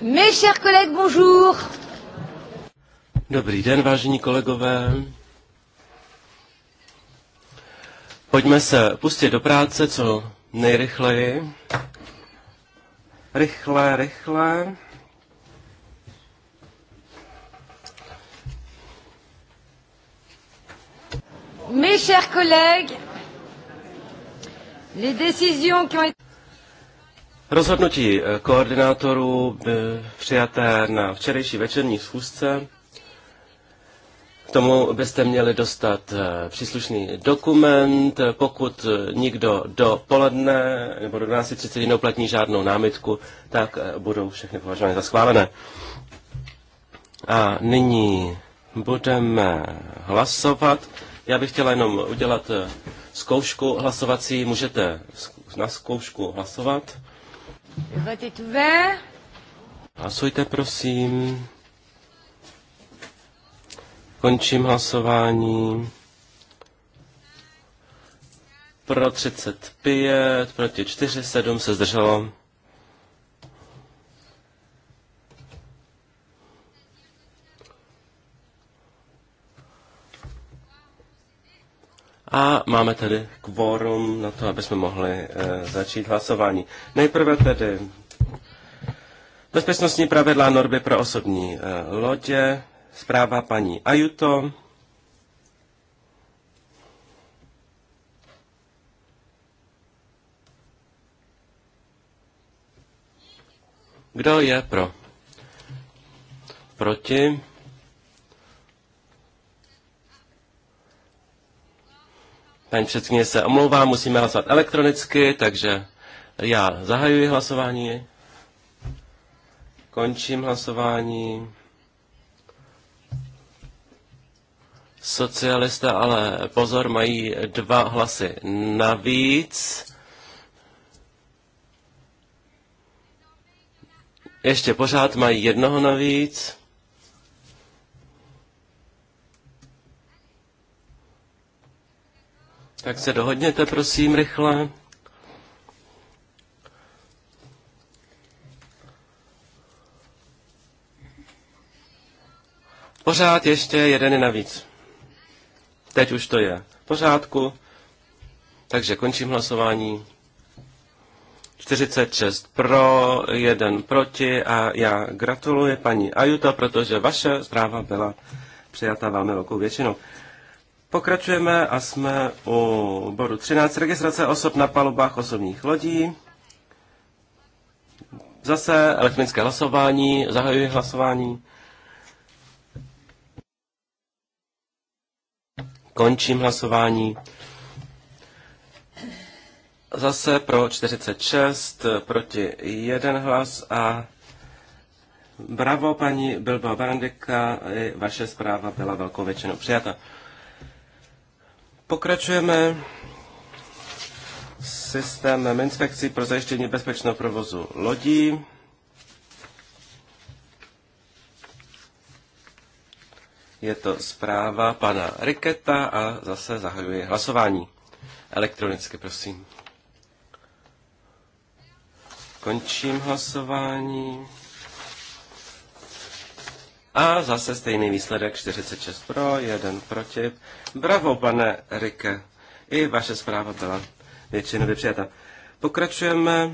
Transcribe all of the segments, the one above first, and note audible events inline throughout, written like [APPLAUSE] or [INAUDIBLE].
Mes chers collègues, bonjour. Dobrý den, vážení kolegové. Pojďme se pustit do práce co nejrychleji. Rychle, rychle. Mes chers collègues, les décisions qui ont été... Rozhodnutí eh, koordinátorů eh, přijaté na včerejší večerní schůzce. K tomu byste měli dostat eh, příslušný dokument. Pokud nikdo do poledne nebo do 12.30 neuplatní žádnou námitku, tak budou všechny považovány za schválené. A nyní budeme hlasovat. Já bych chtěla jenom udělat zkoušku hlasovací. Můžete na zkoušku hlasovat. Hlasujte, prosím. Končím hlasování. Pro 35, proti 4, 7 se zdrželo. A máme tedy kvórum na to, aby jsme mohli e, začít hlasování. Nejprve tedy bezpečnostní pravidla Norby pro osobní e, lodě, zpráva paní Ajuto. Kdo je pro? Proti? Paní předsedkyně se omlouvá, musíme hlasovat elektronicky, takže já zahajuji hlasování, končím hlasování. Socialista, ale pozor, mají dva hlasy navíc. Ještě pořád mají jednoho navíc. Tak se dohodněte, prosím, rychle. Pořád ještě jeden je navíc. Teď už to je v pořádku. Takže končím hlasování. 46 pro, jeden proti a já gratuluji paní Ajuta, protože vaše zpráva byla přijata velmi velkou většinou. Pokračujeme a jsme u bodu 13. Registrace osob na palubách osobních lodí. Zase elektronické hlasování. Zahajuji hlasování. Končím hlasování. Zase pro 46, proti jeden hlas a bravo paní Bilbao Barandika, vaše zpráva byla velkou většinou přijata. Pokračujeme systémem inspekcí pro zajištění bezpečného provozu lodí. Je to zpráva pana Riketa a zase zahajuje hlasování. Elektronicky, prosím. Končím hlasování. A zase stejný výsledek, 46 pro, 1 proti. Bravo, pane Rike. I vaše zpráva byla většinově přijata. Pokračujeme.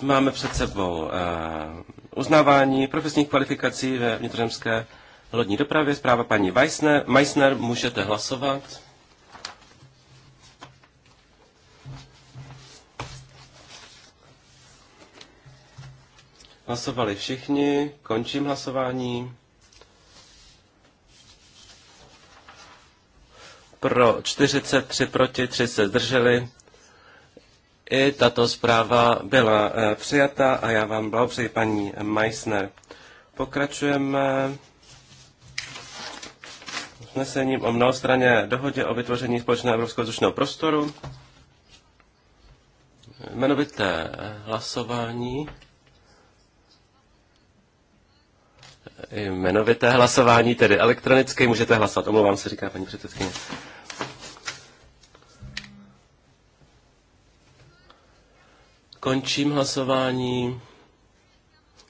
Máme před sebou uh, uznávání profesních kvalifikací ve vnitrozemské lodní dopravě. Zpráva paní Weissner. Meissner, můžete hlasovat. Hlasovali všichni, končím hlasování. Pro 43, proti 3 se zdrželi. I tato zpráva byla eh, přijata a já vám blahopřeji paní Meissner. Pokračujeme usnesením o mnohostraně dohodě o vytvoření společného evropského vzdušného prostoru. Jmenovité eh, hlasování. jmenovité hlasování, tedy elektronické Můžete hlasovat. Omlouvám se, říká paní předsedkyně. Končím hlasování.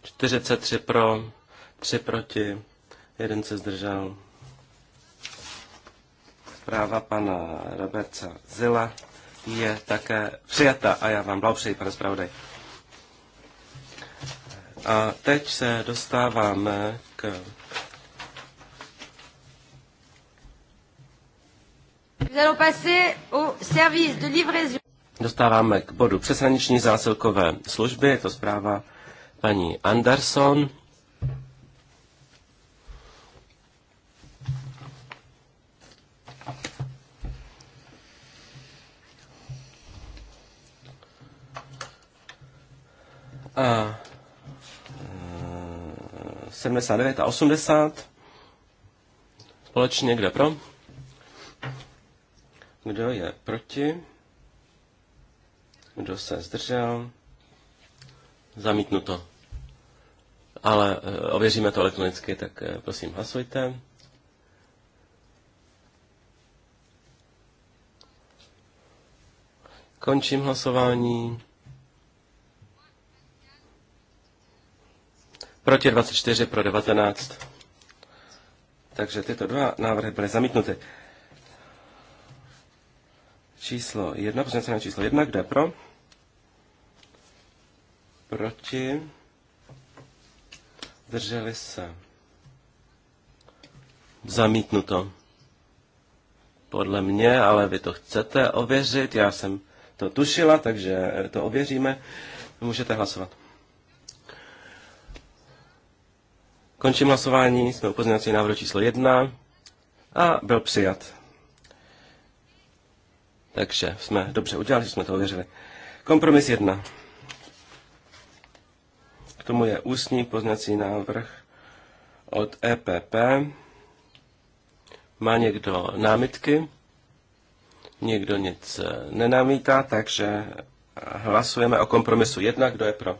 43 pro, 3 proti, jeden se zdržel. Zpráva pana Roberta Zila je také přijata a já vám blahopřeji, pane zpravodaj. A teď se dostáváme k Dostáváme k bodu přeshraniční zásilkové služby, je to zpráva paní Anderson. A 79 a 80. Společně kde pro? Kdo je proti? Kdo se zdržel? Zamítnuto. Ale eh, ověříme to elektronicky, tak eh, prosím hlasujte. Končím hlasování. proti 24 pro 19. Takže tyto dva návrhy byly zamítnuty. Číslo 1, na číslo 1, kde pro? Proti. Drželi se. Zamítnuto. Podle mě, ale vy to chcete ověřit. Já jsem to tušila, takže to ověříme. Můžete hlasovat. Končím hlasování, jsme u pozměňovací návrhu číslo 1 a byl přijat. Takže jsme dobře udělali, že jsme to ověřili. Kompromis 1. K tomu je ústní poznací návrh od EPP. Má někdo námitky? Někdo nic eh, nenamítá, takže hlasujeme o kompromisu 1. Kdo je pro?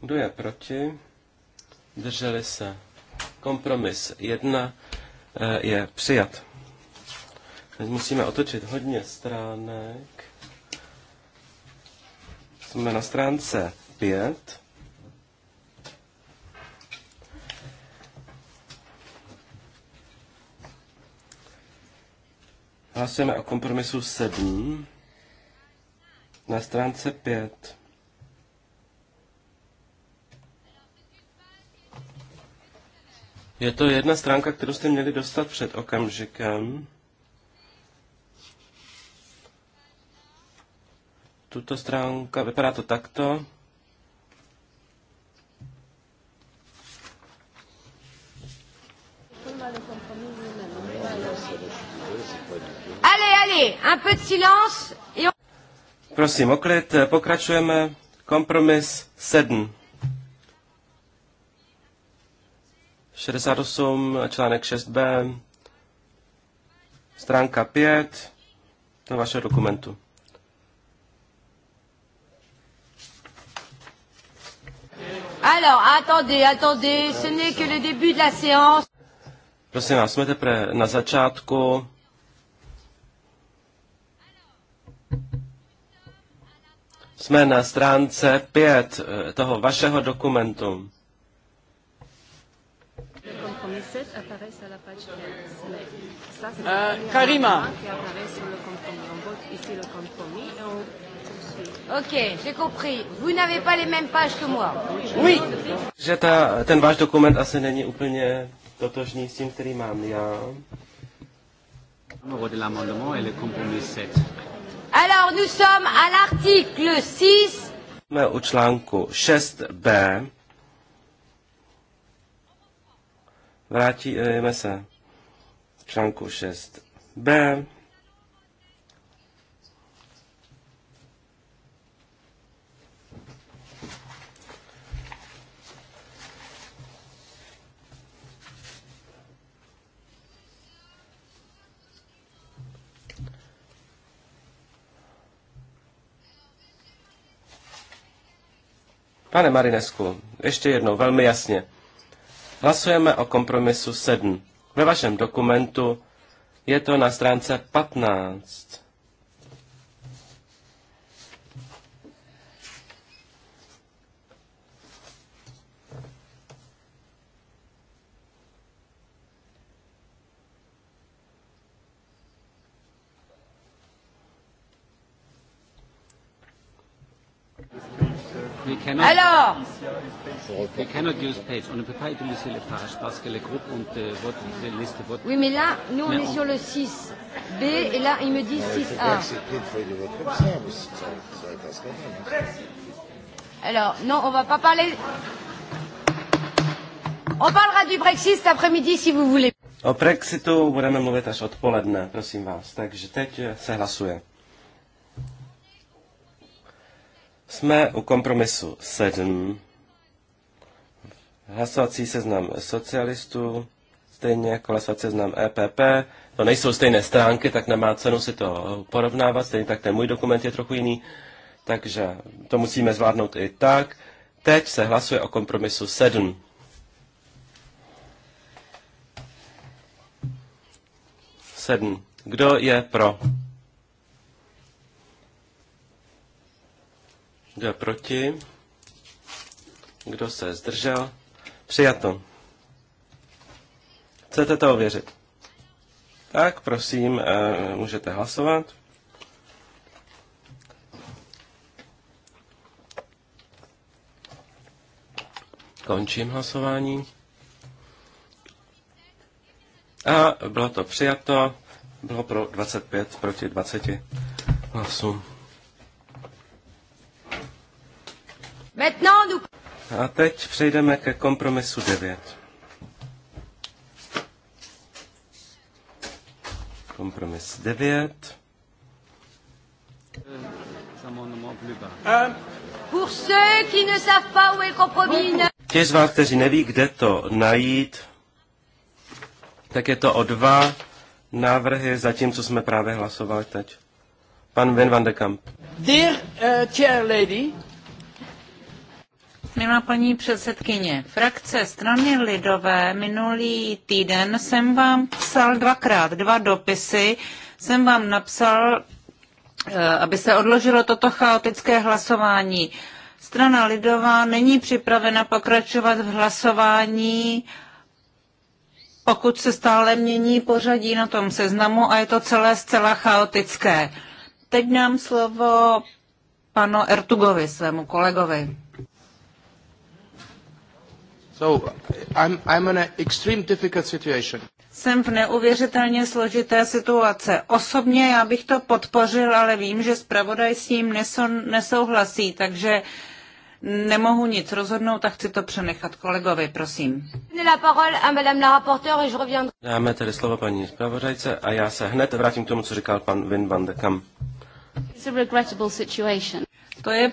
Kdo je proti? Drželi se. Kompromis 1 eh, je přijat. Teď musíme otočit hodně stránek. Jsme na stránce 5. Hlasujeme o kompromisu 7 na stránce 5. Je to jedna stránka, kterou jste měli dostat před okamžikem. Tuto stránka, vypadá to takto. Allez, allez, un peu de silence. Prosím oklid, pokračujeme. Kompromis 7. 68, článek 6b, stránka 5 do vašeho dokumentu. Alors, attendez, attendez, ce n'est que le début de la séance. Prosím vás, jsme teprve na začátku. Jsme na stránce 5 eh, toho vašeho dokumentu les 7 apparaissent à la page 15. Mais ça, c'est euh, Karima. qui apparaît sur le compromis. On vote ici le compromis et on Ok, j'ai compris. Vous n'avez pas les mêmes pages que moi. Oui, že ta, ten váš dokument asi není úplně totožný s tím, který mám já. Numéro de l'amendement et le compromis 7. Alors, nous sommes à l'article 6. Jsme u článku 6b. vrátíme eh, se z článku 6b. Pane Marinesku, ještě jednou, velmi jasně. Hlasujeme o kompromisu 7. Ve vašem dokumentu je to na stránce 15. Alors, We cannot use page. On ne peut pas utiliser les pages parce que les groupes ont euh, vote, les listes votent. Oui, mais là, nous, on mais est on... sur le 6B et là, il me dit 6A. Alors, non, on va pas parler. On parlera du Brexit cet après-midi si vous voulez. O Brexitu budeme mluvit až odpoledne, prosím vás. Takže teď eh, se hlasuje. Jsme u kompromisu 7. Hlasovací seznam socialistů, stejně jako hlasovací seznam EPP. To nejsou stejné stránky, tak nemá cenu si to porovnávat. Stejně tak ten můj dokument je trochu jiný, takže to musíme zvládnout i tak. Teď se hlasuje o kompromisu 7. Sedm. Kdo je pro? Kdo je proti? Kdo se zdržel? Přijato. Chcete to ověřit? Tak, prosím, eh, můžete hlasovat. Končím hlasování. A bylo to přijato. Bylo pro 25 proti 20 hlasů. Maintenant, nous... A teď přejdeme ke kompromisu 9. Kompromis 9. Um, Pour ceux qui ne savent pas où est compromis. Ti z vás, kteří neví, kde to najít, tak je to o dva návrhy za tím, co jsme právě hlasovali teď. Pan Vin van de Kamp. Dear uh, chair lady, Milá paní předsedkyně, frakce strany Lidové minulý týden jsem vám psal dvakrát dva dopisy. Jsem vám napsal, eh, aby se odložilo toto chaotické hlasování. Strana Lidová není připravena pokračovat v hlasování, pokud se stále mění pořadí na tom seznamu a je to celé zcela chaotické. Teď dám slovo panu Ertugovi, svému kolegovi. So, I'm, I'm in an extreme difficult situation. Jsem v neuvěřitelně složité situace. Osobně já bych to podpořil, ale vím, že zpravodaj s tím nesouhlasí, takže nemohu nic rozhodnout a chci to přenechat kolegovi, prosím. Dáme tedy slovo paní zpravodajce a já se hned vrátím k tomu, co říkal pan Vin van de It's a regrettable situation. To je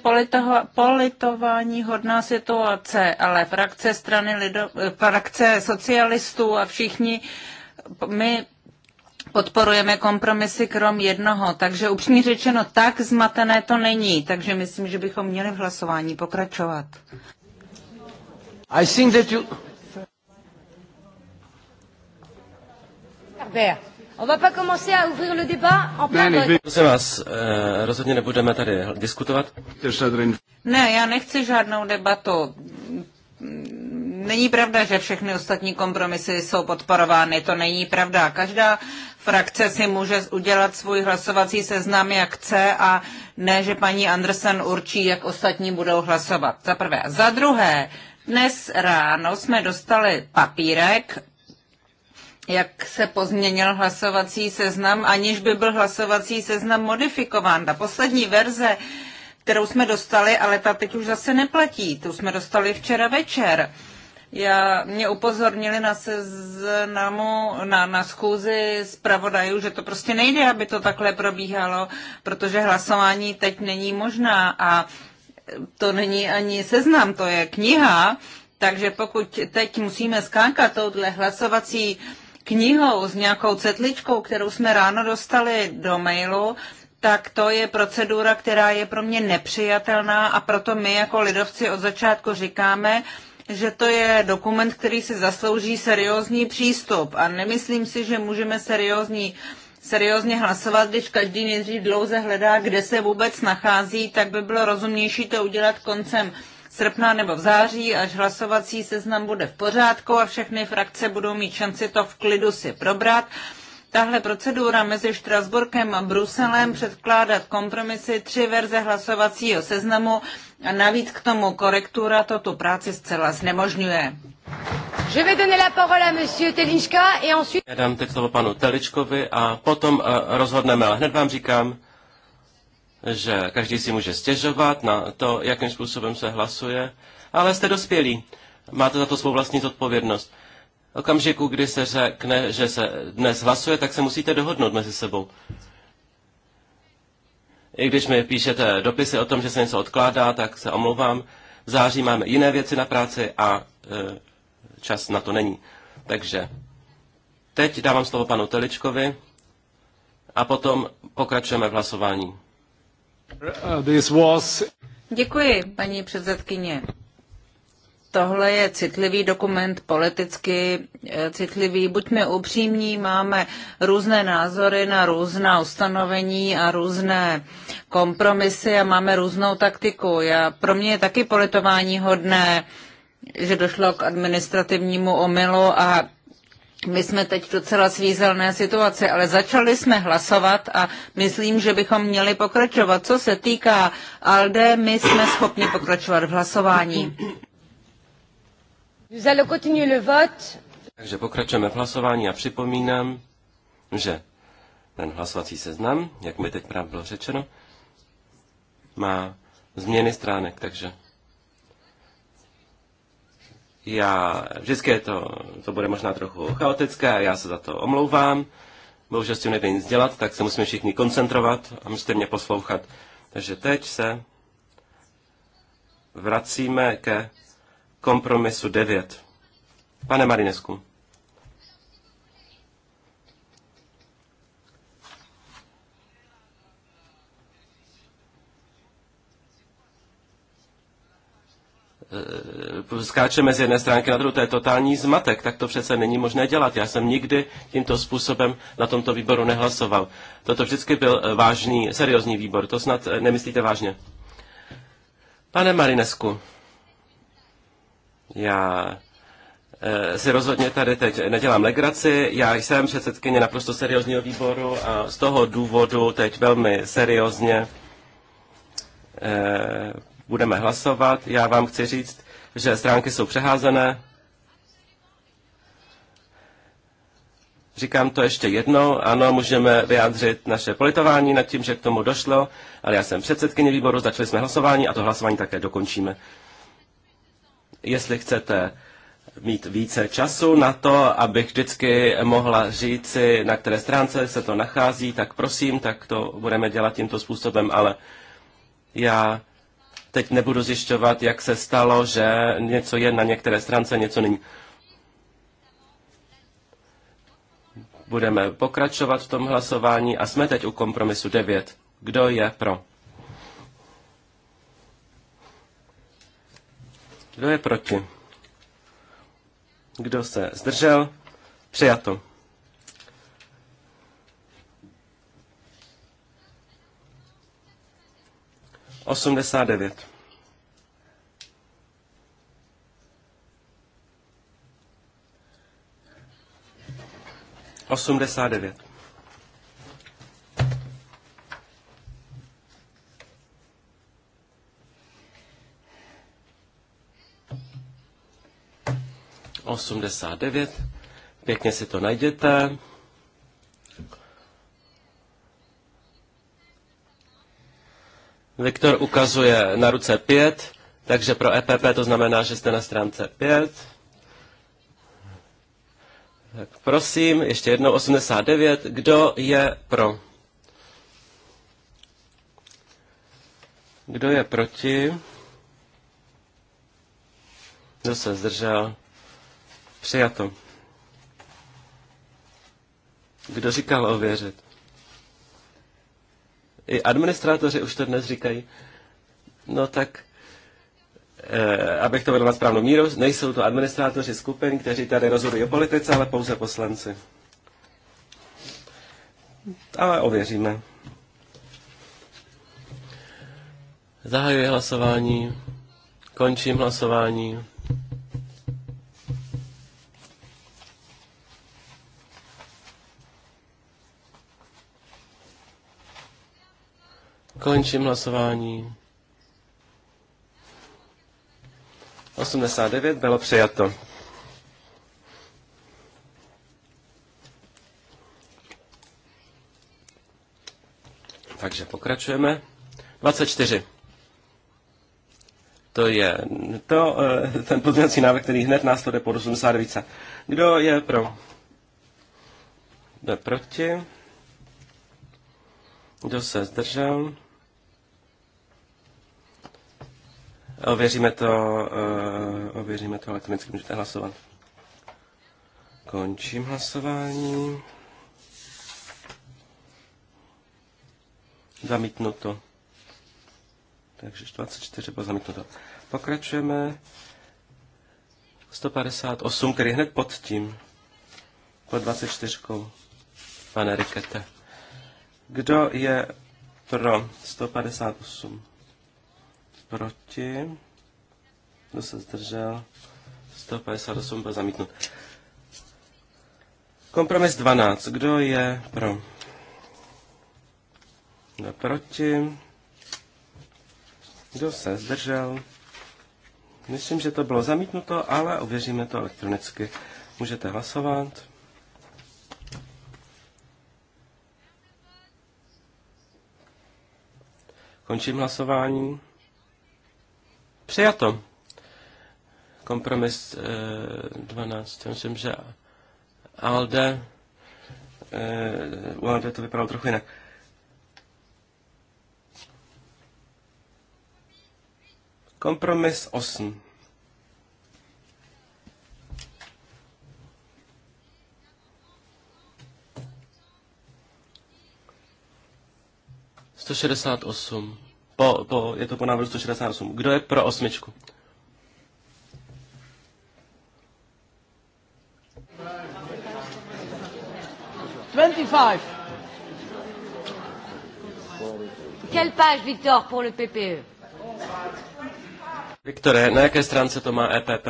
politování hodná situace, ale frakce strany lido, frakce socialistů a všichni my podporujeme kompromisy krom jednoho, takže upřímně řečeno tak zmatené to není, takže myslím, že bychom měli v hlasování pokračovat. I think that you... There. On va pas commencer à ouvrir le débat en plein ne, Prosím vás, eh, rozhodně nebudeme tady diskutovat. Ne, já nechci žádnou debatu. Není pravda, že všechny ostatní kompromisy jsou podporovány. To není pravda. Každá frakce si může udělat svůj hlasovací seznam, jak chce a ne, že paní Andersen určí, jak ostatní budou hlasovat. Za prvé. Za druhé, dnes ráno jsme dostali papírek, jak se pozměnil hlasovací seznam, aniž by byl hlasovací seznam modifikován. Ta poslední verze, kterou jsme dostali, ale ta teď už zase neplatí. Tu jsme dostali včera večer. Já, mě upozornili na seznamu, na, na schůzi zpravodajů, že to prostě nejde, aby to takhle probíhalo, protože hlasování teď není možná a to není ani seznam, to je kniha, takže pokud teď musíme skákat touhle hlasovací uh, knihou, s nějakou cetličkou, kterou jsme ráno dostali do mailu, tak to je procedura, která je pro mě nepřijatelná a proto my jako lidovci od začátku říkáme, že to je dokument, který si zaslouží seriózní přístup a nemyslím si, že můžeme seriózní seriózně hlasovat, když každý nejdřív dlouze hledá, kde se vůbec nachází, tak by bylo rozumnější to udělat koncem srpna nebo v září, až hlasovací seznam bude v pořádku a všechny frakce budou mít šanci to v klidu si probrat. Tahle procedura mezi Štrasburkem a Bruselem předkládat kompromisy, tři verze hlasovacího seznamu a navíc k tomu korektura to tu práci zcela znemožňuje. Je vais donner la parole à monsieur Telička et ensuite... Já dám teď slovo panu Teličkovi a potom eh, rozhodneme, ale hned vám říkám, že každý si může stěžovat na to, jakým způsobem se hlasuje, ale jste dospělí. Máte za to svou vlastní zodpovědnost. okamžiku, kdy se řekne, že se dnes hlasuje, tak se musíte dohodnout mezi sebou. I když mi píšete dopisy o tom, že se něco odkládá, tak se omlouvám. V září máme jiné věci na práci a e, čas na to není. Takže teď dávám slovo panu Teličkovi a potom pokračujeme v hlasování. Děkuji, paní předsedkyně. Tohle je citlivý dokument, politicky eh, citlivý. Buďme upřímní, máme různé názory na různá ustanovení a různé kompromisy a máme různou taktiku. Já, pro mě je taky politování hodné, že došlo k administrativnímu omylu a my jsme teď v docela svízelné situaci, ale začali jsme hlasovat a myslím, že bychom měli pokračovat. Co se týká ALDE, my jsme schopni pokračovat v hlasování. Takže pokračujeme v hlasování a připomínám, že ten hlasovací seznam, jak mi teď právě bylo řečeno, má změny stránek, takže já vždycky je to, to bude možná trochu chaotické, já se za to omlouvám. Bohužel s tím nevím nic dělat, tak se musíme všichni koncentrovat a musíte mě poslouchat. Takže teď se vracíme ke kompromisu 9. Pane Marinesku. Eh, skáčeme z jedné stránky na druhou, to je totální zmatek, tak to přece není možné dělat. Já jsem nikdy tímto způsobem na tomto výboru nehlasoval. Toto vždycky byl eh, vážný, seriózní výbor, to snad eh, nemyslíte vážně. Pane Marinesku, já si rozhodně tady teď nedělám legraci. Já jsem předsedkyně naprosto seriózního výboru a z toho důvodu teď velmi seriózně budeme hlasovat. Já vám chci říct, že stránky jsou přeházené. Říkám to ještě jednou. Ano, můžeme vyjádřit naše politování nad tím, že k tomu došlo, ale já jsem předsedkyně výboru, začali jsme hlasování a to hlasování také dokončíme. Jestli chcete mít více času na to, abych vždycky mohla říci, na které stránce se to nachází, tak prosím, tak to budeme dělat tímto způsobem, ale já Teď nebudu zjišťovat, jak se stalo, že něco je na některé stránce, něco není. Budeme pokračovat v tom hlasování a jsme teď u kompromisu 9. Kdo je pro? Kdo je proti? Kdo se zdržel? Přijato. 89. Osmdesát devět. Osmdesát devět. Pěkně si to najděte. Viktor ukazuje na ruce 5, takže pro EPP to znamená, že jste na stránce 5. Tak prosím, ještě jednou 89. Kdo je pro? Kdo je proti? Kdo se zdržel? Přijato. Kdo říkal ověřit? i administrátoři už to dnes říkají, no tak, eh, abych to vedl na správnou míru, nejsou to administrátoři skupin, kteří tady rozhodují o politice, ale pouze poslanci. Ale ověříme. Zahajuji hlasování. Končím hlasování. Končím hlasování. 89 bylo přijato. Takže pokračujeme. 24. To je to, eh, ten pozměňovací návrh, který hned následuje po 89. Kdo je pro? Kdo je proti? Kdo se zdržel? Ověříme to, eh, ověříme to elektronicky, můžete hlasovat. Končím hlasování. Zamítnuto. Takže 24 bylo zamítnuto. Pokračujeme 158, který hned pod tím, pod 24, pane Rikete. Kdo je pro 158? proti, kdo se zdržel, 158 byl zamítnut. Kompromis 12. Kdo je pro? Kdo je proti? Kdo se zdržel? Myslím, že to bylo zamítnuto, ale uvěříme to elektronicky. Můžete hlasovat. Končím hlasování. Přijato. Kompromis 12. Eh, myslím, že ALDE, eh, u ALDE to vypadalo trochu jinak. Kompromis 8. Sto šedesát osm. Po, po, je to po návrhu 168. Kdo je pro osmičku? Quelle page, Victor, pour le PPE? Viktore, na jaké stránce to má EPP?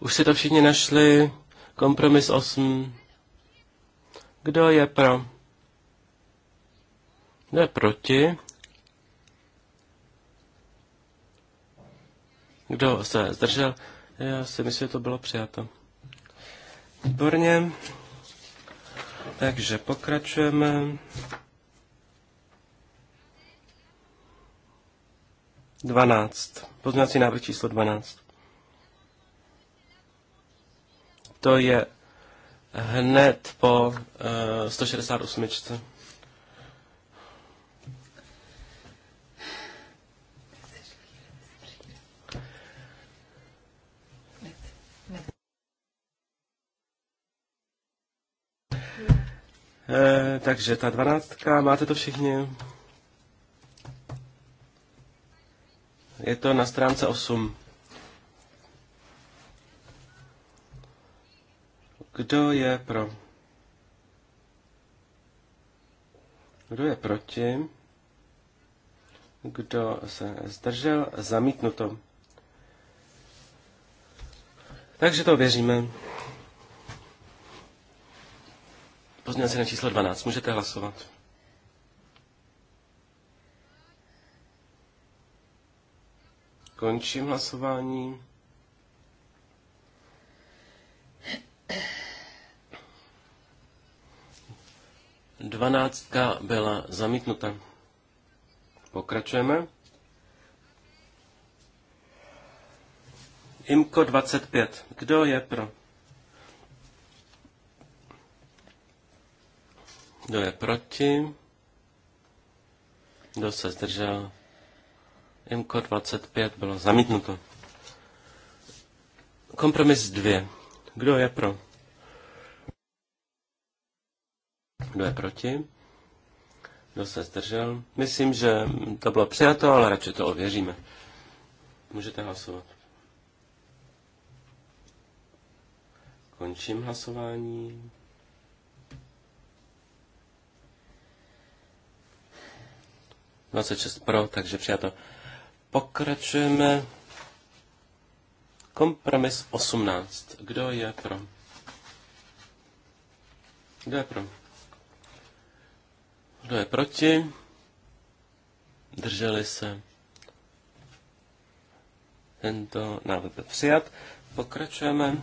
Už si to všichni našli. Kompromis 8. Kdo je pro? Ne proti. Kdo se zdržel? Já si myslím, že to bylo přijato. Výborně. Takže pokračujeme. Dvanáct. Pozměňovací návrh číslo 12. To je hned po uh, eh, 168. E, takže ta dvanáctka, máte to všichni? Je to na stránce 8. Kdo je pro? Kdo je proti? Kdo se zdržel? Zamítnuto. Takže to věříme. Pozměňovací na číslo 12. Můžete hlasovat. Končím hlasování. Dvanáctka byla zamítnuta. Pokračujeme. IMKO 25. Kdo je pro? Kdo je proti? Kdo se zdržel? Imko 25 bylo zamítnuto. Kompromis 2. Kdo je pro? Kdo je proti? Kdo se zdržel? Myslím, že to bylo přijato, ale radši to ověříme. Můžete hlasovat. Končím hlasování. 26 pro, takže přijato. Pokračujeme. Kompromis 18. Kdo je pro? Kdo je pro? Kdo je proti? Drželi se. Tento návrh byl přijat. Pokračujeme.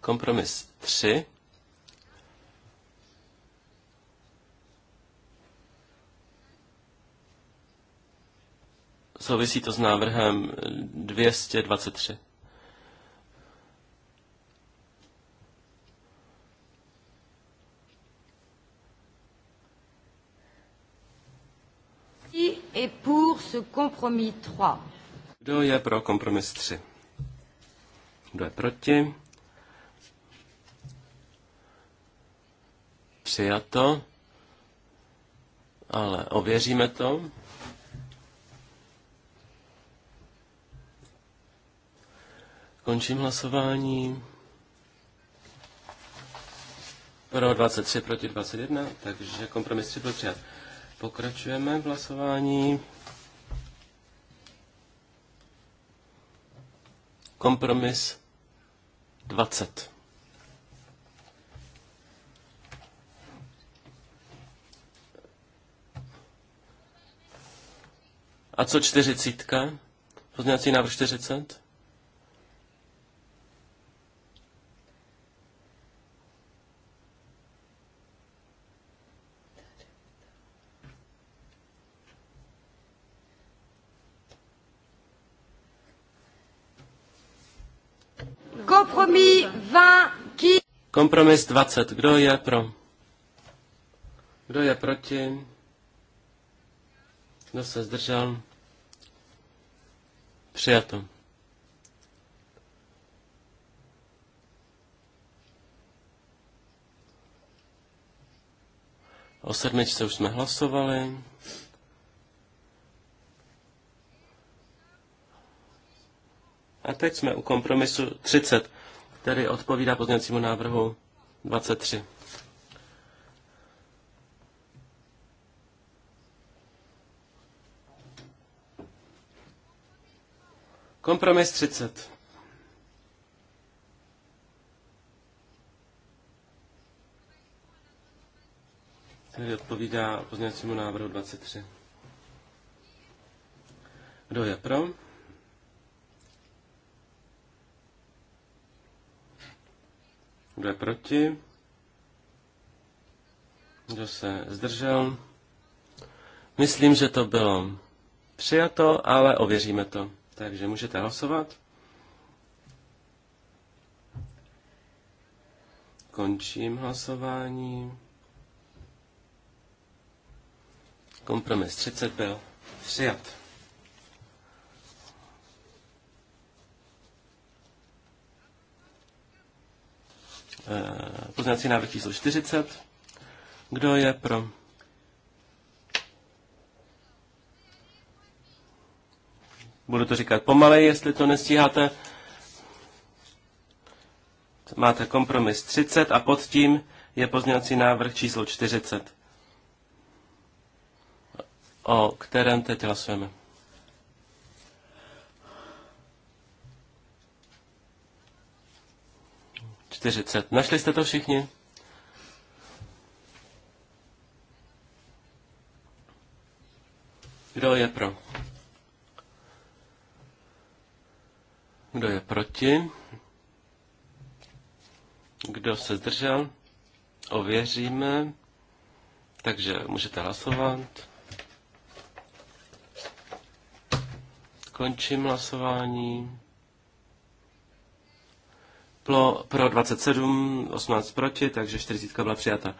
Kompromis 3. Souvisí to s návrhem 223. Et pour ce compromis 3. Kdo je pro kompromis 3? Kdo je proti? Přijato. Ale ověříme to. Končím hlasování. Pro 23 proti 21, takže kompromis 3 byl přijat. Pokračujeme v hlasování. Kompromis 20. A co 40? Pozměňovací návrh 40? Kompromis 20. Kdo je pro? Kdo je proti? Kdo se zdržel? Přijato. O sedmičce už jsme hlasovali. A teď jsme u kompromisu 30 který odpovídá pozměňovacímu návrhu 23. Kompromis 30. Který odpovídá pozměňovacímu návrhu 23. Kdo je pro? Kdo je proti? Kdo se zdržel? Myslím, že to bylo přijato, ale ověříme to. Takže můžete hlasovat. Končím hlasování. Kompromis 30 byl přijat. Eh, Poznací návrh číslo 40. Kdo je pro? Budu to říkat pomalej, jestli to nestíháte. Máte kompromis 30 a pod tím je pozměňovací návrh číslo 40, o kterém teď hlasujeme. 40. Našli jste to všichni? Kdo je pro? Kdo je proti? Kdo se zdržel? Ověříme. Takže můžete hlasovat. Končím hlasování. Plo, pro 27, 18 proti, takže 40 byla přijata.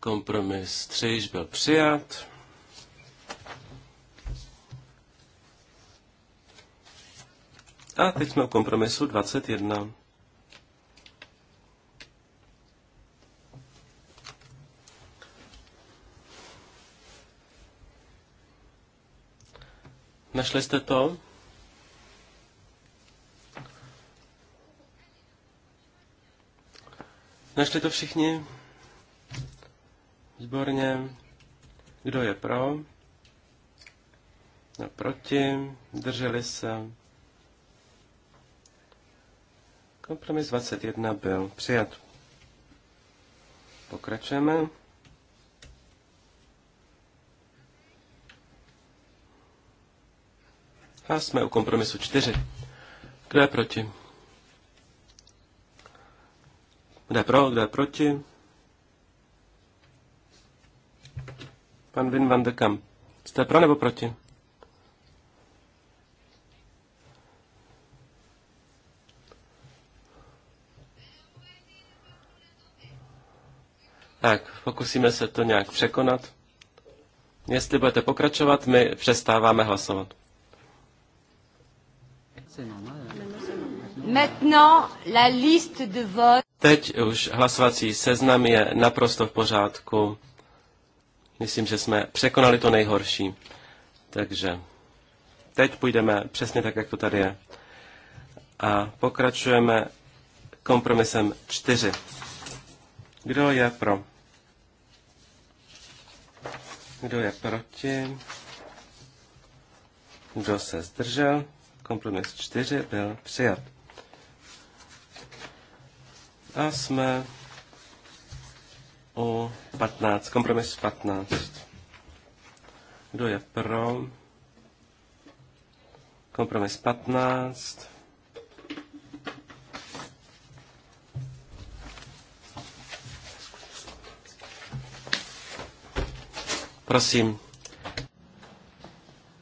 Kompromis 3 již byl přijat. A teď jsme u kompromisu 21. Našli jste to? Našli to všichni? Výborně. Kdo je pro? A proti? Drželi se? Kompromis 21 byl přijat. Pokračujeme. A jsme u kompromisu 4. Kdo je proti? Kdo je pro, kdo je proti? Pan Vin van de Kamp. Jste pro nebo proti? Tak, pokusíme se to nějak překonat. Jestli budete pokračovat, my přestáváme hlasovat. Teď už hlasovací seznam je naprosto v pořádku. Myslím, že jsme překonali to nejhorší. Takže teď půjdeme přesně tak, jak to tady je. A pokračujeme kompromisem 4. Kdo je pro? Kdo je proti? Kdo se zdržel? kompromis 4 byl přijat. A jsme o 15, kompromis 15. Kdo je pro? Kompromis 15. Prosím.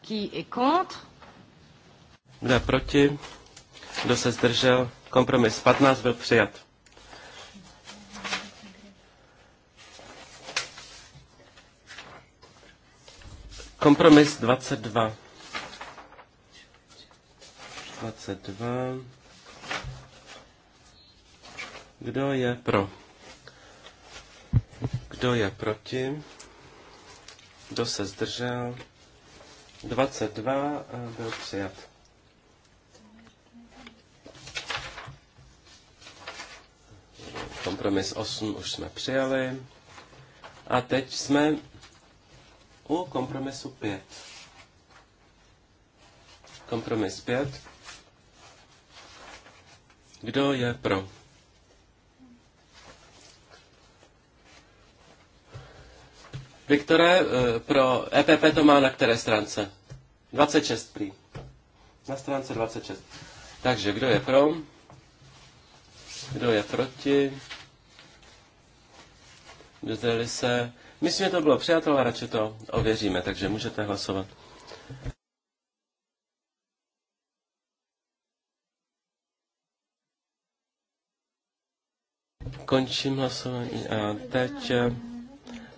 Qui est contre? Kdo je proti? Kdo se zdržel? Kompromis 15 byl přijat. Kompromis 22. 22. Kdo je pro? Kdo je proti? Kdo se zdržel? 22 eh, byl přijat. Kompromis 8 už jsme přijali. A teď jsme u kompromisu 5. Kompromis 5. Kdo je pro? Viktore, eh, pro EPP to má na které stránce? 26 prý. Na stránce 26. Takže kdo je pro? Kdo je proti? Zdrželi se. Myslím, že to bylo přijato, ale radši to ověříme, takže můžete hlasovat. Končím hlasování. A teď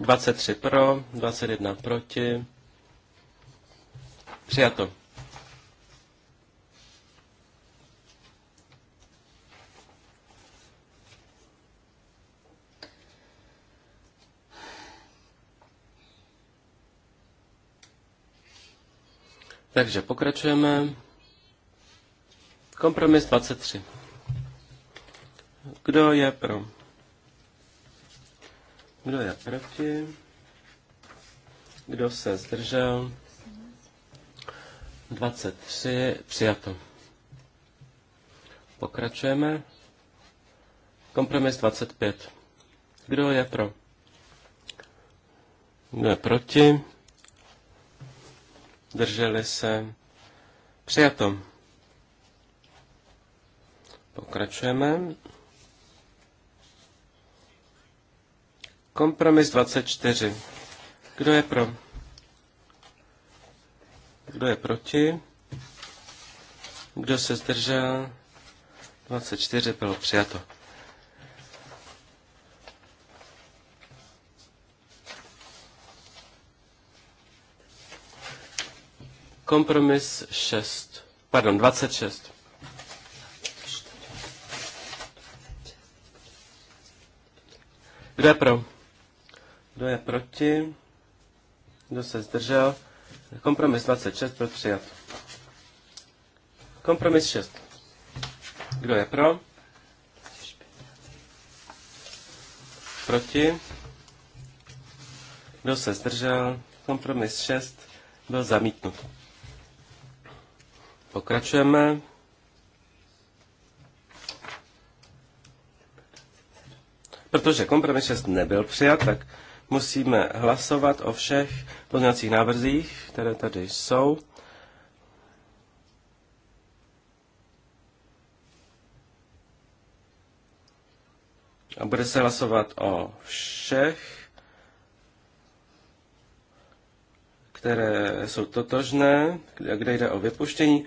23 pro, 21 proti. Přijato. Takže pokračujeme. Kompromis 23. Kdo je pro? Kdo je proti? Kdo se zdržel? 23. Přijato. Pokračujeme. Kompromis 25. Kdo je pro? Kdo je proti? Drželi se? Přijato. Pokračujeme. Kompromis 24. Kdo je pro? Kdo je proti? Kdo se zdržel? 24 bylo přijato. Kompromis 6, pardon, 26. Kdo je pro? Kdo je proti? Kdo se zdržel? Kompromis 26 byl přijat. Kompromis 6. Kdo je pro? Proti? Kdo se zdržel? Kompromis 6 byl zamítnut. Pokračujeme. Protože kompromis 6 nebyl přijat, tak musíme hlasovat o všech pozměňovacích návrzích, které tady jsou. A bude se hlasovat o všech, které jsou totožné, kde jde o vypuštění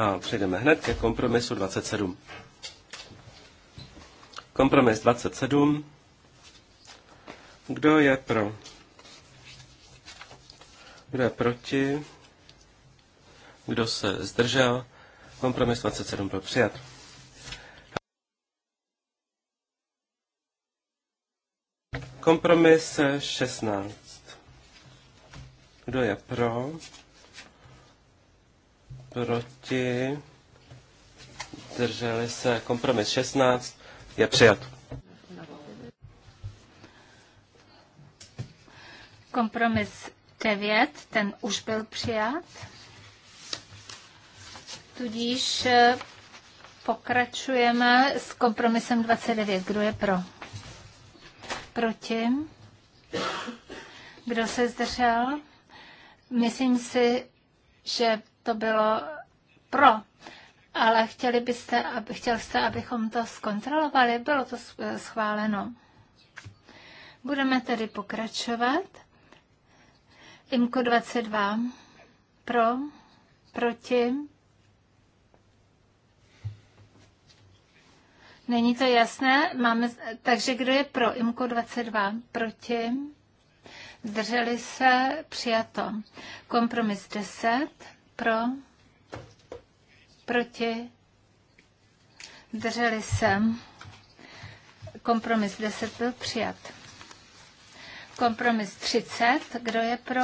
A přejdeme hned ke kompromisu 27. Kompromis 27. Kdo je pro? Kdo je proti? Kdo se zdržel? Kompromis 27 byl přijat. Kompromis 16. Kdo je pro? proti, drželi se, kompromis 16 je přijat. Kompromis 9, ten už byl přijat. Tudíž eh, pokračujeme s kompromisem 29. Kdo je pro? Proti? Kdo se zdržel? Myslím si, že to bylo pro. Ale chtěli byste, aby, chtěl jste, abychom to zkontrolovali? Bylo to e, schváleno. Budeme tedy pokračovat. IMKO 22. Pro, proti. Není to jasné? Máme, takže kdo je pro IMKO 22? Proti. Zdrželi se, přijato. Kompromis 10 pro, proti, drželi se. Kompromis 10 byl přijat. Kompromis 30, kdo je pro?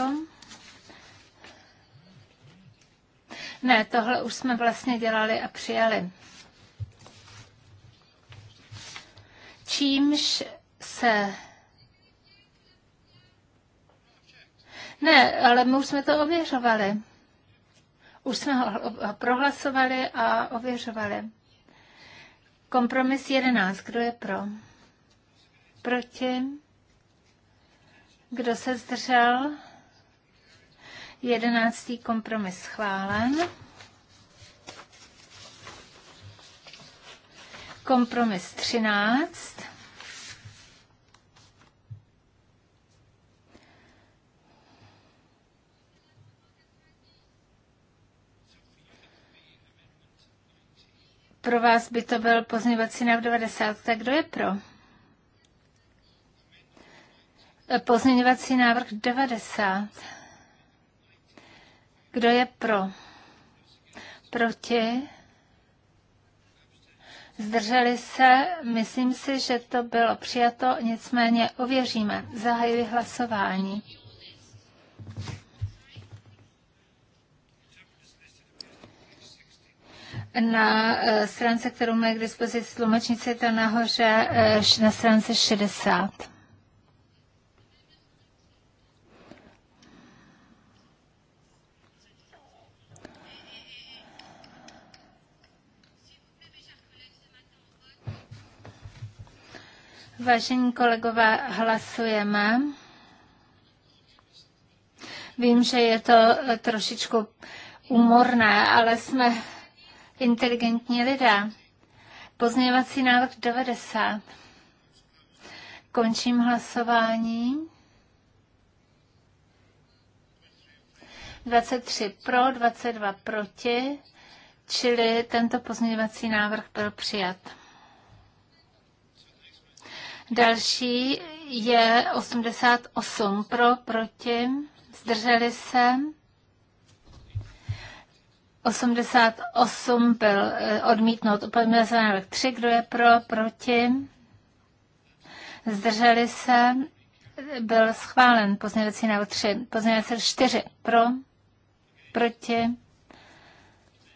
Ne, tohle už jsme vlastně dělali a přijali. Čímž se ne, ale my už jsme to ověřovali už jsme ho prohlasovali a ověřovali. Kompromis 11. Kdo je pro? Proti? Kdo se zdržel? Jedenáctý kompromis schválen. Kompromis 13. Pro vás by to byl pozměňovací návrh 90. Tak kdo je pro? Pozměňovací návrh 90. Kdo je pro? Proti? Zdrželi se, myslím si, že to bylo přijato, nicméně ověříme. Zahajuji hlasování. na eh, stránce, kterou mají k dispozici tlumočnice, je to nahoře eh, na stránce 60. Vážení kolegové, hlasujeme. Vím, že je to eh, trošičku úmorné, ale jsme inteligentní lidé. Pozměňovací návrh 90. Končím hlasování. 23 pro, 22 proti, čili tento pozměňovací návrh byl přijat. Další je 88 pro, proti, zdrželi se. 88 byl eh, odmítnout úplně návrh 3. Kdo je pro, proti? Zdrželi se? Byl schválen pozměňovací návrh 3. Pozměňovací 4. Pro? Proti?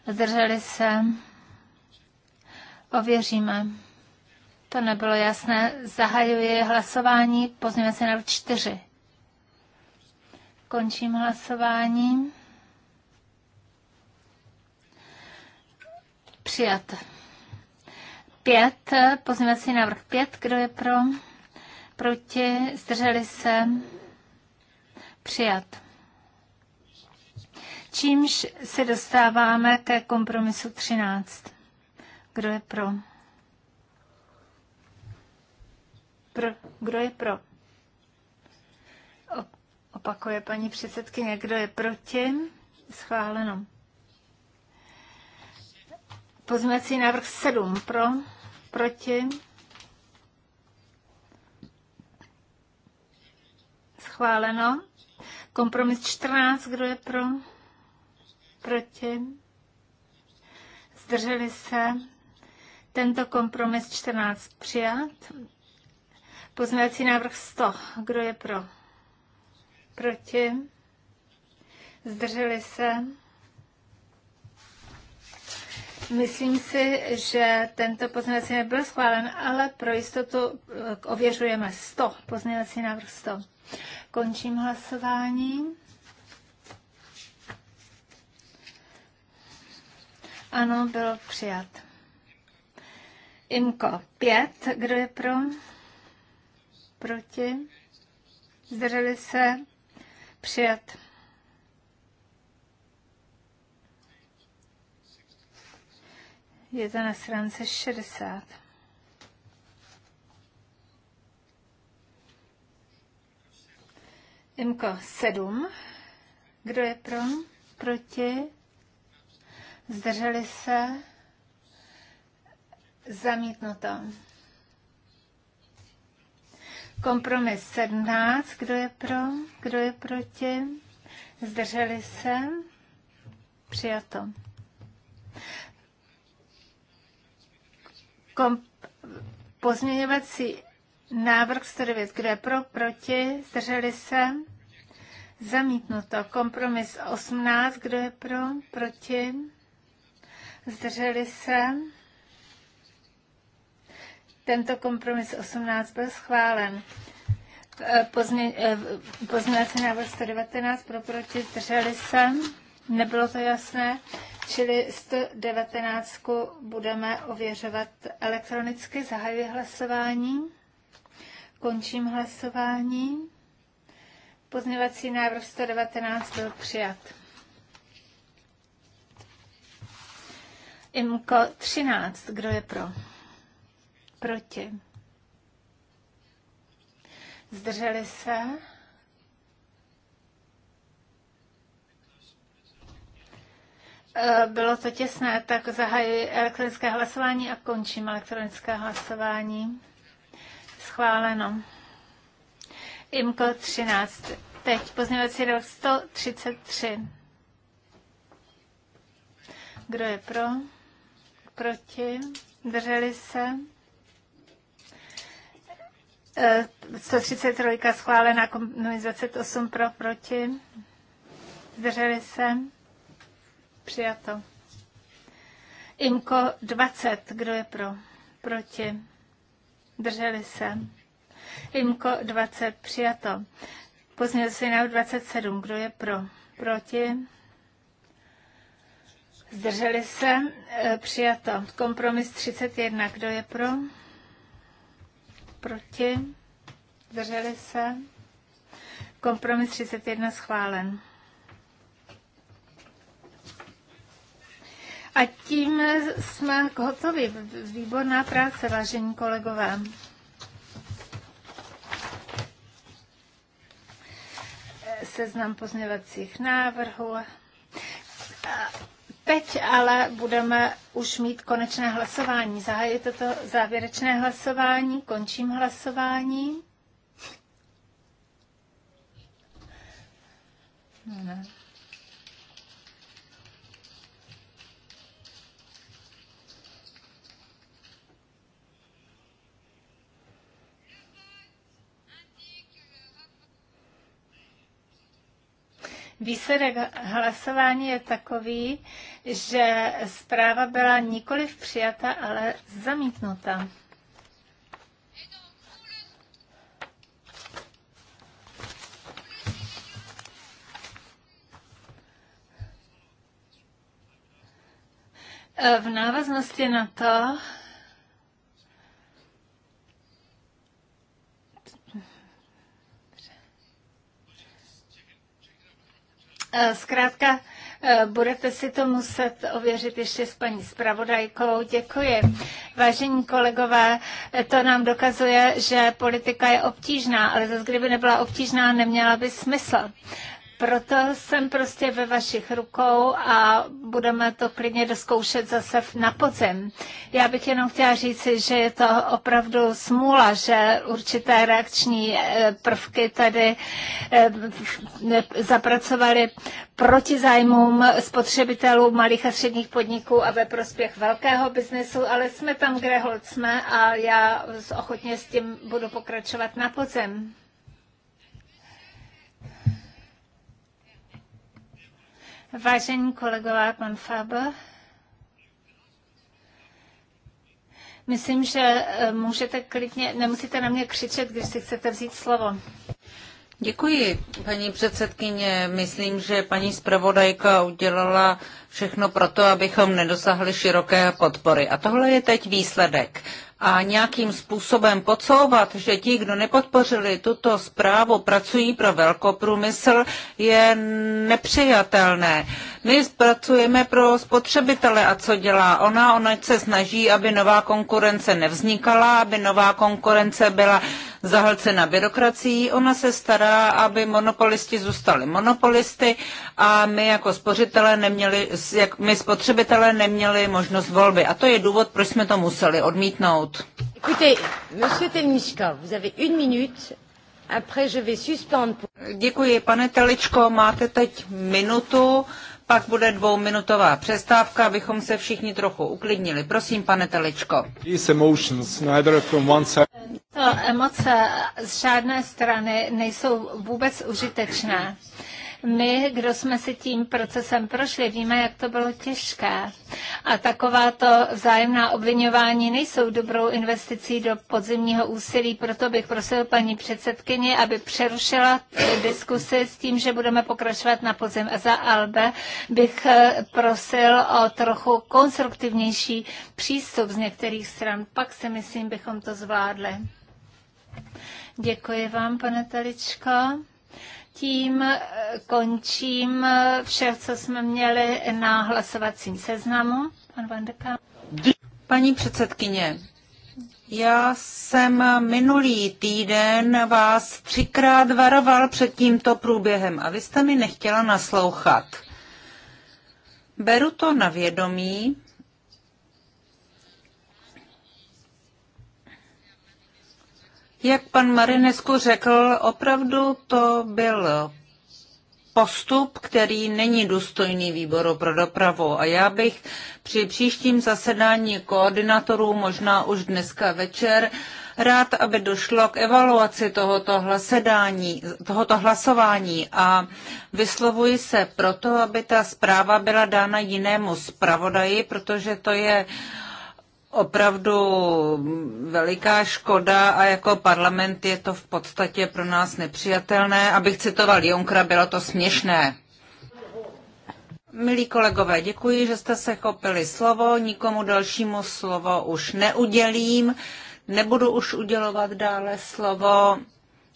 Zdrželi se? Ověříme. To nebylo jasné. Zahajuji hlasování. Pozměňovací návrh 4. Končím hlasování. Přijat. Pět, pozměňovací návrh pět, kdo je pro? Proti, zdrželi se? Přijat. Čímž se dostáváme ke kompromisu 13. Kdo je pro? pro kdo je pro? Opakuje paní předsedkyně, kdo je proti? Schváleno. Pozměňovací návrh 7 pro, proti. Schváleno. Kompromis 14, kdo je pro? Proti. Zdrželi se. Tento kompromis 14 přijat. Pozměňovací návrh 100. Kdo je pro? Proti? Zdrželi se? Myslím si, že tento pozměňovací nebyl schválen, ale pro jistotu eh, ověřujeme 100, pozměňovací návrh 100. Končím hlasování. Ano, byl přijat. Imko 5, kdo je pro? Proti? Zdrželi se? Přijat. Je to na stránce 60. Imko 7. Kdo je pro? Proti? Zdrželi se? Zamítnuto. Kompromis 17. Kdo je pro? Kdo je proti? Zdrželi se? Přijato. Kom- pozměňovací návrh 109. Kdo je pro, proti, zdrželi se? Zamítnuto. Kompromis 18. Kdo je pro, proti, zdrželi se? Tento kompromis 18 byl schválen. E, e, pozměňovací návrh 119 pro proti zdrželi se. Nebylo to jasné čili 119 budeme ověřovat elektronicky. Zahajuji hlasování. Končím hlasování. Pozměvací návrh 119 byl přijat. Imko 13. Kdo je pro? Proti. Zdrželi se? Eh, bylo to těsné, tak zahajuji elektronické hlasování a končím elektronické hlasování. Schváleno. IMKO 13. Teď pozměňovací rok 133. Kdo je pro? Proti? Drželi se? 133 schválená, 28 pro, proti? Zdrželi se? Přijato. Imko 20. Kdo je pro? Proti. Drželi se. Imko 20. Přijato. se návrh 27. Kdo je pro? Proti. Zdrželi se. E, přijato. Kompromis 31. Kdo je pro? Proti. Zdrželi se. Kompromis 31 schválen. A tím jsme hotovi. Výborná práce, vážení kolegové. Seznam pozměvacích návrhů. Teď ale budeme už mít konečné hlasování. Zahajuji toto závěrečné hlasování, končím hlasování. No. Výsledek hlasování je takový, že zpráva byla nikoli přijata, ale zamítnuta. V návaznosti na to Eh, zkrátka, eh, budete si to muset ověřit ještě s paní zpravodajkou. Děkuji. Vážení kolegové, eh, to nám dokazuje, že politika je obtížná, ale zase kdyby nebyla obtížná, neměla by smysl. Proto jsem prostě ve vašich rukou a budeme to klidně doskoušet zase na podzim. Já bych jenom chtěla říci, že je to opravdu smůla, že určité reakční eh, prvky tady eh, zapracovali proti zájmům spotřebitelů malých a středních podniků a ve prospěch velkého biznesu, ale jsme tam, kde hod jsme a já ochotně s tím budu pokračovat na podzim. Vážení kolegové, pan Faber, myslím, že eh, můžete klidně, nemusíte na mě křičet, když si chcete vzít slovo. Děkuji, paní předsedkyně. Myslím, že paní zpravodajka udělala všechno pro to, abychom nedosáhli široké podpory. A tohle je teď výsledek a nějakým způsobem podsouvat, že ti, kdo nepodpořili tuto zprávu, pracují pro velkoprůmysl, je nepřijatelné. My pracujeme pro spotřebitele a co dělá ona? Ona se snaží, aby nová konkurence nevznikala, aby nová konkurence byla zahlcena byrokracií. Ona se stará, aby monopolisti zůstali monopolisty a my jako spořitelé neměli, jak my spotřebitelé neměli možnost volby. A to je důvod, proč jsme to museli odmítnout. Écoutez, monsieur vous avez une minute. Après, je vais suspendre. Děkuji, pane Teličko, máte teď minutu. Pak bude dvouminutová přestávka, abychom se všichni trochu uklidnili. Prosím, pane Teličko. To emoce z žádné strany nejsou vůbec užitečné. My, kdo jsme si tím procesem prošli, víme, jak to bylo těžké. A takováto vzájemná obvinování nejsou dobrou investicí do podzimního úsilí, proto bych prosil paní předsedkyni, aby přerušila diskusi s tím, že budeme pokračovat na podzim. A za Albe bych eh, prosil o trochu konstruktivnější přístup z některých stran. Pak si myslím, bychom to zvládli. Děkuji vám, pane Teličko tím e, končím e, vše, co jsme měli na hlasovacím seznamu. Pan Vandeka. Paní předsedkyně, já jsem minulý týden vás třikrát varoval před tímto průběhem a vy jste mi nechtěla naslouchat. Beru to na vědomí, Jak pan Marinesku řekl, opravdu to byl postup, který není důstojný výboru pro dopravu. A já bych při příštím zasedání koordinátorů, možná už dneska večer, rád, aby došlo k evaluaci tohoto, hlasedání, tohoto hlasování a vyslovuji se proto, aby ta zpráva byla dána jinému zpravodaji, protože to je uh, opravdu veliká škoda a jako parlament je to v podstatě pro nás nepřijatelné. Abych citoval Junkra, bylo to směšné. Milí kolegové, děkuji, že jste se chopili slovo. Nikomu dalšímu slovo už neudělím. Nebudu už udělovat dále slovo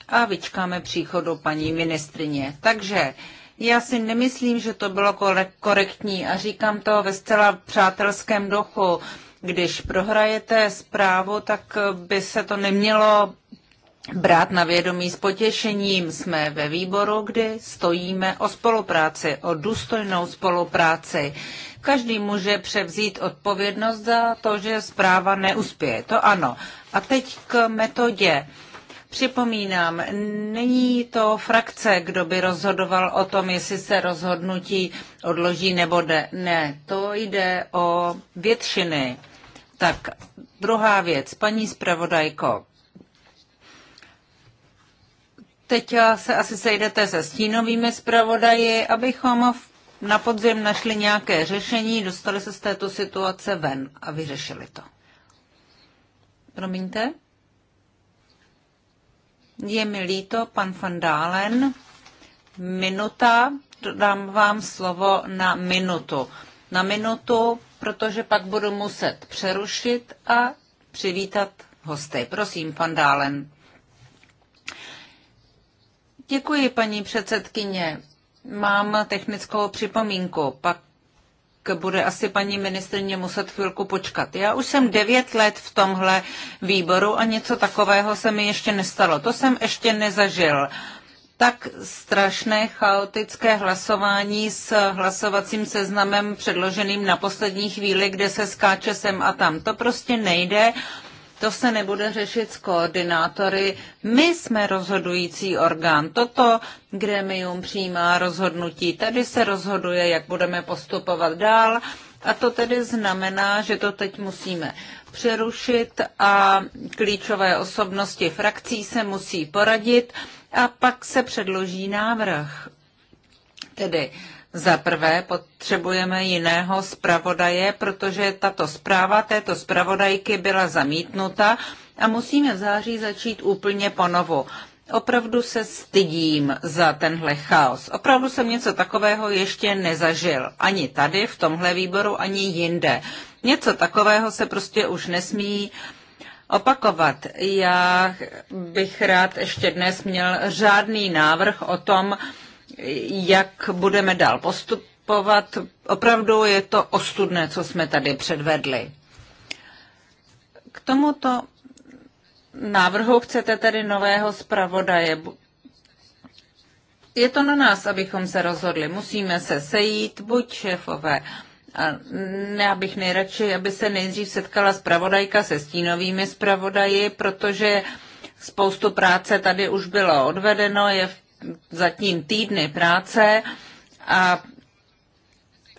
a vyčkáme příchodu paní ministrině. Takže já si nemyslím, že to bylo korektní a říkám to ve zcela přátelském duchu. Když prohrajete zprávu, tak by se to nemělo brát na vědomí s potěšením. Jsme ve výboru, kdy stojíme o spolupráci, o důstojnou spolupráci. Každý může převzít odpovědnost za to, že zpráva neuspěje. To ano. A teď k metodě. Připomínám, není to frakce, kdo by rozhodoval o tom, jestli se rozhodnutí odloží nebo ne. Ne, to jde o většiny. Tak, druhá věc, paní zpravodajko. Teď se asi sejdete se stínovými zpravodaji, abychom v, na podzim našli nějaké řešení, dostali se z této situace ven a vyřešili to. Promiňte? Je mi líto, pan van Dálen. Minuta, dám vám slovo na minutu. Na minutu protože pak budu muset přerušit a přivítat hosty. Prosím, pan Dálen. Děkuji, paní předsedkyně. Mám technickou připomínku, pak bude asi paní ministrně muset chvilku počkat. Já už jsem devět let v tomhle výboru a něco takového se mi ještě nestalo. To jsem ještě nezažil. Uh, tak strašné chaotické hlasování s hlasovacím seznamem předloženým na poslední chvíli, kde se skáče sem a tam. To prostě nejde. To se nebude řešit s koordinátory. My jsme rozhodující orgán. Toto gremium přijímá rozhodnutí. Tady se rozhoduje, jak budeme postupovat dál. A to tedy znamená, že to teď musíme přerušit a klíčové osobnosti frakcí se musí poradit a pak se předloží návrh. Tedy za prvé potřebujeme jiného zpravodaje, protože tato zpráva této zpravodajky byla zamítnuta a musíme v září začít úplně ponovu. Opravdu se stydím za tenhle chaos. Opravdu jsem něco takového ještě nezažil. Ani tady, v tomhle výboru, ani jinde. Něco takového se prostě už nesmí uh, opakovat. Já bych rád ještě dnes měl řádný návrh o tom, jak budeme dál postupovat. Opravdu je to ostudné, co jsme tady předvedli. K tomuto návrhu chcete tedy nového zpravodaje. Je to na nás, abychom se rozhodli. Musíme se sejít, buď šéfové a já bych nejradši, aby se nejdřív setkala zpravodajka se stínovými zpravodaji, protože spoustu práce tady už bylo odvedeno, je zatím týdny práce a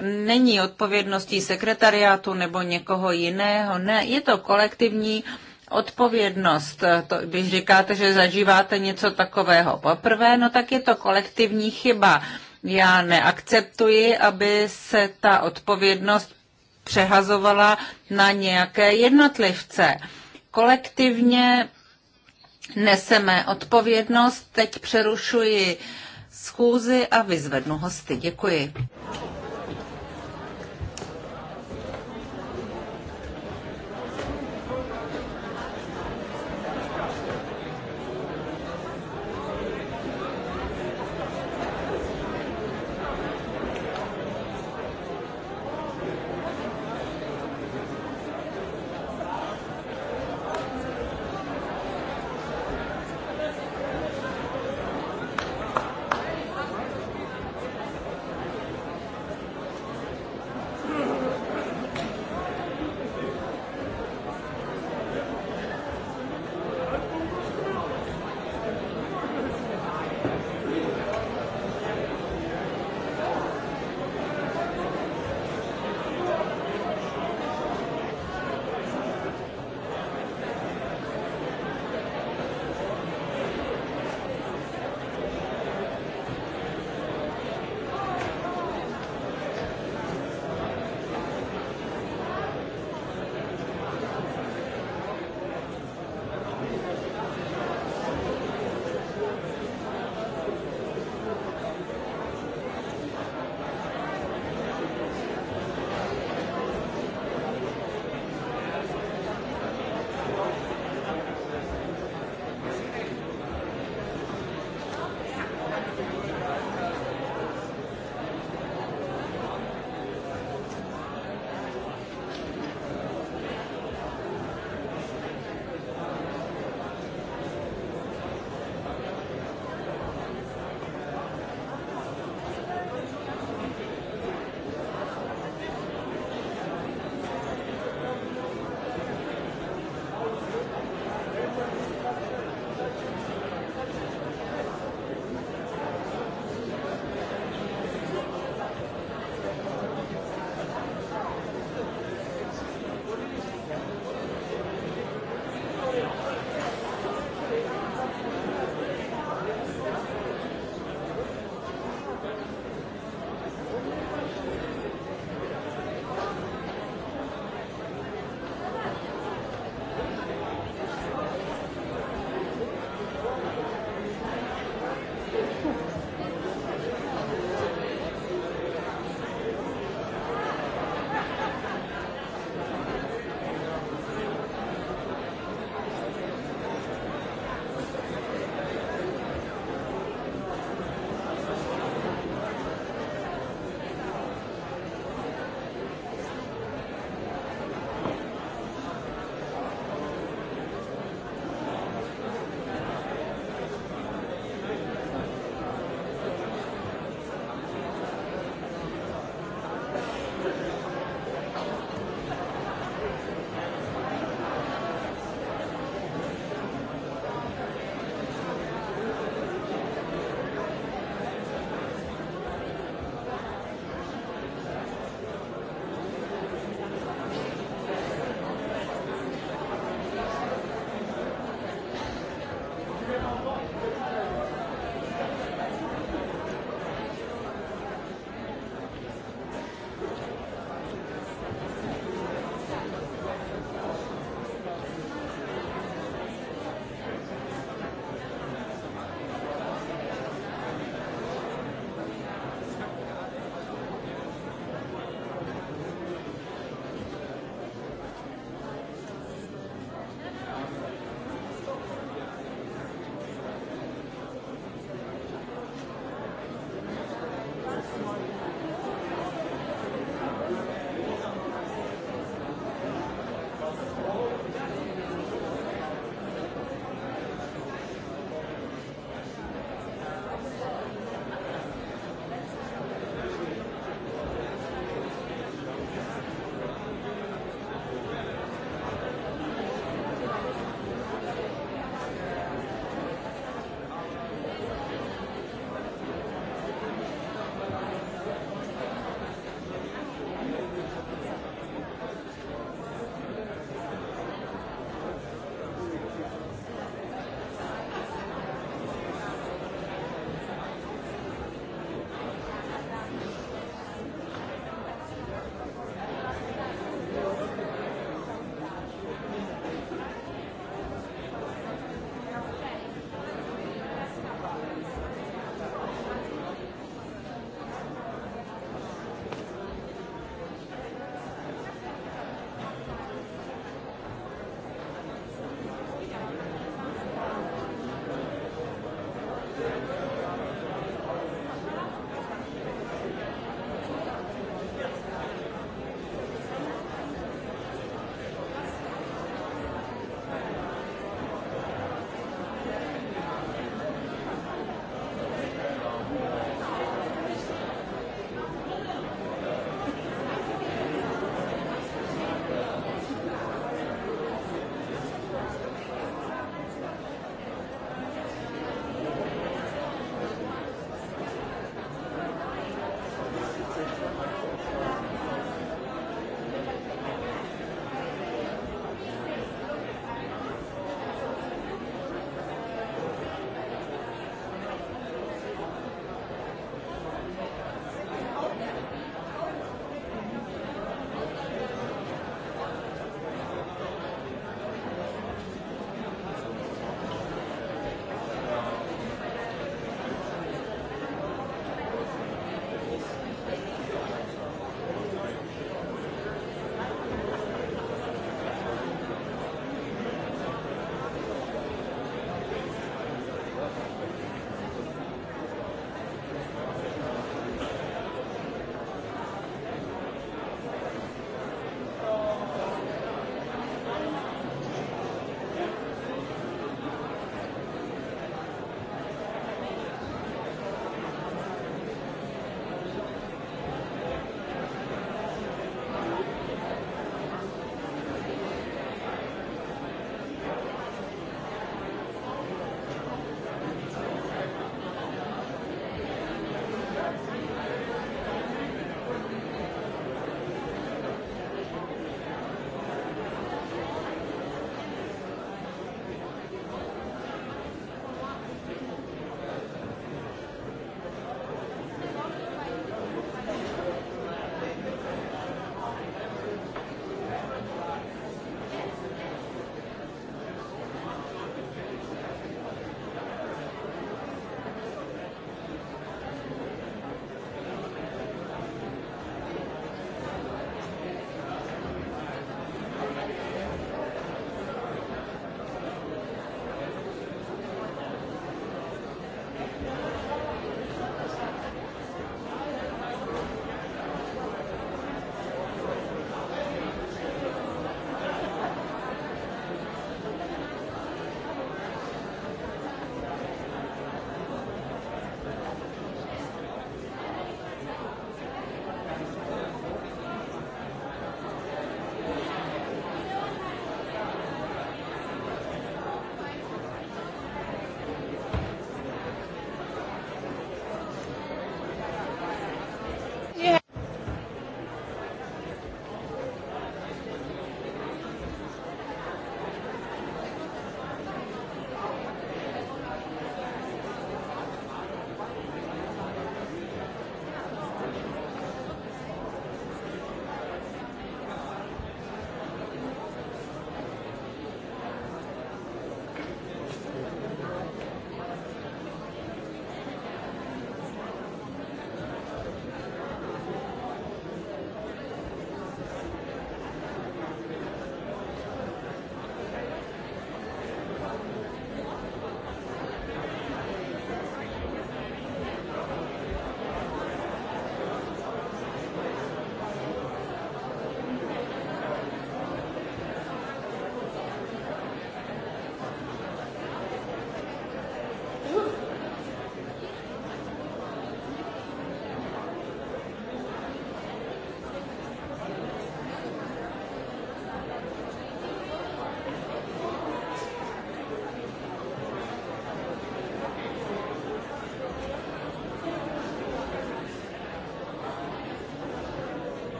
není odpovědností sekretariátu nebo někoho jiného. Ne, je to kolektivní odpovědnost. To, když říkáte, že zažíváte něco takového poprvé, no tak je to kolektivní chyba. Já neakceptuji, aby se ta odpovědnost přehazovala na nějaké jednotlivce. Kolektivně neseme odpovědnost. Teď přerušuji schůzi a vyzvednu hosty. Děkuji.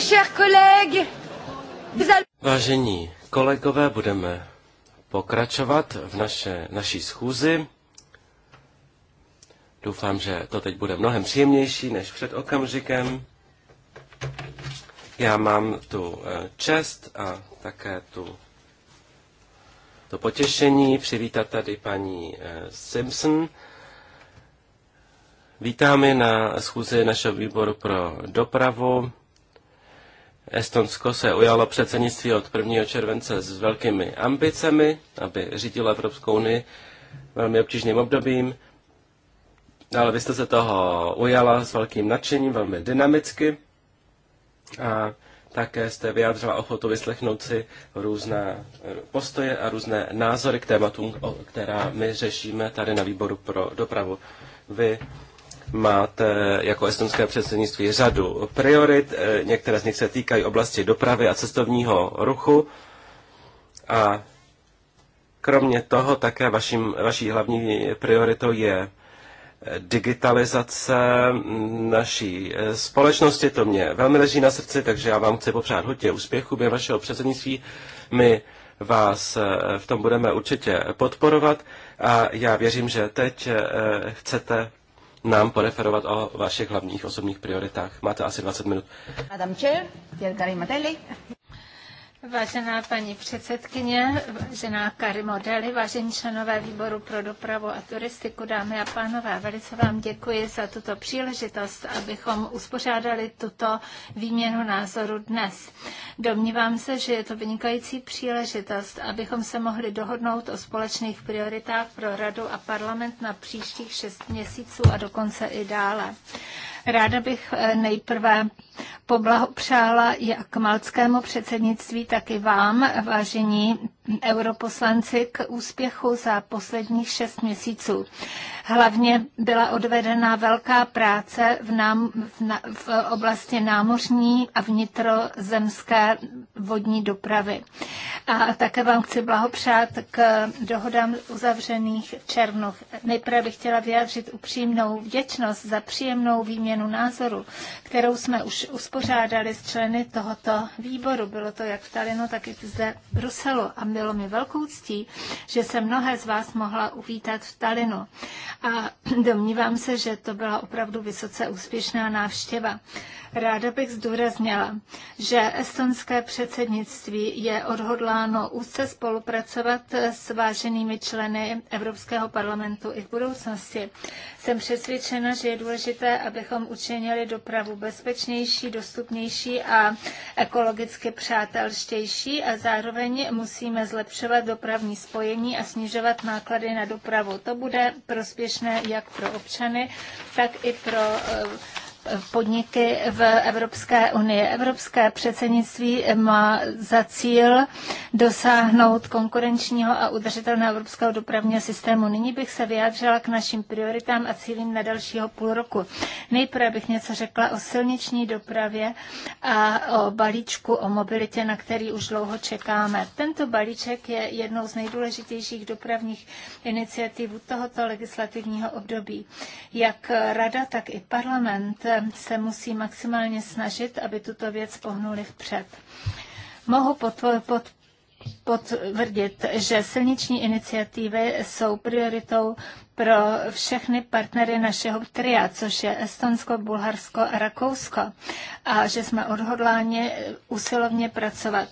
chers collègues, vous allez... Vážení kolegové, budeme pokračovat v naše, naší schůzi. Doufám, že to teď bude mnohem příjemnější než před okamžikem. Já mám tu eh, čest a také tu to potěšení přivítat tady paní eh, Simpson. Vítáme na schůzi našeho výboru pro dopravu. Estonsko se ujalo předsednictví od 1. července s velkými ambicemi, aby řídilo Evropskou unii velmi obtížným obdobím. Ale vy jste se toho ujala s velkým nadšením, velmi dynamicky. A také jste vyjádřila ochotu vyslechnout si různé eh, postoje a různé názory k tématům, která my řešíme tady na výboru pro dopravu. Vy máte jako estonské předsednictví řadu priorit, eh, některé z nich se týkají oblasti dopravy a cestovního ruchu a kromě toho také vaším, vaší hlavní prioritou je eh, digitalizace naší eh, společnosti. To mě velmi leží na srdci, takže já vám chci popřát hodně úspěchu během vašeho předsednictví. My vás v tom budeme určitě podporovat a já věřím, že teď chcete nám poreferovat o vašich hlavních osobních prioritách. Máte asi 20 minut. Madam Chair, Vážená paní předsedkyně, vážená Karimo Modely, vážení členové výboru pro dopravu a turistiku, dámy a pánové, velice vám děkuji za tuto příležitost, abychom uspořádali tuto výměnu názoru dnes. Domnívám se, že je to vynikající příležitost, abychom se mohli dohodnout o společných prioritách pro Radu a parlament na příštích šest měsíců a dokonce i dále. Ráda bych eh, nejprve poblahopřála jak malckému předsednictví, tak i vám, vážení europoslanci, k úspěchu za posledních šest měsíců. Hlavně byla odvedena velká práce v, nám, v, na, v oblasti námořní a vnitrozemské vodní dopravy. A také vám chci blahopřát k dohodám uzavřených Černoch. Nejprve bych chtěla vyjádřit upřímnou vděčnost za příjemnou výměnu názoru, kterou jsme už uspořádali s členy tohoto výboru. Bylo to jak v Talinu, tak i zde v Bruselu. A bylo mi velkou ctí, že se mnohé z vás mohla uvítat v Talinu a domnívám se, že to byla opravdu vysoce úspěšná návštěva. Ráda bych zdůraznila, že estonské předsednictví je odhodláno úzce spolupracovat s váženými členy Evropského parlamentu i v budoucnosti. Jsem přesvědčena, že je důležité, abychom učinili dopravu bezpečnější, dostupnější a ekologicky přátelštější a zároveň musíme zlepšovat dopravní spojení a snižovat náklady na dopravu. To bude prospěšné jak pro občany, tak i pro eh, podniky v Evropské unii. Evropské předsednictví má za cíl dosáhnout konkurenčního a udržitelného evropského dopravního systému. Nyní bych se vyjádřila k našim prioritám a cílím na dalšího půl roku. Nejprve bych něco řekla o silniční dopravě a o balíčku o mobilitě, na který už dlouho čekáme. Tento balíček je jednou z nejdůležitějších dopravních iniciativ tohoto legislativního období. Jak rada, tak i parlament se musí maximálně snažit, aby tuto věc pohnuli vpřed. Mohu potvrdit, že silniční iniciativy jsou prioritou pro všechny partnery našeho tria, což je Estonsko, Bulharsko a Rakousko, a že jsme odhodláni usilovně pracovat.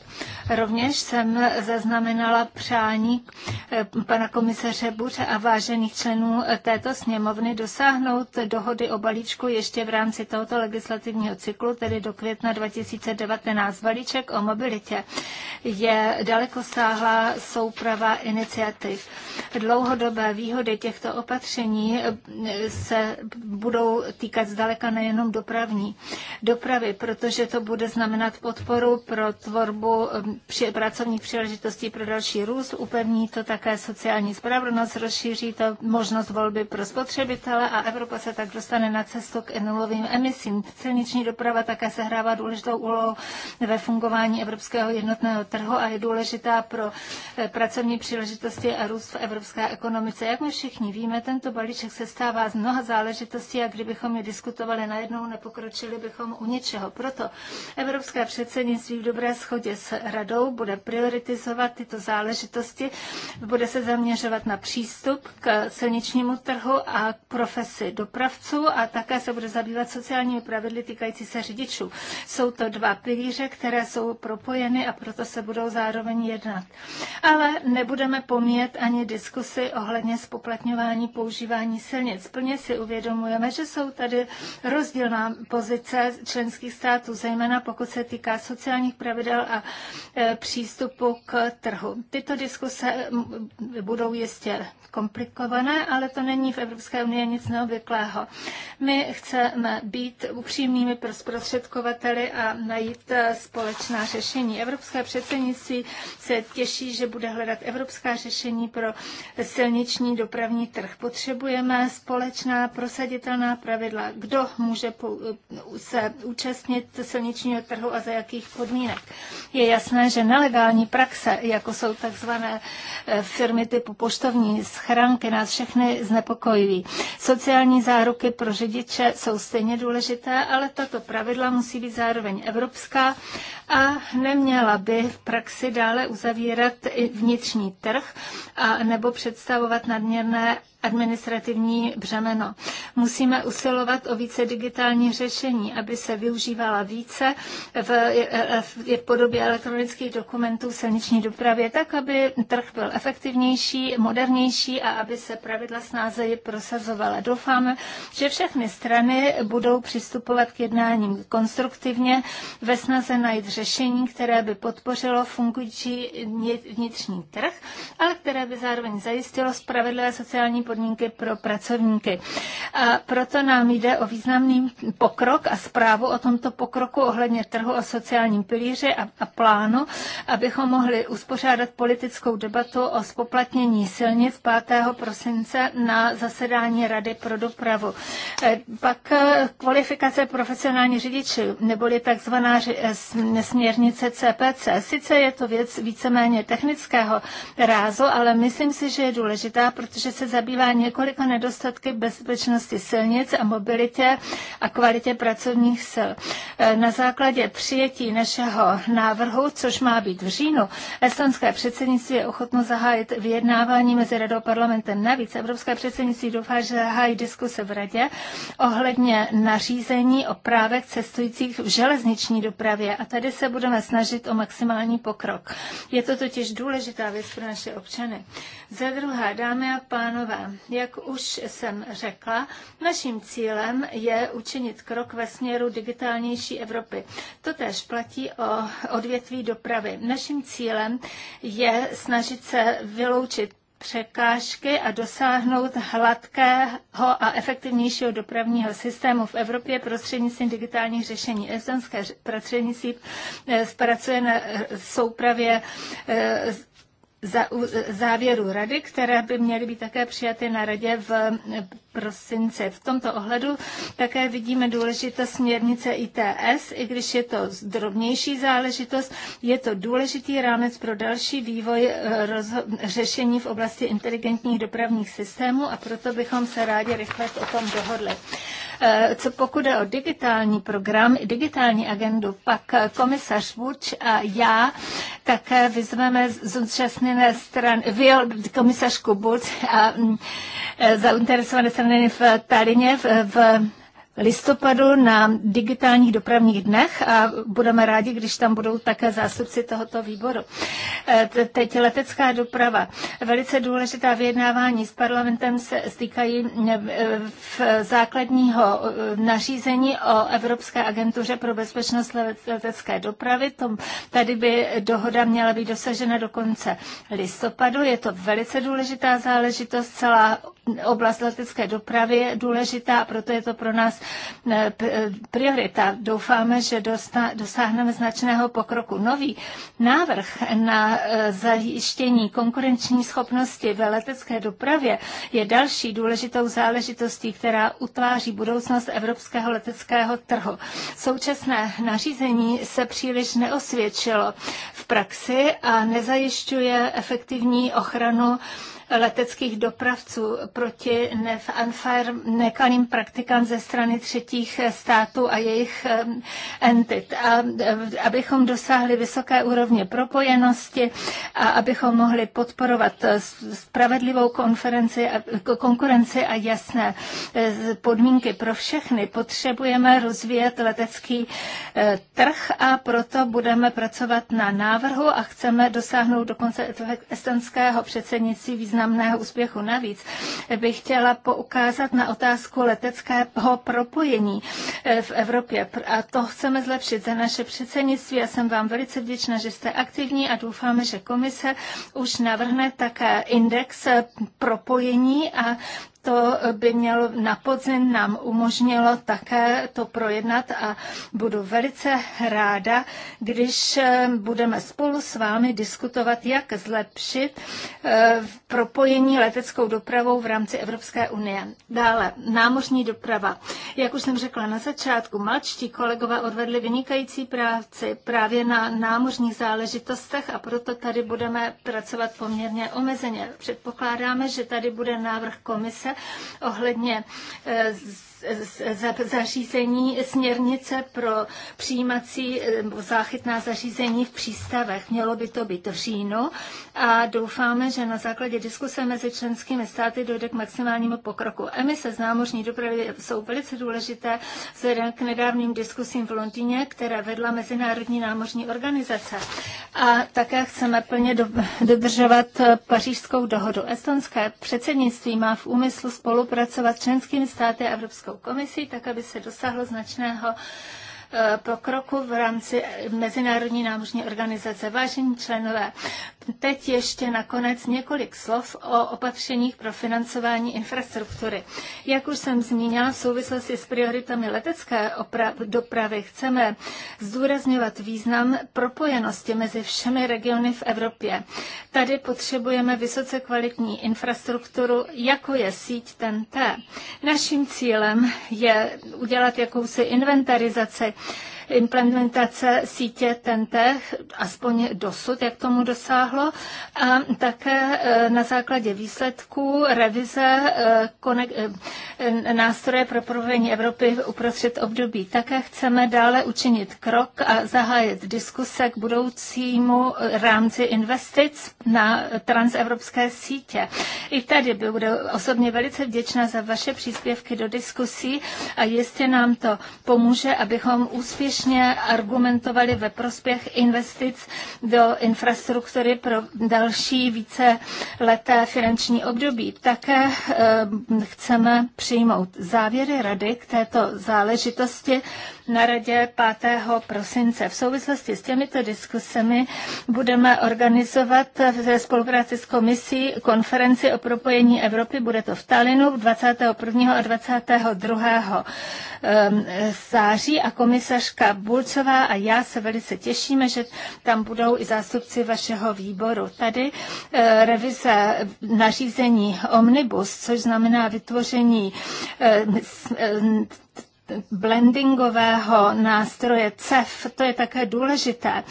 Rovněž jsem zaznamenala přání eh, pana komisaře Buře a vážených členů této sněmovny dosáhnout dohody o balíčku ještě v rámci tohoto legislativního cyklu, tedy do května 2019. Balíček o mobilitě je dalekosáhlá souprava iniciativ. Dlouhodobé výhody těchto opatření eh, se budou týkat zdaleka nejenom dopravní dopravy, protože to bude znamenat podporu pro tvorbu eh, při, pracovních příležitostí pro další růst, upevní to také sociální spravedlnost, rozšíří to možnost volby pro spotřebitele a Evropa se tak dostane na cestu k nulovým emisím. Silniční doprava také sehrává důležitou úlohu ve fungování evropského jednotného trhu a je důležitá pro eh, pracovní příležitosti a růst v evropské ekonomice. Jak my všichni víme, víme, tento balíček se stává z mnoha záležitostí a kdybychom je diskutovali najednou, nepokročili bychom u ničeho. Proto Evropské předsednictví v dobré schodě s radou bude prioritizovat tyto záležitosti, bude se zaměřovat na přístup k silničnímu trhu a k profesi dopravců a také se bude zabývat sociálními pravidly týkající se řidičů. Jsou to dva pilíře, které jsou propojeny a proto se budou zároveň jednat. Ale nebudeme pomíjet ani diskusy ohledně spoplatňování optimální používání silnic. Plně si uvědomujeme, že jsou tady rozdílná pozice členských států, zejména pokud se týká sociálních pravidel a e, přístupu k trhu. Tyto diskuse budou jistě komplikované, ale to není v Evropské unii nic neobvyklého. My chceme být upřímnými pro zprostředkovateli a najít e, společná řešení. Evropské předsednictví se těší, že bude hledat evropská řešení pro silniční dopravní trh trh. Potřebujeme společná prosaditelná pravidla, kdo může se účastnit silničního trhu a za jakých podmínek. Je jasné, že nelegální praxe, jako jsou takzvané eh, firmy typu poštovní schránky, nás všechny znepokojují. Sociální záruky pro řidiče jsou stejně důležité, ale tato pravidla musí být zároveň evropská a neměla by v praxi dále uzavírat vnitřní trh a nebo představovat nadměrné administrativní břemeno. Musíme usilovat o více digitální řešení, aby se využívala více v, v podobě elektronických dokumentů v silniční dopravě, tak aby trh byl efektivnější, modernější a aby se pravidla snáze prosazovala. Doufáme, že všechny strany budou přistupovat k jednáním konstruktivně ve snaze najít řešení, které by podpořilo fungující vnitřní trh, ale které by zároveň zajistilo spravedlivé sociální podmínky podmínky pro pracovníky. A proto nám jde o významný pokrok a zprávu o tomto pokroku ohledně trhu o sociálním pilíři a, a plánu, abychom mohli uspořádat politickou debatu o spoplatnění silnic 5. prosince na zasedání Rady pro dopravu. E, pak e, kvalifikace profesionální řidiči neboli takzvaná e, směrnice CPC. Sice je to věc víceméně technického rázu, ale myslím si, že je důležitá, protože se zabývá vyplývá několika nedostatky bezpečnosti silnic a mobilitě a kvalitě pracovních sil. E, na základě přijetí našeho návrhu, což má být v říjnu, estonské předsednictví je ochotno zahájit vyjednávání mezi radou parlamentem. Navíc Evropské předsednictví doufá, že zahájí diskuse v radě ohledně nařízení o právech cestujících v železniční dopravě. A tady se budeme snažit o maximální pokrok. Je to totiž důležitá věc pro naše občany. Za druhé, dámy a pánové, jak už jsem řekla, naším cílem je učinit krok ve směru digitálnější Evropy. To též platí o odvětví dopravy. Naším cílem je snažit se vyloučit překážky a dosáhnout hladkého a efektivnějšího dopravního systému v Evropě prostřednictvím digitálních řešení. Estonské prostřednictví zpracuje eh, na soupravě eh, závěrů rady, které by měly být také přijaty na radě v prosince. V tomto ohledu také vidíme důležitost směrnice ITS, i když je to drobnější záležitost, je to důležitý rámec pro další vývoj eh, řešení v oblasti inteligentních dopravních systémů a proto bychom se rádi rychle o tom dohodli. Eh, co pokud je o digitální program, digitální agendu, pak eh, komisař Vůč a já také vyzveme zúčastněné zainteresované strany, vy, komisařku Bulc a mm, e, zainteresované strany v Talině, v, v listopadu na digitálních dopravních dnech a budeme rádi, když tam budou také zástupci tohoto výboru. Eh, teď letecká doprava. Velice důležitá vyjednávání s parlamentem se stýkají eh, v základního eh, nařízení o Evropské agentuře pro bezpečnost letecké dopravy. Tady by dohoda měla být dosažena do konce listopadu. Je to velice důležitá záležitost. Celá oblast letecké dopravy je důležitá proto je to pro nás eh, eh, priorita. Doufáme, že dosáhneme značného pokroku. Nový návrh na eh, zajištění konkurenční schopnosti ve letecké dopravě je další důležitou záležitostí, která utváří budoucnost evropského leteckého trhu. Současné nařízení se příliš neosvědčilo v praxi a nezajišťuje efektivní ochranu leteckých dopravců proti unfair, nekalým praktikám ze strany třetích států a jejich entit. A abychom dosáhli vysoké úrovně propojenosti a abychom mohli podporovat eh, spravedlivou konferenci konkurenci a jasné eh, podmínky pro všechny, potřebujeme rozvíjet letecký eh, trh a proto budeme pracovat na návrhu a chceme dosáhnout dokonce estonského předsednictví významného významného úspěchu. Navíc bych chtěla poukázat na otázku leteckého propojení eh, v Evropě. A to chceme zlepšit za naše předsednictví. Já jsem vám velice vděčná, že jste aktivní a doufáme, že komise už navrhne také index eh, propojení a to by mělo na podzim nám umožnilo také to projednat a budu velice ráda, když eh, budeme spolu s vámi diskutovat, jak zlepšit eh, propojení leteckou dopravou v rámci Evropské unie. Dále, námořní doprava. Jak už jsem řekla na začátku, malčtí kolegové odvedli vynikající práci právě na námořních záležitostech a proto tady budeme pracovat poměrně omezeně. Předpokládáme, že tady bude návrh komise, ohledně eh, zařízení směrnice pro přijímací záchytná zařízení v přístavech. Mělo by to být v říjnu a doufáme, že na základě diskuse mezi členskými státy dojde k maximálnímu pokroku. Emise z námořní dopravy jsou velice důležité vzhledem k nedávným diskusím v Londýně, které vedla Mezinárodní námořní organizace. A také chceme plně dodržovat pařížskou dohodu. Estonské předsednictví má v úmyslu spolupracovat s členskými státy Evropskou Evropskou komisí, tak aby se dosáhlo značného eh, pokroku v rámci Mezinárodní námořní organizace. Vážení členové Teď ještě nakonec několik slov o opatřeních pro financování infrastruktury. Jak už jsem zmínila v souvislosti s prioritami letecké dopravy, chceme zdůrazňovat význam propojenosti mezi všemi regiony v Evropě. Tady potřebujeme vysoce kvalitní infrastrukturu, jako je síť TNT. Naším cílem je udělat jakousi inventarizaci implementace sítě TNT, aspoň dosud, jak tomu dosáhlo, a také eh, na základě výsledků revize eh, eh, nástroje pro provedení Evropy uprostřed období. Také chceme dále učinit krok a zahájit diskuse k budoucímu rámci investic na transevropské sítě. I tady budu osobně velice vděčná za vaše příspěvky do diskusí a jestli nám to pomůže, abychom úspěšně úspěšně argumentovali ve prospěch investic do infrastruktury pro další více leté finanční období. Také eh, chceme přijmout závěry rady k této záležitosti na radě 5. prosince. V souvislosti s těmito diskusemi budeme organizovat ve spolupráci s komisí konferenci o propojení Evropy. Bude to v Talinu 21. a 22. Ehm, září a komisařka Bulcová a já se velice těšíme, že tam budou i zástupci vašeho výboru. Tady eh, revize nařízení Omnibus, což znamená vytvoření eh, eh, blendingového nástroje CEF, to je také důležité.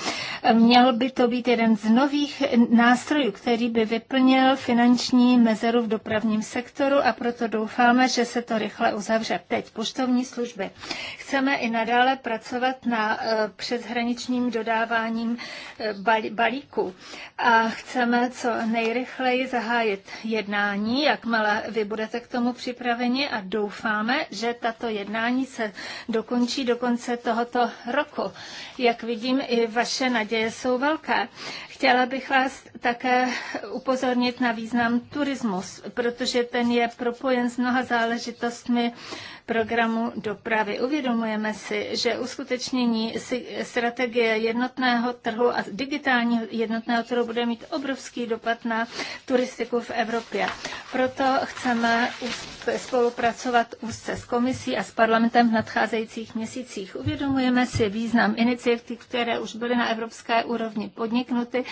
Měl by to být jeden z nových nástrojů, který by vyplnil finanční mezeru v dopravním sektoru a proto doufáme, že se to rychle uzavře. Teď poštovní služby. Chceme i nadále pracovat na eh, přeshraničním dodáváním eh, balíku a chceme co nejrychleji zahájit jednání, jakmile vy budete k tomu připraveni a doufáme, že tato jednání jednání se dokončí do konce tohoto roku. Jak vidím, i vaše naděje jsou velké. Chtěla bych vás také upozornit na význam turismus, protože ten je propojen s mnoha záležitostmi programu dopravy. Uvědomujeme si, že uskutečnění strategie jednotného trhu a digitálního jednotného trhu bude mít obrovský dopad na turistiku v Evropě. Proto chceme spolupracovat úzce s komisí a s parlamentem v nadcházejících měsících. Uvědomujeme si význam iniciativ, které už byly na evropské úrovni podniknuty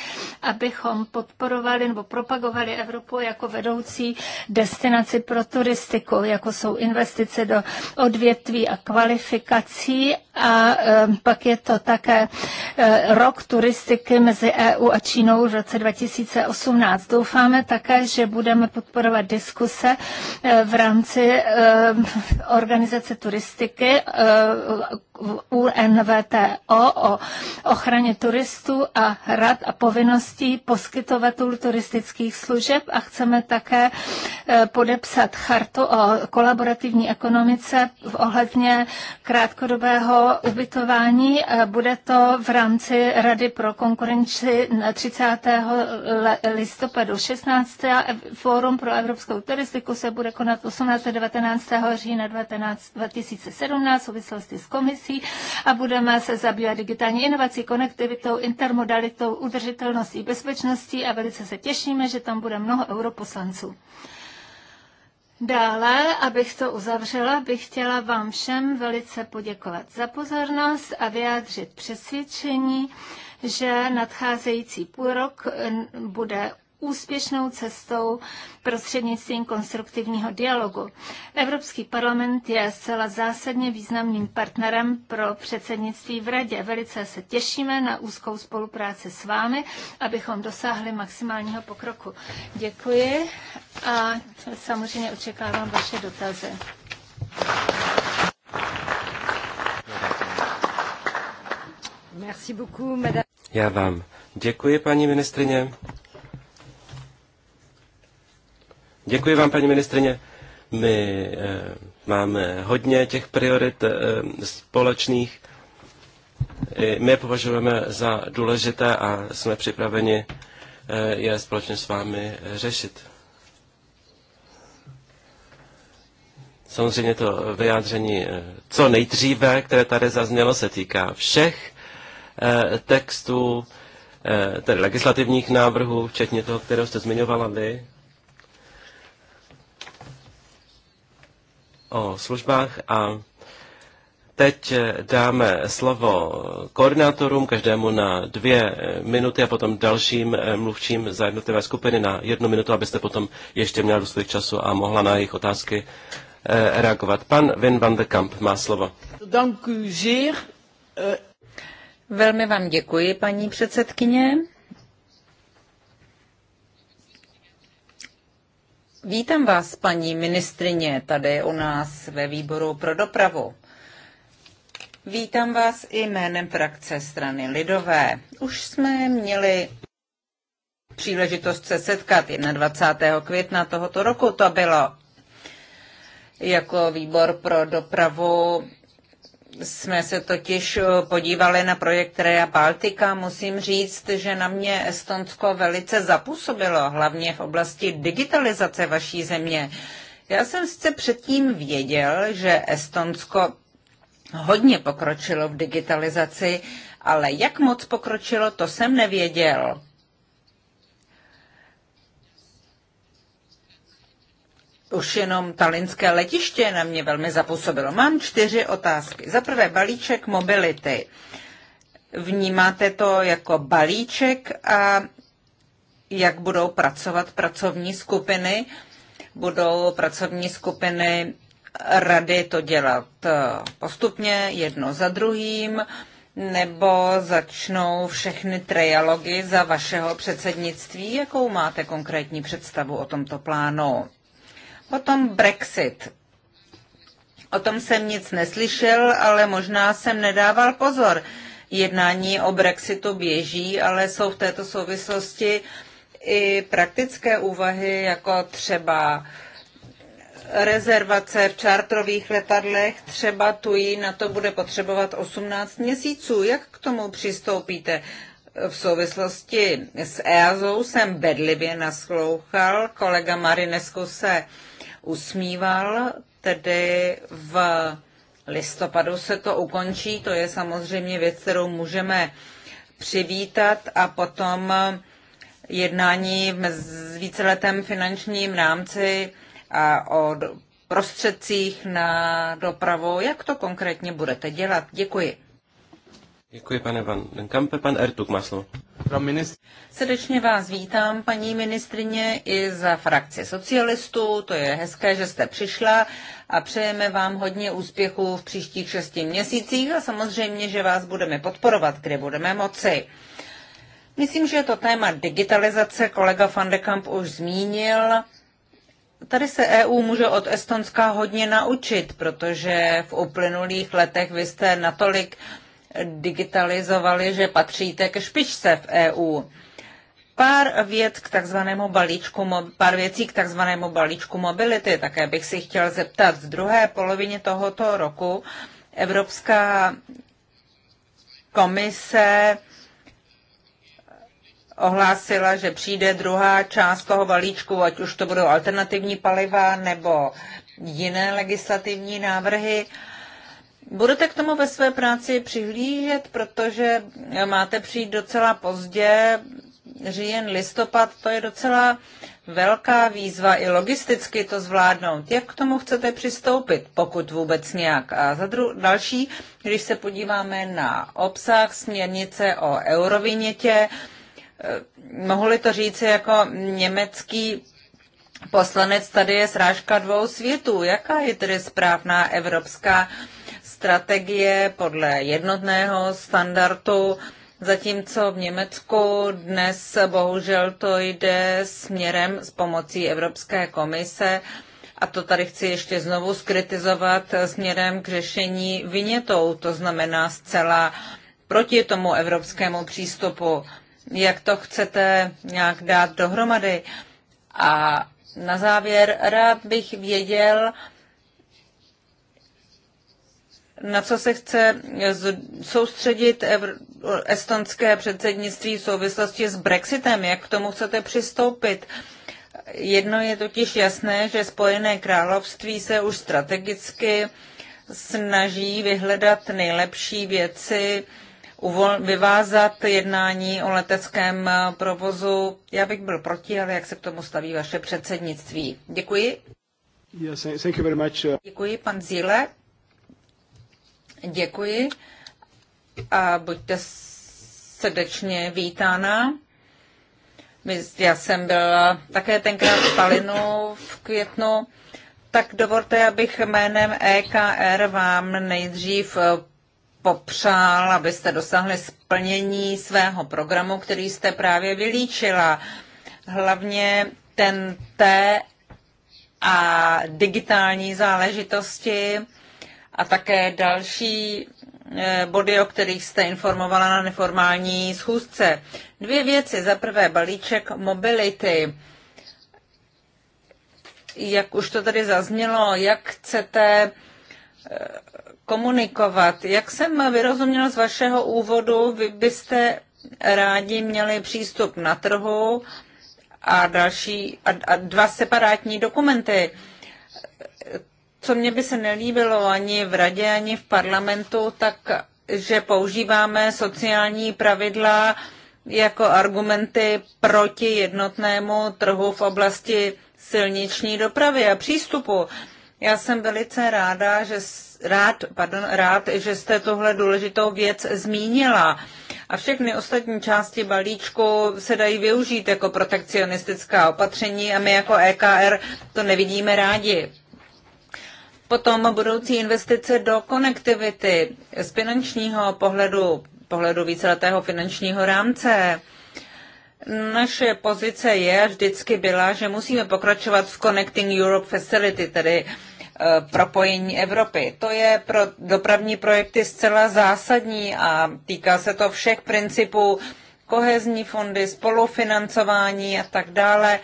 abychom podporovali nebo propagovali Evropu jako vedoucí destinaci pro turistiku, jako jsou investice do odvětví a kvalifikací a eh, pak je to také eh, rok turistiky mezi EU a Čínou v roce 2018. Doufáme také, že budeme podporovat diskuse eh, v rámci organizace turistiky UNVTO o ochraně turistů a rad a povinností poskytovatelů turistických služeb a chceme také podepsat chartu o kolaborativní ekonomice v ohledně krátkodobého o ubytování. Eh, bude to v rámci Rady pro konkurenci 30. listopadu 16. Fórum pro evropskou turistiku se bude konat 18. 19. října 19, 2017 v souvislosti s komisí a budeme se zabývat digitální inovací, konektivitou, intermodalitou, udržitelností, bezpečností a velice se těšíme, že tam bude mnoho europoslanců. Dále, abych to uzavřela, bych chtěla vám všem velice poděkovat za pozornost a vyjádřit přesvědčení, že nadcházející půlrok eh, bude úspěšnou cestou prostřednictvím konstruktivního dialogu. Evropský parlament je zcela zásadně významným partnerem pro předsednictví v Radě. Velice se těšíme na úzkou spolupráci s vámi, abychom dosáhli maximálního pokroku. Děkuji a samozřejmě očekávám vaše dotazy. Já vám děkuji, paní ministrině. Děkuji vám, paní ministrině. My eh, máme hodně těch priorit eh, společných. My je považujeme za důležité a jsme připraveni eh, je společně s vámi řešit. Samozřejmě to vyjádření co nejdříve, které tady zaznělo, se týká všech textů, tedy legislativních návrhů, včetně toho, kterého jste zmiňovala vy. o službách a teď dáme slovo koordinátorům, každému na dvě minuty a potom dalším mluvčím za jednotlivé skupiny na jednu minutu, abyste potom ještě měla dostatek času a mohla na jejich otázky eh, reagovat. Pan Vin van de Kamp má slovo. Eh, Velmi vám děkuji, paní předsedkyně. Vítám vás, paní ministrině, tady u nás ve výboru pro dopravu. Vítám vás i jménem frakce strany Lidové. Už jsme měli příležitost se setkat 21. května tohoto roku. To bylo jako výbor pro dopravu jsme se totiž eh, podívali na projekt Rea Baltica. Musím říct, že na mě Estonsko velice zapůsobilo, hlavně v oblasti digitalizace vaší země. Já jsem sice předtím věděl, že Estonsko hodně pokročilo v digitalizaci, ale jak moc pokročilo, to jsem nevěděl. Už jenom talinské letiště na mě velmi zapůsobilo. Mám čtyři otázky. Za prvé balíček mobility. Vnímáte to jako balíček a jak budou pracovat pracovní skupiny? Budou pracovní skupiny rady to dělat eh, postupně, jedno za druhým, nebo začnou všechny trialogy za vašeho předsednictví? Jakou máte konkrétní představu o tomto plánu? Potom Brexit. O tom jsem nic neslyšel, ale možná jsem nedával pozor. Jednání o Brexitu běží, ale jsou v této souvislosti i praktické úvahy, jako třeba rezervace v čártrových letadlech, třeba tují na to bude potřebovat 18 měsíců. Jak k tomu přistoupíte? V souvislosti s EASou jsem bedlivě naslouchal, kolega Marinesku se uh, usmíval, tedy v listopadu se to ukončí, to je samozřejmě věc, kterou můžeme přivítat a potom jednání v víceletém finančním rámci a o prostředcích na dopravu. Jak to konkrétně budete dělat? Děkuji. Děkuji, pane Van Denkampe. Pan Ertuk má slovo. Srdečně vás vítám, paní ministrině, i za frakci socialistů. To je hezké, že jste přišla a přejeme vám hodně úspěchů v příštích šesti měsících a samozřejmě, že vás budeme podporovat, kde budeme moci. Myslím, že to téma digitalizace kolega Van de Kamp už zmínil. Tady se EU může od Estonska hodně naučit, protože v uplynulých letech vy jste natolik digitalizovali, že patříte k špičce v EU. Pár věc k takzvanému balíčku, pár věcí k takzvanému balíčku mobility. Také bych si chtěl zeptat, v druhé polovině tohoto roku Evropská komise ohlásila, že přijde druhá část toho balíčku, ať už to budou alternativní paliva nebo jiné legislativní návrhy. Uh, Budete k tomu ve své práci přihlížet, protože máte přijít docela pozdě, říjen, listopad, to je docela velká výzva i logisticky to zvládnout. Jak k tomu chcete přistoupit, pokud vůbec nějak? A za dru- další, když se podíváme na obsah směrnice o eurovinětě, eh, mohli to říct jako německý poslanec, tady je srážka dvou světů. Jaká je tedy správná evropská strategie podle jednotného standardu, zatímco v Německu dnes bohužel to jde směrem s pomocí Evropské komise, a to tady chci ještě znovu skritizovat směrem k řešení vynětou, to znamená zcela proti tomu evropskému přístupu, jak to chcete nějak dát dohromady. A na závěr rád bych věděl, na co se chce soustředit estonské předsednictví v souvislosti s Brexitem, jak k tomu chcete přistoupit. Jedno je totiž jasné, že Spojené království se už strategicky snaží vyhledat nejlepší věci, vyvázat jednání o leteckém provozu. Já bych byl proti, ale jak se k tomu staví vaše předsednictví? Děkuji. Yes, thank you very much. Děkuji, pan Zíle. Děkuji a buďte srdečně vítána. Já jsem byla také tenkrát v Palinu v květnu, tak dovolte, abych jménem EKR vám nejdřív popřál, abyste dosáhli splnění svého programu, který jste právě vylíčila. Hlavně ten T a digitální záležitosti a také další eh, body, o kterých jste informovala na neformální schůzce. Dvě věci. Za prvé balíček mobility. Jak už to tady zaznělo, jak chcete eh, komunikovat. Jak jsem vyrozuměla z vašeho úvodu, vy byste rádi měli přístup na trhu a další a, a dva separátní dokumenty co mě by se nelíbilo ani v radě, ani v parlamentu, tak že používáme sociální pravidla jako argumenty proti jednotnému trhu v oblasti silniční dopravy a přístupu. Já jsem velice ráda, že rád, pardon, rád, že jste tohle důležitou věc zmínila. A všechny ostatní části balíčku se dají využít jako protekcionistická opatření a my jako EKR to nevidíme rádi. Potom budoucí investice do konektivity z finančního pohledu, pohledu víceletého finančního rámce. Naše pozice je vždycky byla, že musíme pokračovat v Connecting Europe Facility, tedy e, propojení Evropy. To je pro dopravní projekty zcela zásadní a týká se to všech principů kohezní fondy, spolufinancování a tak dále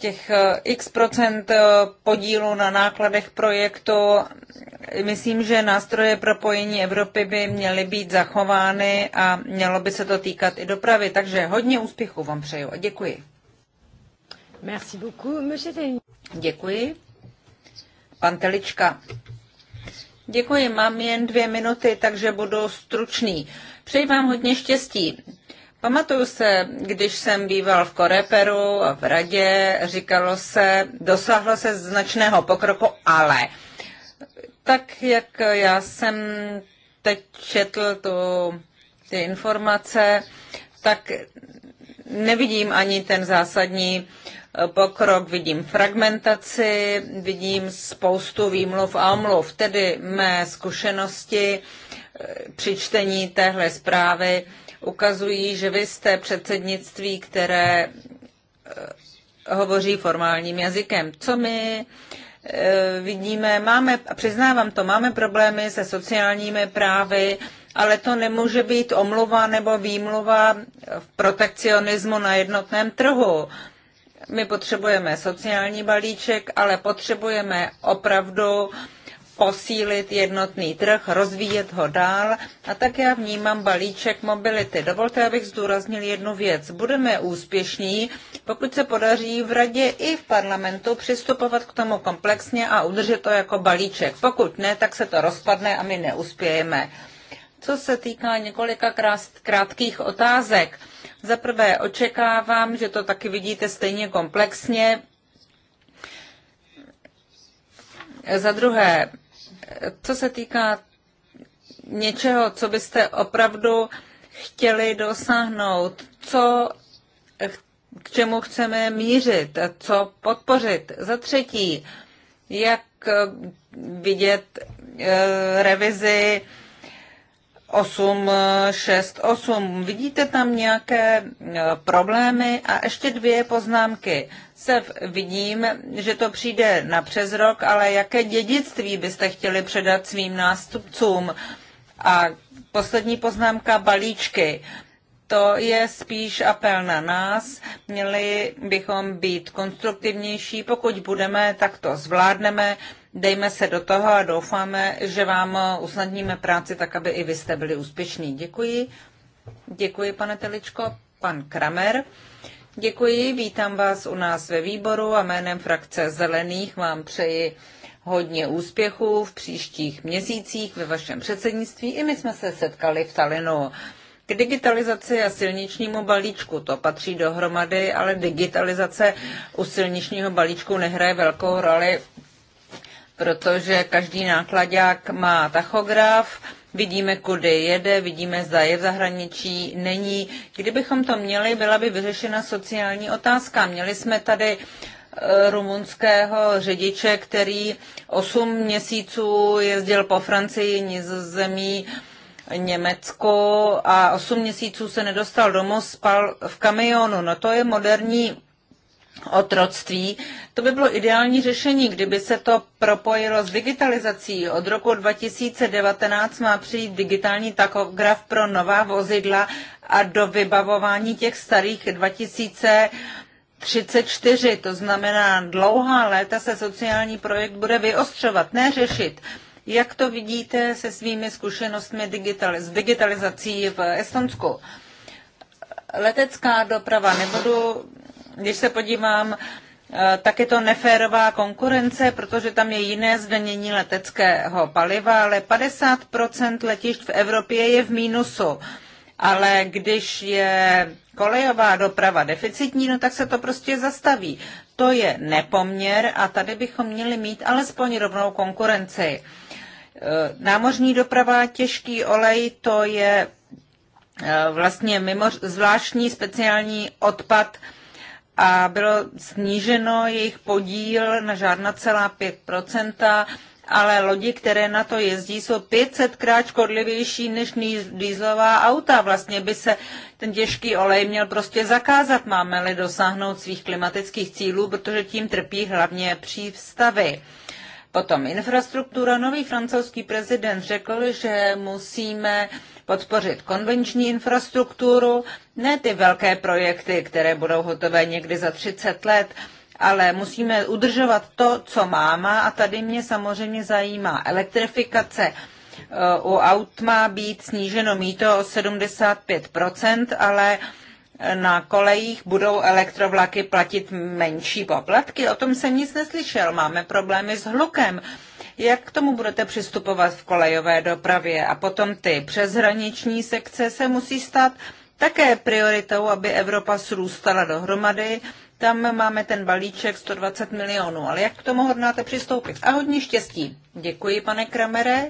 těch eh, x procent eh, podílu na nákladech projektu. Myslím, že nástroje propojení Evropy by měly být zachovány a mělo by se to týkat i dopravy. Takže hodně úspěchů vám přeju a děkuji. Merci beaucoup, monsieur Děkuji. Pan Telička. Děkuji, mám jen dvě minuty, takže budu stručný. Přeji vám hodně štěstí. Pamatuju se, když jsem býval v Koreperu a v radě, říkalo se, dosáhlo se značného pokroku, ale tak, jak já jsem teď četl tu, ty informace, tak nevidím ani ten zásadní eh, pokrok, vidím fragmentaci, vidím spoustu výmluv a omluv. Tedy mé zkušenosti eh, při čtení téhle zprávy ukazují, že vy jste předsednictví, které eh, hovoří formálním jazykem. Co my eh, vidíme, máme, přiznávám to, máme problémy se sociálními právy, ale to nemůže být omluva nebo výmluva v protekcionismu na jednotném trhu. My potřebujeme sociální balíček, ale potřebujeme opravdu uh, posílit jednotný trh, rozvíjet ho dál a tak já vnímám balíček mobility. Dovolte, abych zdůraznil jednu věc. Budeme úspěšní, pokud se podaří v radě i v parlamentu přistupovat k tomu komplexně a udržet to jako balíček. Pokud ne, tak se to rozpadne a my neuspějeme. Co se týká několika krátkých otázek, za prvé očekávám, že to taky vidíte stejně komplexně. Za druhé, co se týká něčeho, co byste opravdu chtěli dosáhnout, co k čemu chceme mířit, co podpořit. Za třetí, jak eh, vidět eh, revizi 868. Vidíte tam nějaké eh, problémy? A ještě dvě poznámky se vidím, že to přijde na přes rok, ale jaké dědictví byste chtěli předat svým nástupcům? A poslední poznámka balíčky. To je spíš apel na nás. Měli bychom být konstruktivnější. Pokud budeme, tak to zvládneme. Dejme se do toho a doufáme, že vám usnadníme práci tak, aby i vy jste byli úspěšní. Děkuji. Děkuji, pane Teličko. Pan Kramer. Děkuji, vítám vás u nás ve výboru a jménem frakce Zelených vám přeji hodně úspěchů v příštích měsících ve vašem předsednictví. I my jsme se setkali v Talinu. K digitalizaci a silničnímu balíčku to patří dohromady, ale digitalizace u silničního balíčku nehraje velkou roli, protože každý nákladák má tachograf, vidíme, kudy jede, vidíme, zda je v zahraničí, není. Kdybychom to měli, byla by vyřešena sociální otázka. Měli jsme tady eh, rumunského řidiče, který 8 měsíců jezdil po Francii, Nizozemí, Německo a 8 měsíců se nedostal domů, spal v kamionu. No to je moderní otroctví. To by bylo ideální řešení, kdyby se to propojilo s digitalizací. Od roku 2019 má přijít digitální takograf pro nová vozidla a do vybavování těch starých 2000 34, to znamená dlouhá léta se sociální projekt bude vyostřovat, ne řešit. Jak to vidíte se svými zkušenostmi digitaliz- s digitalizací v Estonsku? Letecká doprava, nebudu když se podívám, eh, tak je to neférová konkurence, protože tam je jiné zdanění leteckého paliva, ale 50% letišť v Evropě je v mínusu. Ale když je kolejová doprava deficitní, no tak se to prostě zastaví. To je nepoměr a tady bychom měli mít alespoň rovnou konkurenci. Eh, námořní doprava, těžký olej, to je eh, vlastně mimo, zvláštní speciální odpad, a bylo sníženo jejich podíl na žádná celá 5%, ale lodi, které na to jezdí, jsou 500krát škodlivější než dýzlová auta. Vlastně by se ten těžký olej měl prostě zakázat, máme-li dosáhnout svých klimatických cílů, protože tím trpí hlavně přístavy. Potom infrastruktura. Nový francouzský prezident řekl, že musíme podpořit konvenční infrastrukturu, ne ty velké projekty, které budou hotové někdy za 30 let, ale musíme udržovat to, co máme a tady mě samozřejmě zajímá elektrifikace. Eh, u aut má být sníženo míto o 75%, ale eh, na kolejích budou elektrovlaky platit menší poplatky. O tom jsem nic neslyšel. Máme problémy s hlukem. Jak k tomu budete přistupovat v kolejové dopravě? A potom ty přeshraniční sekce se musí stát také prioritou, aby Evropa srůstala dohromady. Tam máme ten balíček 120 milionů, ale jak k tomu hodnáte přistoupit? A hodně štěstí. Děkuji, pane Kramere.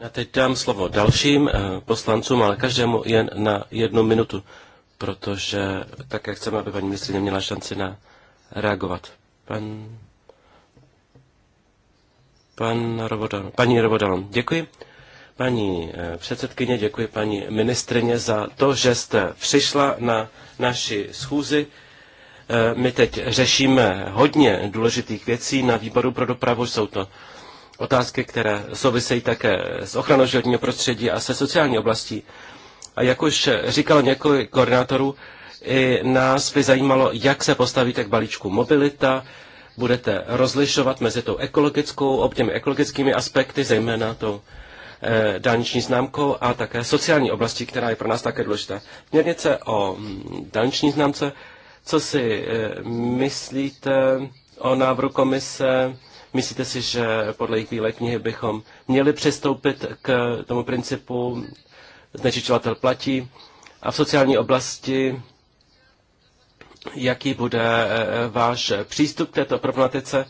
Já teď dám slovo dalším eh, poslancům, ale každému jen na jednu minutu, protože také chceme, aby paní ministrině měla šanci na reagovat. Pan Pan Rovodal, paní Rovodal, děkuji. Paní eh, předsedkyně, děkuji paní ministrině za to, že jste přišla na naši schůzi. Eh, my teď řešíme hodně důležitých věcí na výboru pro dopravu. Jsou to otázky, které souvisejí také s ochranou životního prostředí a se sociální oblastí. A jak už říkal několik koordinátorů, i nás by zajímalo, jak se postavíte k balíčku mobilita, budete rozlišovat mezi tou ekologickou, těmi ekologickými aspekty, zejména tou eh, dálniční známkou a také sociální oblastí, která je pro nás také důležitá. Směrnice o mm, dálniční známce, co si eh, myslíte o návrhu komise? Myslíte si, že podle jejich bílé knihy bychom měli přistoupit k tomu principu znečišťovatel platí? A v sociální oblasti jaký bude eh, eh, váš přístup k této problematice.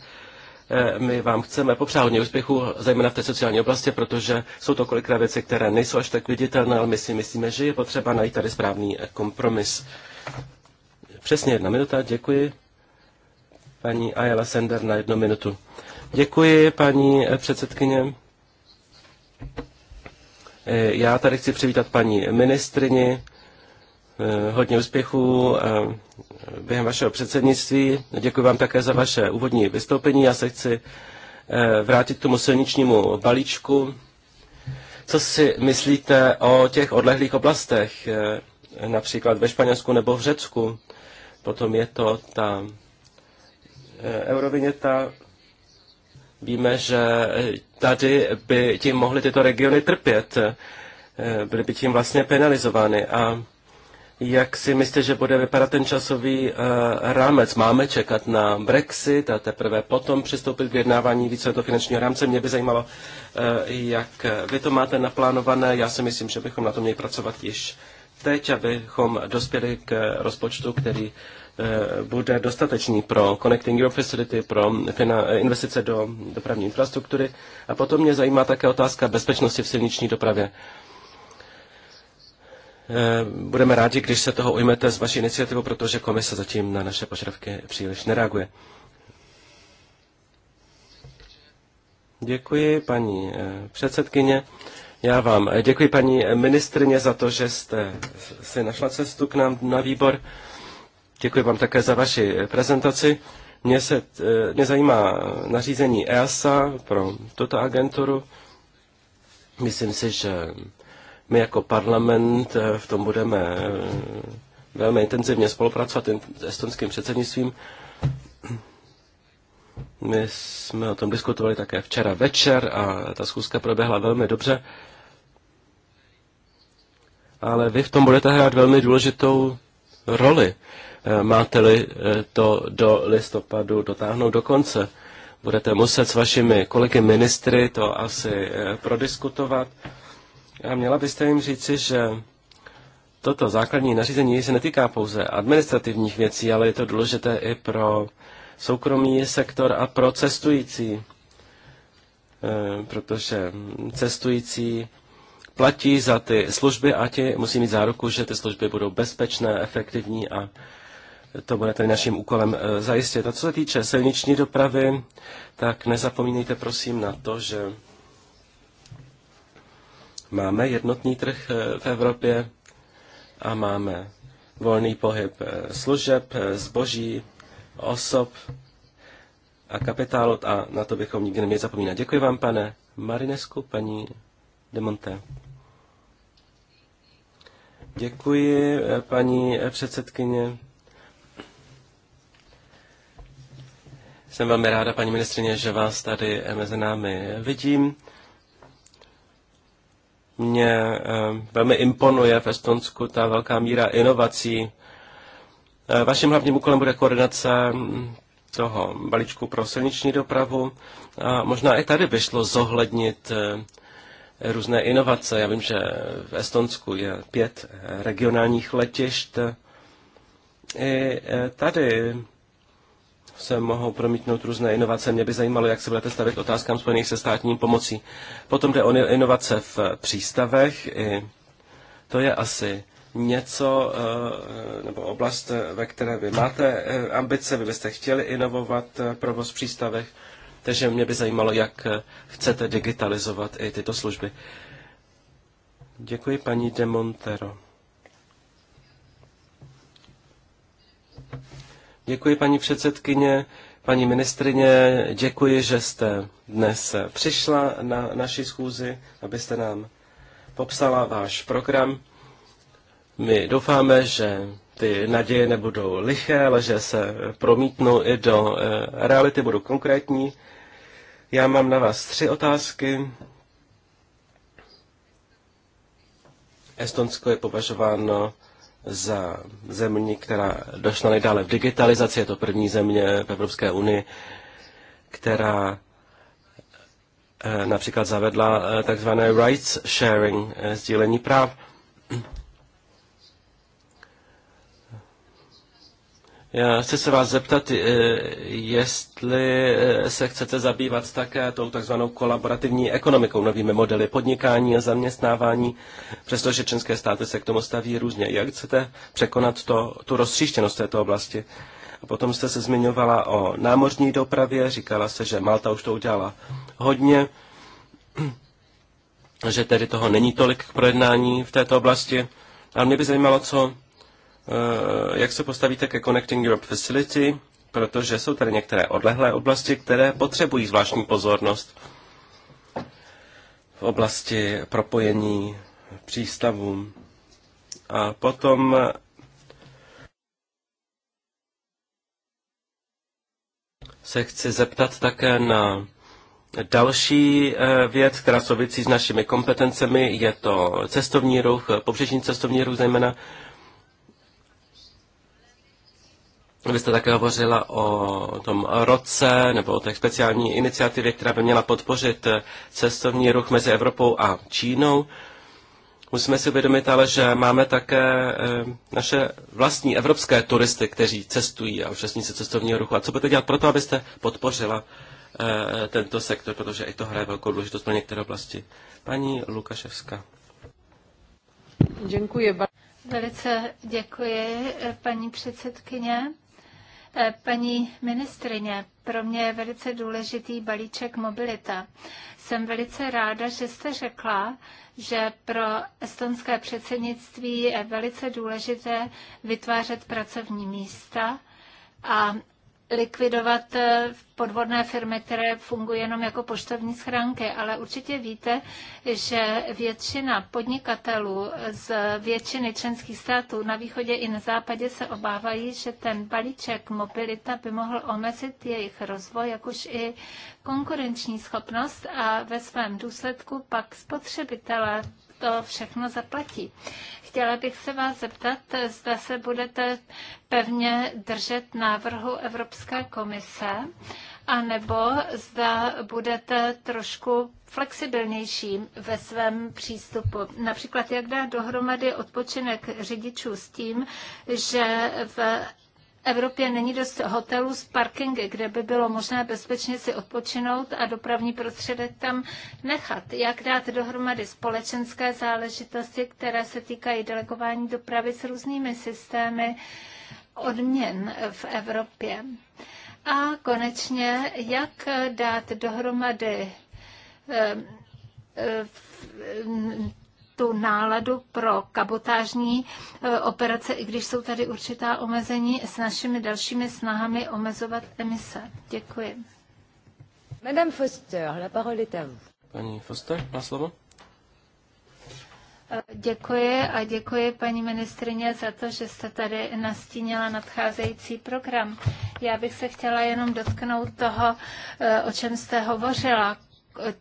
Eh, my vám chceme popřát hodně úspěchu, zejména v té sociální oblasti, protože jsou to kolikrát věci, které nejsou až tak viditelné, ale my si myslíme, že je potřeba najít tady správný kompromis. Přesně jedna minuta, děkuji. Paní Ayala Sender na jednu minutu. Děkuji, paní předsedkyně. Já tady chci přivítat paní ministrině. Eh, hodně úspěchů eh, během vašeho předsednictví. Děkuji vám také za vaše úvodní vystoupení. Já se chci eh, vrátit k tomu silničnímu balíčku. Co si myslíte o těch odlehlých oblastech, například ve Španělsku nebo v Řecku? Potom je to ta euroviněta. Víme, že tady by tím mohly tyto regiony trpět. Byly by tím vlastně penalizovány. A jak si myslíte, že bude vypadat ten časový uh, rámec? Máme čekat na Brexit a teprve potom přistoupit k vyjednávání víceletého finančního rámce? Mě by zajímalo, uh, jak vy to máte naplánované. Já si myslím, že bychom na tom měli pracovat již teď, abychom dospěli k rozpočtu, který eh, bude dostatečný pro Connecting Europe Facility, pro investice do dopravní infrastruktury. A potom mě zajímá také otázka bezpečnosti v silniční dopravě. Eh, budeme rádi, když se toho ujmete z vaší iniciativu, protože komise zatím na naše požadavky příliš nereaguje. Děkuji, paní eh, předsedkyně. Já vám eh, děkuji, paní ministrině, za to, že jste si našla cestu k nám na výbor. Děkuji vám také za vaši prezentaci. Mě, se, mě zajímá nařízení EASA pro tuto agenturu. Myslím si, že my jako parlament eh, v tom budeme eh, velmi intenzivně spolupracovat s estonským předsednictvím. My jsme o tom diskutovali také včera večer a ta schůzka proběhla velmi dobře. Ale vy v tom budete hrát velmi důležitou roli. Eh, máte-li to do listopadu dotáhnout do konce, budete muset s vašimi kolegy ministry to asi prodiskutovat a měla byste jim říci, že toto základní nařízení se netýká pouze administrativních věcí, ale je to důležité i pro soukromý sektor a pro cestující, e, protože cestující platí za ty služby a ti musí mít záruku, že ty služby budou bezpečné, efektivní a to bude tady naším úkolem e, zajistit. A co se týče silniční dopravy, tak nezapomínejte prosím na to, že Máme jednotný trh eh, v Evropě a máme volný pohyb eh, služeb, eh, zboží, osob a kapitálu a na to bychom nikdy neměli zapomínat. Děkuji vám, pane Marinesku, paní Demonte. Děkuji, paní předsedkyně. Jsem velmi ráda, paní ministrině, že vás tady mezi námi vidím mě eh, velmi imponuje v Estonsku ta velká míra inovací. Eh, vaším hlavním úkolem bude koordinace mm, toho balíčku pro silniční dopravu. A možná i tady by šlo zohlednit eh, různé inovace. Já vím, že v Estonsku je pět regionálních letišť. I tady se mohou promítnout různé inovace. Mě by zajímalo, jak se budete stavit otázkám spojených se státním pomocí. Potom jde o inovace v eh, přístavech. I to je asi něco, eh, nebo oblast, eh, ve které vy máte ambice, vy byste chtěli inovovat provoz v přístavech, takže mě by zajímalo, jak chcete digitalizovat i tyto služby. Děkuji paní Demontero. Děkuji, paní předsedkyně, paní ministrině, děkuji, že jste dnes přišla na naši schůzi, abyste nám popsala váš program. My doufáme, že ty naděje nebudou liché, ale že se promítnou i do eh, reality, budou konkrétní. Já mám na vás tři otázky. Estonsko je považováno za zemní, která došla nejdále v digitalizaci. Je to první země v Evropské unii, která eh, například zavedla eh, takzvané rights sharing, eh, sdílení práv. Já chci se vás zeptat, eh, jestli eh, se chcete zabývat také tou takzvanou kolaborativní ekonomikou, novými modely podnikání a zaměstnávání, přestože české státy se k tomu staví různě. Jak chcete překonat to, tu rozstříštěnost této oblasti? A potom jste se zmiňovala o námořní dopravě, říkala se, že Malta už to udělala hodně, [CLEARS THROAT] že tedy toho není tolik k projednání v této oblasti. A mě by zajímalo, co Eh, jak se postavíte ke Connecting Europe Facility, protože jsou tady některé odlehlé oblasti, které potřebují zvláštní pozornost v oblasti propojení přístavů. A potom eh, se chci zeptat také na Další eh, věc, která souvisí s našimi kompetencemi, je to cestovní ruch, pobřežní cestovní ruch zejména. Vy jste také hovořila o tom roce nebo o té speciální iniciativě, která by měla podpořit cestovní ruch mezi Evropou a Čínou. Musíme si uvědomit ale, že máme také eh, naše vlastní evropské turisty, kteří cestují a účastní se cestovního ruchu. A co budete dělat pro to, abyste podpořila eh, tento sektor, protože i to hraje velkou důležitost pro některé oblasti. Paní Lukaševská. Děkuji. Velice děkuji, eh, paní předsedkyně. Eh, paní ministrině, pro mě je velice důležitý balíček mobilita. Jsem velice ráda, že jste řekla, že pro estonské předsednictví je velice důležité vytvářet pracovní místa a likvidovat eh, podvodné firmy, které fungují jenom jako poštovní schránky, ale určitě víte, že většina podnikatelů z většiny členských států na východě i na západě se obávají, že ten balíček mobilita by mohl omezit jejich rozvoj, už i konkurenční schopnost a ve svém důsledku pak spotřebitele to všechno zaplatí. Chtěla bych se vás zeptat, zda se budete pevně držet návrhu Evropské komise, anebo zda budete trošku flexibilnější ve svém přístupu. Například, jak dá dohromady odpočinek řidičů s tím, že v Evropě není dost hotelů s parkingy, kde by bylo možné bezpečně si odpočinout a dopravní prostředek tam nechat. Jak dát dohromady společenské záležitosti, které se týkají delegování dopravy s různými systémy odměn v Evropě. A konečně, jak dát dohromady eh, eh, tu náladu pro kabotážní e, operace, i když jsou tady určitá omezení s našimi dalšími snahami omezovat emise. Děkuji. Madame Foster, la parole est à vous. Paní Foster, má slovo. E, děkuji a děkuji paní ministrině za to, že jste tady nastínila nadcházející program. Já bych se chtěla jenom dotknout toho, e, o čem jste hovořila,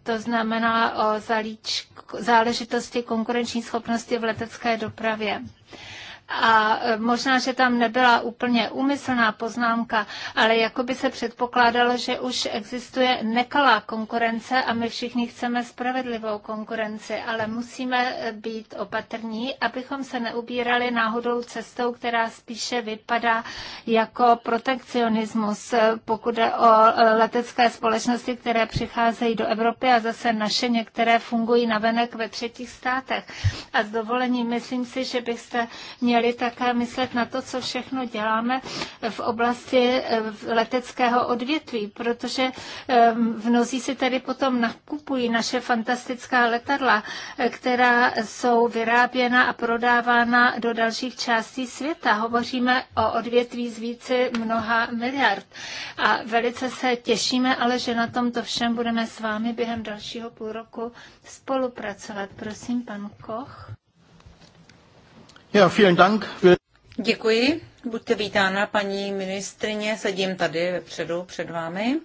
to znamená o zalíčku, záležitosti konkurenční schopnosti v letecké dopravě a e, možná, že tam nebyla úplně úmyslná poznámka, ale jako by se předpokládalo, že už existuje nekalá konkurence a my všichni chceme spravedlivou konkurenci, ale musíme e, být opatrní, abychom se neubírali náhodou cestou, která spíše vypadá jako protekcionismus, e, pokud jde o letecké společnosti, které přicházejí do Evropy a zase naše některé fungují navenek ve třetích státech. A s dovolením myslím si, že byste měli měli také myslet na to, co všechno děláme v oblasti eh, leteckého odvětví, protože ehm, mnozí si tady potom nakupují naše fantastická letadla, eh, která jsou vyráběna a prodávána do dalších částí světa. Hovoříme o odvětví z více mnoha miliard. A velice se těšíme, ale že na tomto všem budeme s vámi během dalšího půl roku spolupracovat. Prosím, pan Koch. Děkuji. Buďte vítána, paní ministrině. Sedím tady vepředu před vámi.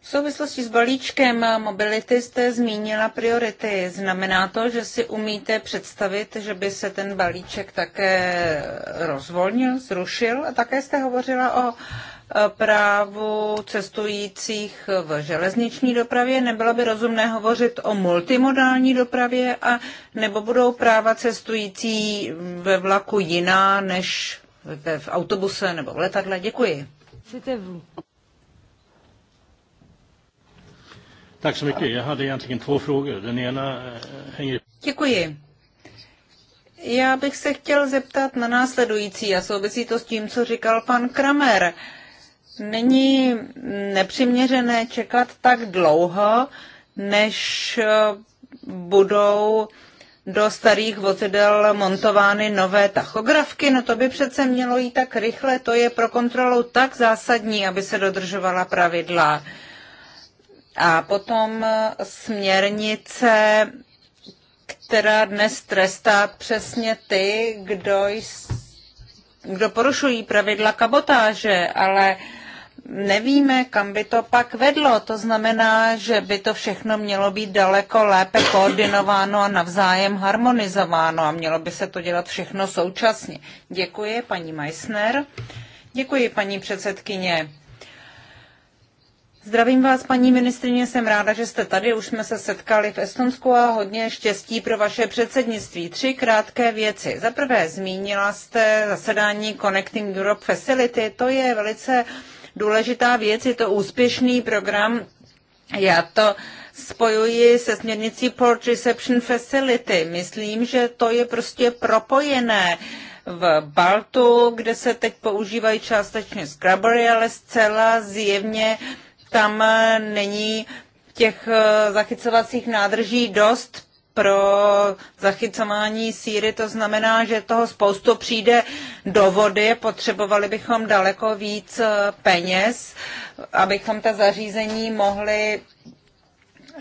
V souvislosti s balíčkem mobility jste zmínila priority. Znamená to, že si umíte představit, že by se ten balíček také rozvolnil, zrušil? A také jste hovořila o právu cestujících v železniční dopravě, nebylo by rozumné hovořit o multimodální dopravě a nebo budou práva cestující ve vlaku jiná než v autobuse nebo v letadle? Děkuji. Tack så mycket. Jag hade egentligen två frågor. Den ena eh, hänger... Děkuji. Já bych se chtěl zeptat na následující a souvisí to s tím, co říkal pan Kramer. Uh, není nepřiměřené čekat tak dlouho, než eh, budou do starých vozidel montovány nové tachografky. No to by přece mělo jít tak rychle, to je pro kontrolu tak zásadní, aby se dodržovala pravidla. A potom eh, směrnice, která dnes trestá přesně ty, kdo, jsi, kdo porušují pravidla kabotáže, ale uh, nevíme, kam by to pak vedlo. To znamená, že by to všechno mělo být daleko lépe koordinováno a navzájem harmonizováno a mělo by se to dělat všechno současně. Děkuji, paní Meissner. Děkuji, paní předsedkyně. Zdravím vás, paní ministrině, jsem ráda, že jste tady. Už jsme se setkali v Estonsku a hodně štěstí pro vaše předsednictví. Tři krátké věci. Za prvé, zmínila jste zasedání Connecting Europe Facility. To je velice uh, důležitá věc, je to úspěšný program. Já to spojuji se směrnicí Port Reception Facility. Myslím, že to je prostě propojené v Baltu, kde se teď používají částečně scrubbery, ale zcela zjevně tam není těch eh, zachycovacích nádrží dost pro zachycování síry, to znamená, že toho spoustu přijde do vody, potřebovali bychom daleko víc eh, peněz, abychom ta zařízení mohli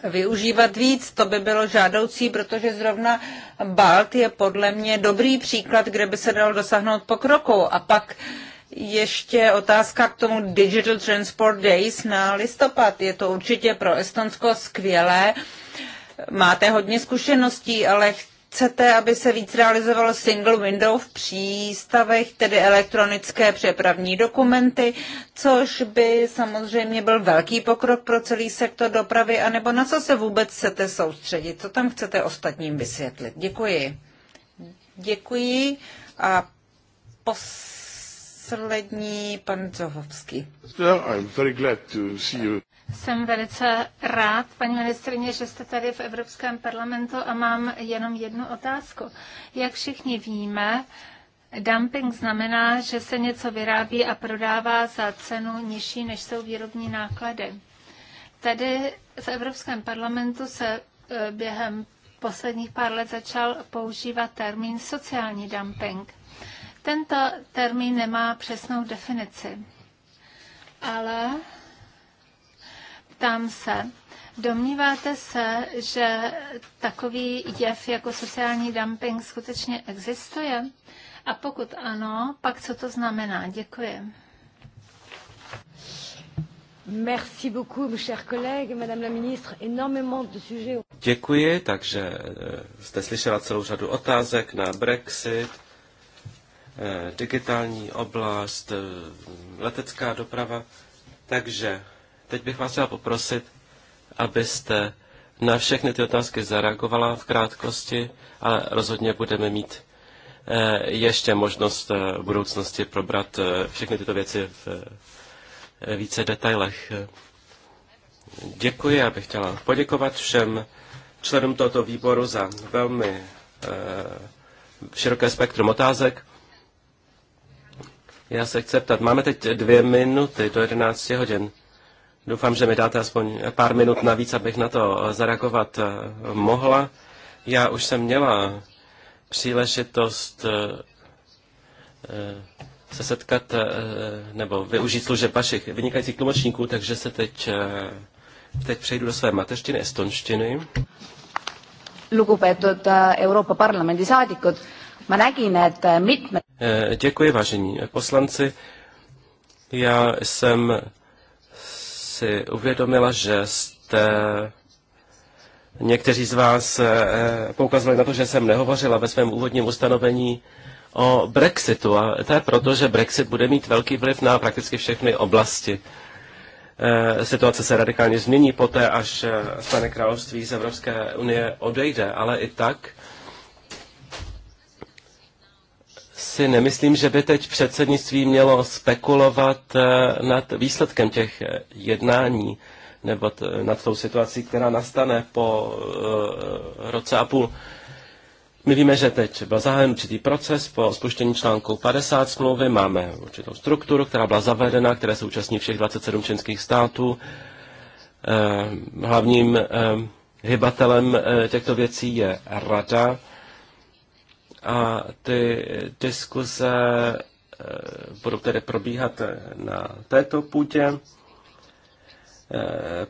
využívat víc, to by bylo žádoucí, protože zrovna Balt je podle mě dobrý příklad, kde by se dalo dosáhnout pokroku. A pak ještě otázka k tomu Digital Transport Days na listopad. Je to určitě pro Estonsko skvělé, máte hodně zkušeností, ale chcete, aby se víc realizovalo single window v přístavech, tedy elektronické přepravní dokumenty, což by samozřejmě byl velký pokrok pro celý sektor dopravy, anebo na co se vůbec chcete soustředit, co tam chcete ostatním vysvětlit. Děkuji. Děkuji a poslední pan Zohovský. I'm very glad to see you. Jsem velice rád, paní ministrině, že jste tady v Evropském parlamentu a mám jenom jednu otázku. Jak všichni víme, dumping znamená, že se něco vyrábí a prodává za cenu nižší, než jsou výrobní náklady. Tady v Evropském parlamentu se e, během posledních pár let začal používat termín sociální dumping. Tento termín nemá přesnou definici, ale Ptám se, domníváte se, že takový jev jako sociální dumping skutečně existuje? A pokud ano, pak co to znamená? Děkuji. Merci beaucoup, mes chers collègues, Madame la ministre, énormément de sujets. Děkuji, takže eh, jste slyšela celou řadu otázek na Brexit, eh, digitální oblast, eh, letecká doprava. Takže Teď bych vás chtěla poprosit, abyste na všechny ty otázky zareagovala v krátkosti, ale rozhodně budeme mít eh, ještě možnost eh, v budoucnosti probrat eh, všechny tyto věci v více detailech. Děkuji, já bych chtěla poděkovat všem členům tohoto výboru za velmi široké spektrum otázek. Já se chci ptat, máme teď dvě minuty do 11 hodin. Doufám, že mi dáte aspoň pár minut navíc, abych na to eh, zareagovat eh, mohla. Já už jsem měla příležitost eh, se setkat nebo využít služeb vašich vynikajících tlumočníků, takže se teď, teď přejdu do své mateřštiny, estonštiny. Lugupeetud Euroopa Parlamendi saadikud, ma nägin, et mitme... Děkuji, vážení poslanci. Já jsem si uvědomila, že jste někteří z vás eh, poukazovali na to, že jsem nehovořila ve svém úvodním ustanovení o Brexitu. A to je proto, že Brexit bude mít velký vliv na prakticky všechny oblasti. Eh, situace se radikálně změní poté, až eh, stane království z Evropské unie odejde, ale i tak si nemyslím, že by teď předsednictví mělo spekulovat eh, nad výsledkem těch eh, jednání nebo eh, nad tou situací, která nastane po roce a půl. My víme, že teď byl zahájen určitý proces po spuštění článku 50 smlouvy. Máme určitou strukturu, která byla zavedena, které se účastní všech 27 členských států. Hlavním hybatelem těchto věcí je rada a ty diskuze eh, budou tedy probíhat eh, na této půdě. Eh,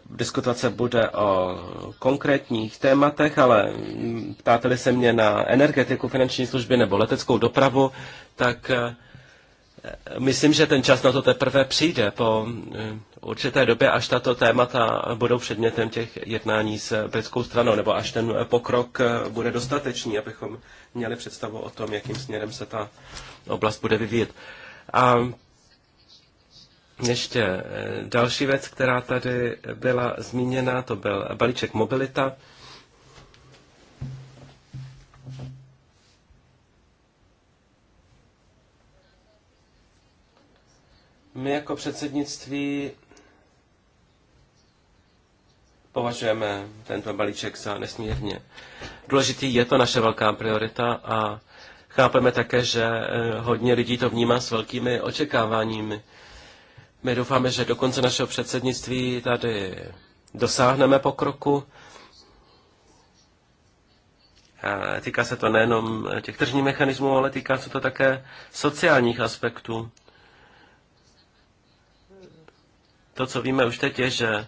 diskutovat se bude o konkrétních tématech, ale mm, ptáte-li se mě na energetiku, finanční služby nebo leteckou dopravu, tak myslím, že ten čas na to teprve přijde po určité době, až tato témata budou předmětem těch jednání s britskou stranou, nebo až ten pokrok eh, bude dostatečný, abychom měli představu o tom, jakým směrem se ta oblast bude vyvíjet. A ještě eh, další věc, která tady byla zmíněna, to byl balíček mobilita. My jako předsednictví považujeme tento balíček za nesmírně důležitý. Je to naše velká priorita a chápeme také, že eh, hodně lidí to vnímá s velkými očekáváními. My doufáme, že do konce našeho předsednictví tady dosáhneme pokroku. A týká se to nejenom těch tržních mechanismů, ale týká se to také sociálních aspektů. To, co víme už teď, je, že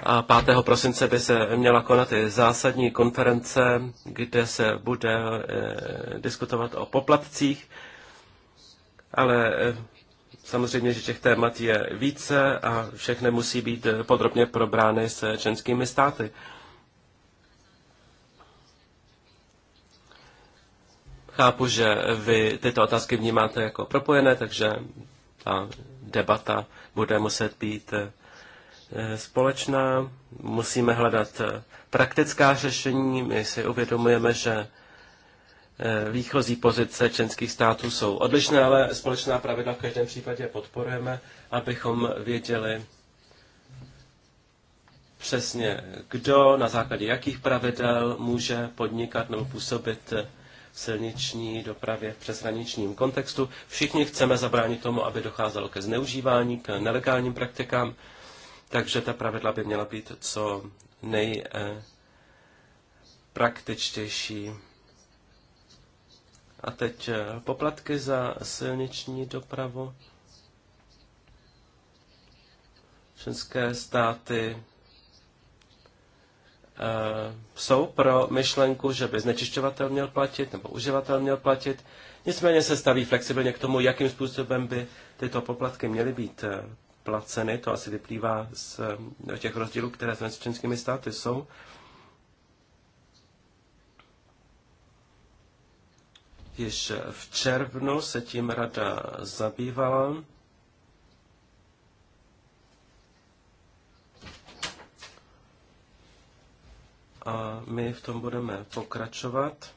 a 5. prosince by se měla konat i zásadní konference, kde se bude eh, diskutovat o poplatcích, ale eh, samozřejmě, že těch témat je více a všechny musí být eh, podrobně probrány s členskými státy. Chápu, že vy tyto otázky vnímáte jako propojené, takže ta debata bude muset být eh, společná. Musíme hledat eh, praktická řešení. My si uvědomujeme, že eh, výchozí pozice členských států jsou odlišné, ale společná pravidla v každém případě podporujeme, abychom věděli přesně, kdo na základě jakých pravidel může podnikat nebo působit silniční dopravě v přeshraničním kontextu. Všichni chceme zabránit tomu, aby docházelo ke zneužívání, k nelegálním praktikám, takže ta pravidla by měla být co nejpraktičtější. A teď eh, poplatky za silniční dopravu. Členské státy Eh, jsou pro myšlenku, že by znečišťovatel měl platit nebo uživatel měl platit. Nicméně se staví flexibilně k tomu, jakým způsobem by tyto poplatky měly být eh, placeny. To asi vyplývá z eh, těch rozdílů, které s členskými státy jsou. Již v červnu se tím rada zabývala. a my v tom budeme pokračovat.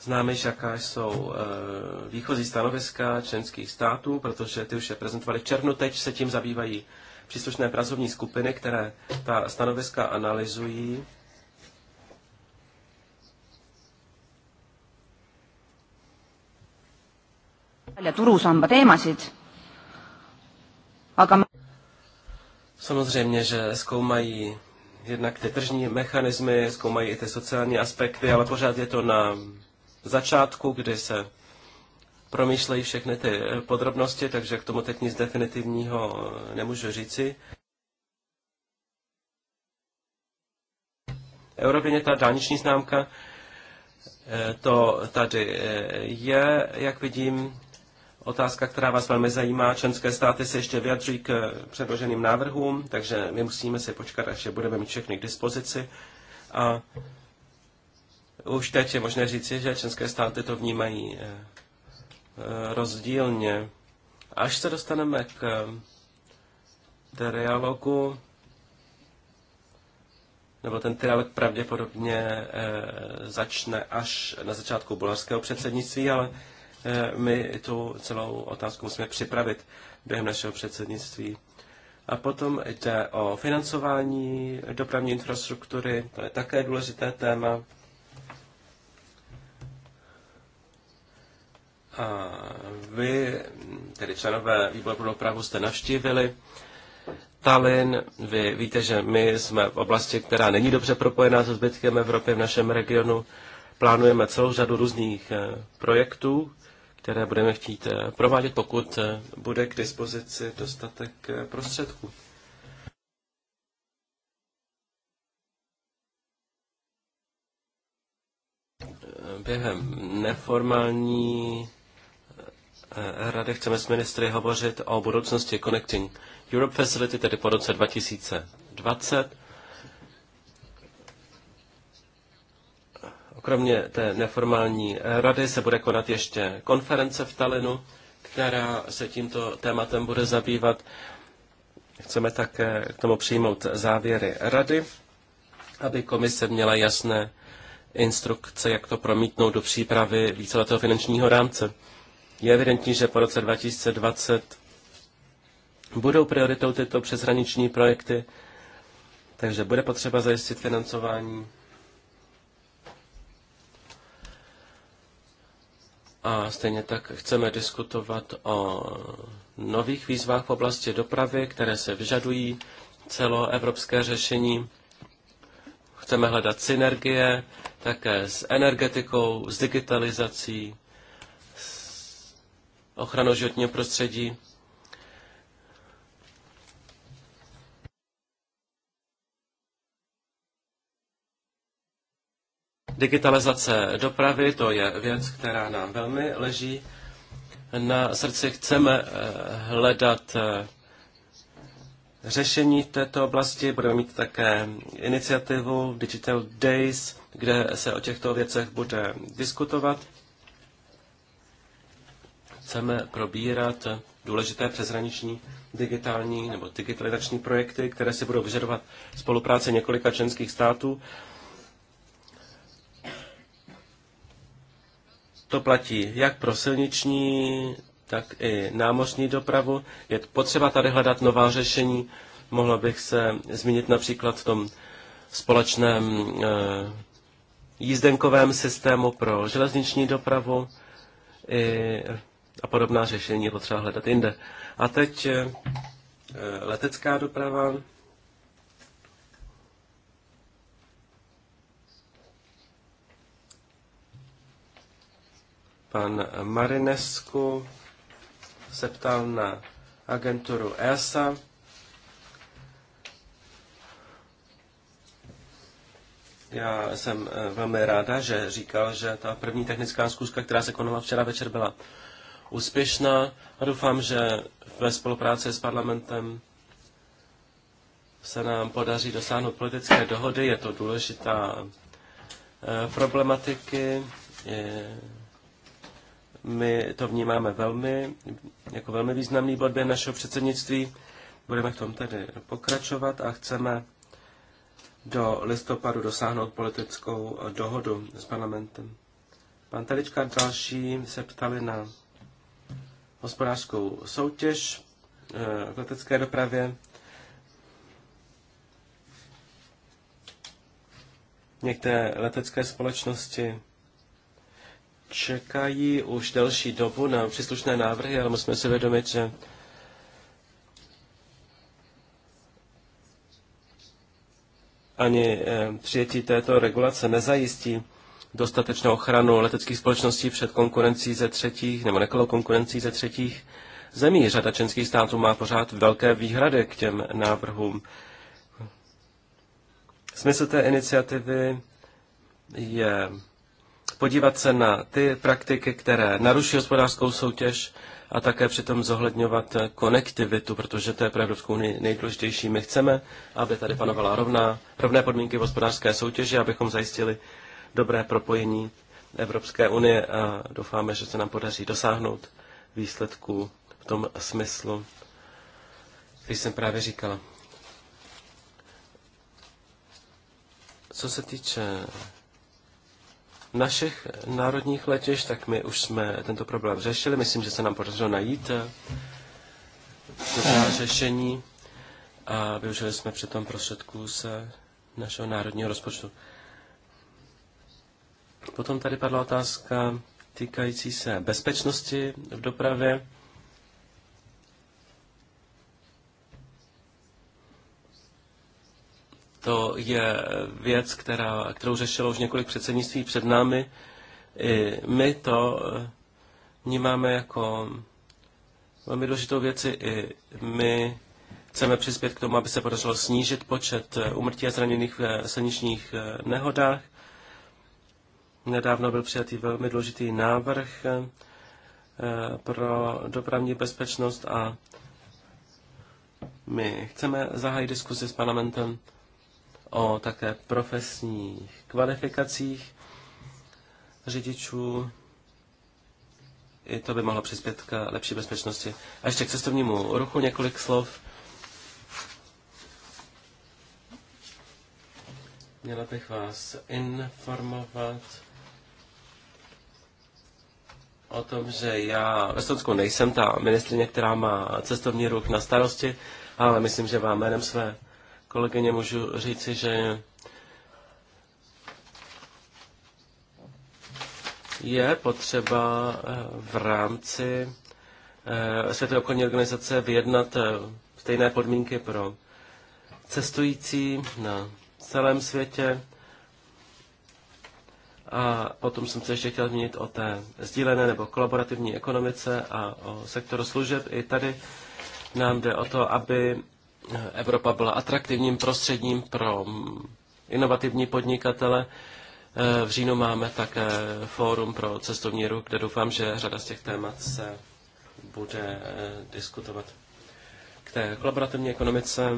Známe, jaká jsou e, výchozí stanoviska členských států, protože ty už je prezentovali v červnu. Teď se tím zabývají příslušné pracovní skupiny, které ta stanoviska analyzují. turusamba teemasid, aga Samozřejmě, že zkoumají jednak ty tržní mechanismy, zkoumají i ty sociální aspekty, ale pořád je to na začátku, kdy se promýšlejí všechny ty eh, podrobnosti, takže k tomu teď nic definitivního eh, nemůžu říci. Eurovině ta dálniční známka, eh, to tady je, jak vidím, otázka, která vás velmi zajímá. Členské státy se ještě vyjadřují k předloženým návrhům, takže my musíme si počkat, až je budeme mít všechny k dispozici. A už teď je možné říci, že členské státy to vnímají eh, eh, rozdílně. Až se dostaneme k eh, trialogu, nebo ten trialog pravděpodobně začne až na začátku bulharského předsednictví, ale Eh, my tu celou otázku musíme připravit během našeho předsednictví. A potom jde o financování dopravní infrastruktury, to je také důležité téma. A vy, tedy členové výboru pro dopravu, jste navštívili Tallinn. Vy víte, že my jsme v oblasti, která není dobře propojená se zbytkem Evropy v našem regionu. Plánujeme celou řadu různých eh, projektů které budeme chtít eh, provádět, pokud eh, bude k dispozici dostatek eh, prostředků. Během neformální rady chceme s ministry hovořit o budoucnosti Connecting Europe Facility, tedy po roce 2020 kromě té neformální rady se bude konat ještě konference v Talinu, která se tímto tématem bude zabývat. Chceme také k tomu přijmout závěry rady, aby komise měla jasné instrukce, jak to promítnout do přípravy víceletého finančního rámce. Je evidentní, že po roce 2020 budou prioritou tyto přeshraniční projekty, takže bude potřeba zajistit financování A stejně tak chceme diskutovat o nových výzvách v oblasti dopravy, které se vyžadují celoevropské řešení. Chceme hledat synergie také s energetikou, s digitalizací, s ochranou životního prostředí. Digitalizace dopravy, to je věc, která nám velmi leží na srdci. Chceme eh, hledat eh, řešení této oblasti. Budeme mít také iniciativu Digital Days, kde se o těchto věcech bude diskutovat. Chceme probírat důležité přeshraniční digitální nebo digitalizační projekty, které si budou vyžadovat spolupráce několika členských států To platí jak pro silniční, tak i námořní dopravu. Je potřeba tady hledat nová řešení. Mohla bych se zmínit například v tom společném eh, jízdenkovém systému pro železniční dopravu i, a podobná řešení potřeba hledat jinde. A teď eh, eh, letecká doprava. Pan Marinescu se ptal na agenturu ESA. Já jsem eh, velmi ráda, že říkal, že ta první technická zkuska, která se konala včera večer, byla úspěšná a doufám, že ve spolupráci s parlamentem se nám podaří dosáhnout politické dohody. Je to důležitá eh, problematiky. Je my to vnímáme velmi, jako velmi významný bod během našeho předsednictví. Budeme v tom tedy pokračovat a chceme do listopadu dosáhnout politickou dohodu s parlamentem. Pan Telička další se ptali na hospodářskou soutěž eh, v letecké dopravě. Některé letecké společnosti čekají už delší dobu na příslušné návrhy, ale musíme si vědomit, že ani eh, přijetí této regulace nezajistí dostatečnou ochranu leteckých společností před konkurencí ze třetích nebo nekalou konkurencí ze třetích zemí. Řada členských států má pořád velké výhrady k těm návrhům. Smysl té iniciativy je podívat se na ty praktiky, které naruší hospodářskou soutěž a také přitom zohledňovat konektivitu, protože to je pro Evropskou unii nejdůležitější. My chceme, aby tady panovala rovná, rovné podmínky v hospodářské soutěži, abychom zajistili dobré propojení Evropské unie a doufáme, že se nám podaří dosáhnout výsledků v tom smyslu, který jsem právě říkala. Co se týče našich národních letišť, tak my už jsme tento problém řešili. Myslím, že se nám podařilo najít toto eh, eh. řešení a využili jsme přitom prostředků z eh, našeho národního rozpočtu. Potom tady padla otázka týkající se bezpečnosti v dopravě. To je věc, která, kterou řešilo už několik předsednictví před námi. I my to eh, vnímáme jako velmi důležitou věci. I my chceme přispět k tomu, aby se podařilo snížit počet umrtí eh, a zraněných v eh, silničních nehodách. Nedávno byl přijatý velmi důležitý návrh pro dopravní bezpečnost a my chceme zahájit diskusi s parlamentem o také profesních kvalifikacích řidičů. I to by mohlo přispět k lepší bezpečnosti. A ještě k cestovnímu ruchu několik slov. Měla bych vás informovat o tom, že já ve Stonsku nejsem ta ministrině, která má cestovní ruch na starosti, ale myslím, že vám jménem své kolegyně, můžu říci, že je potřeba eh, v rámci eh, Světové obchodní organizace vyjednat eh, stejné podmínky pro cestující na celém světě. A potom jsem se ještě chtěl zmínit o té sdílené nebo kolaborativní ekonomice a o sektoru služeb. I tady nám jde o to, aby Evropa byla atraktivním prostředím pro inovativní podnikatele. V říjnu máme také fórum pro cestovní ruch, kde doufám, že řada z těch témat se bude eh, diskutovat. K té kolaborativní ekonomice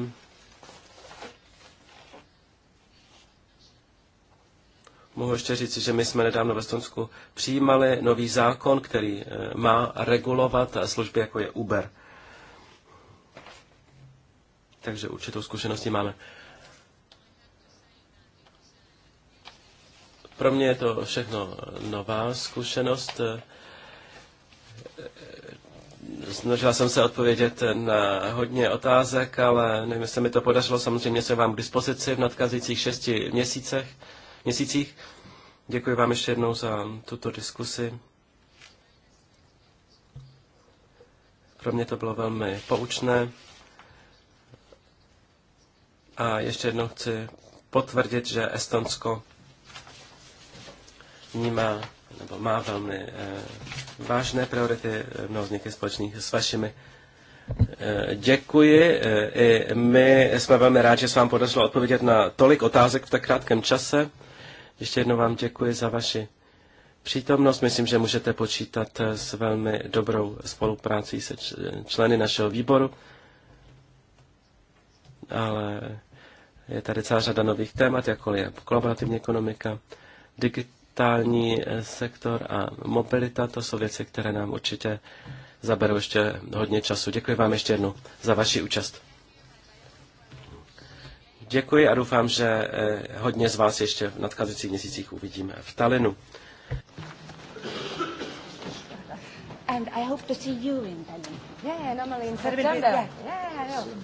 mohu ještě říct, že my jsme nedávno ve Stonsku přijímali nový zákon, který eh, má regulovat služby, jako je Uber takže určitou zkušenosti máme. Pro mě je to všechno nová zkušenost. Snažila jsem se odpovědět na hodně otázek, ale nevím, jestli mi to podařilo. Samozřejmě jsem vám k dispozici v nadcházejících šesti měsícech, měsících. Děkuji vám ještě jednou za tuto diskusi. Pro mě to bylo velmi poučné. A ještě jednou chci potvrdit, že Estonsko vnímá nebo má velmi eh, vážné priority, eh, mnoho z nich je společných s vašimi. Eh, děkuji. Eh, I my jsme velmi rádi, že se vám podařilo odpovědět na tolik otázek v tak krátkém čase. Ještě jednou vám děkuji za vaši přítomnost. Myslím, že můžete počítat eh, s velmi dobrou spoluprácí se členy našeho výboru. Ale je tady celá řada nových témat, jako je kolaborativní ekonomika, digitální eh, sektor a mobilita. To jsou věci, které nám určitě zaberou ještě hodně času. Děkuji vám ještě jednou za vaši účast. Děkuji a doufám, že eh, hodně z vás ještě v nadcházejících měsících uvidíme v Talinu. And I hope to see you in Tallinn. Yeah, normally in September. Yeah, yeah, I know.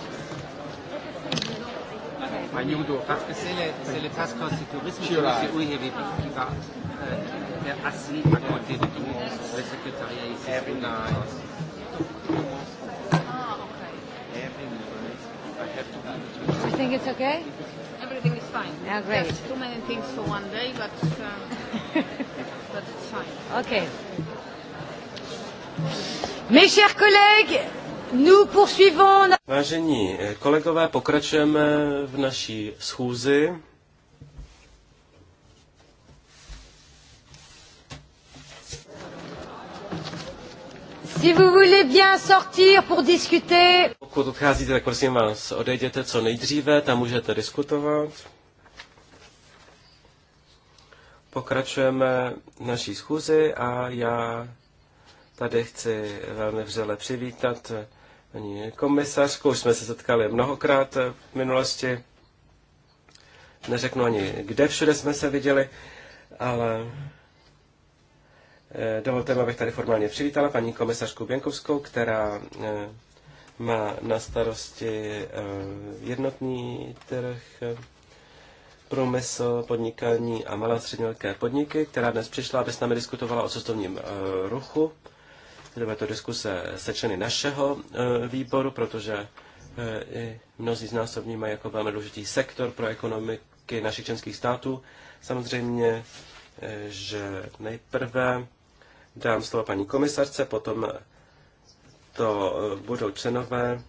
Ayudo. Parce que c'est le, c'est le task force du tourisme est où qui va euh, être assis à côté de tout le secrétariat ici. Every night. Ah, okay. Every night. I to be You think it's okay? Everything is fine. Yeah, great. There's too many things for one day, but, uh, [LAUGHS] but it's fine. Okay. Mes chers collègues, Vážení eh, kolegové, pokračujeme v naší schůzi. Si vous voulez bien sortir pour discuter. Pokud odcházíte, tak prosím vás, odejděte co nejdříve, tam můžete diskutovat. Pokračujeme naší schůzi a já tady chci velmi vřele přivítat eh, paní komisařku, už jsme se setkali mnohokrát eh, v minulosti. Neřeknu ani, kde všude jsme se viděli, ale eh, dovolte mi, abych tady formálně přivítala paní komisařku Běnkovskou, která eh, má na starosti jednotný trh, průmysl, podnikání a malé a střední velké podniky, která dnes přišla, aby s námi diskutovala o cestovním ruchu. Byly to diskuse členy našeho e, výboru, protože e, i mnozí z nás to vnímají jako velmi důležitý sektor pro ekonomiky našich členských států. Samozřejmě, e, že nejprve dám slovo paní komisarce, potom to budou členové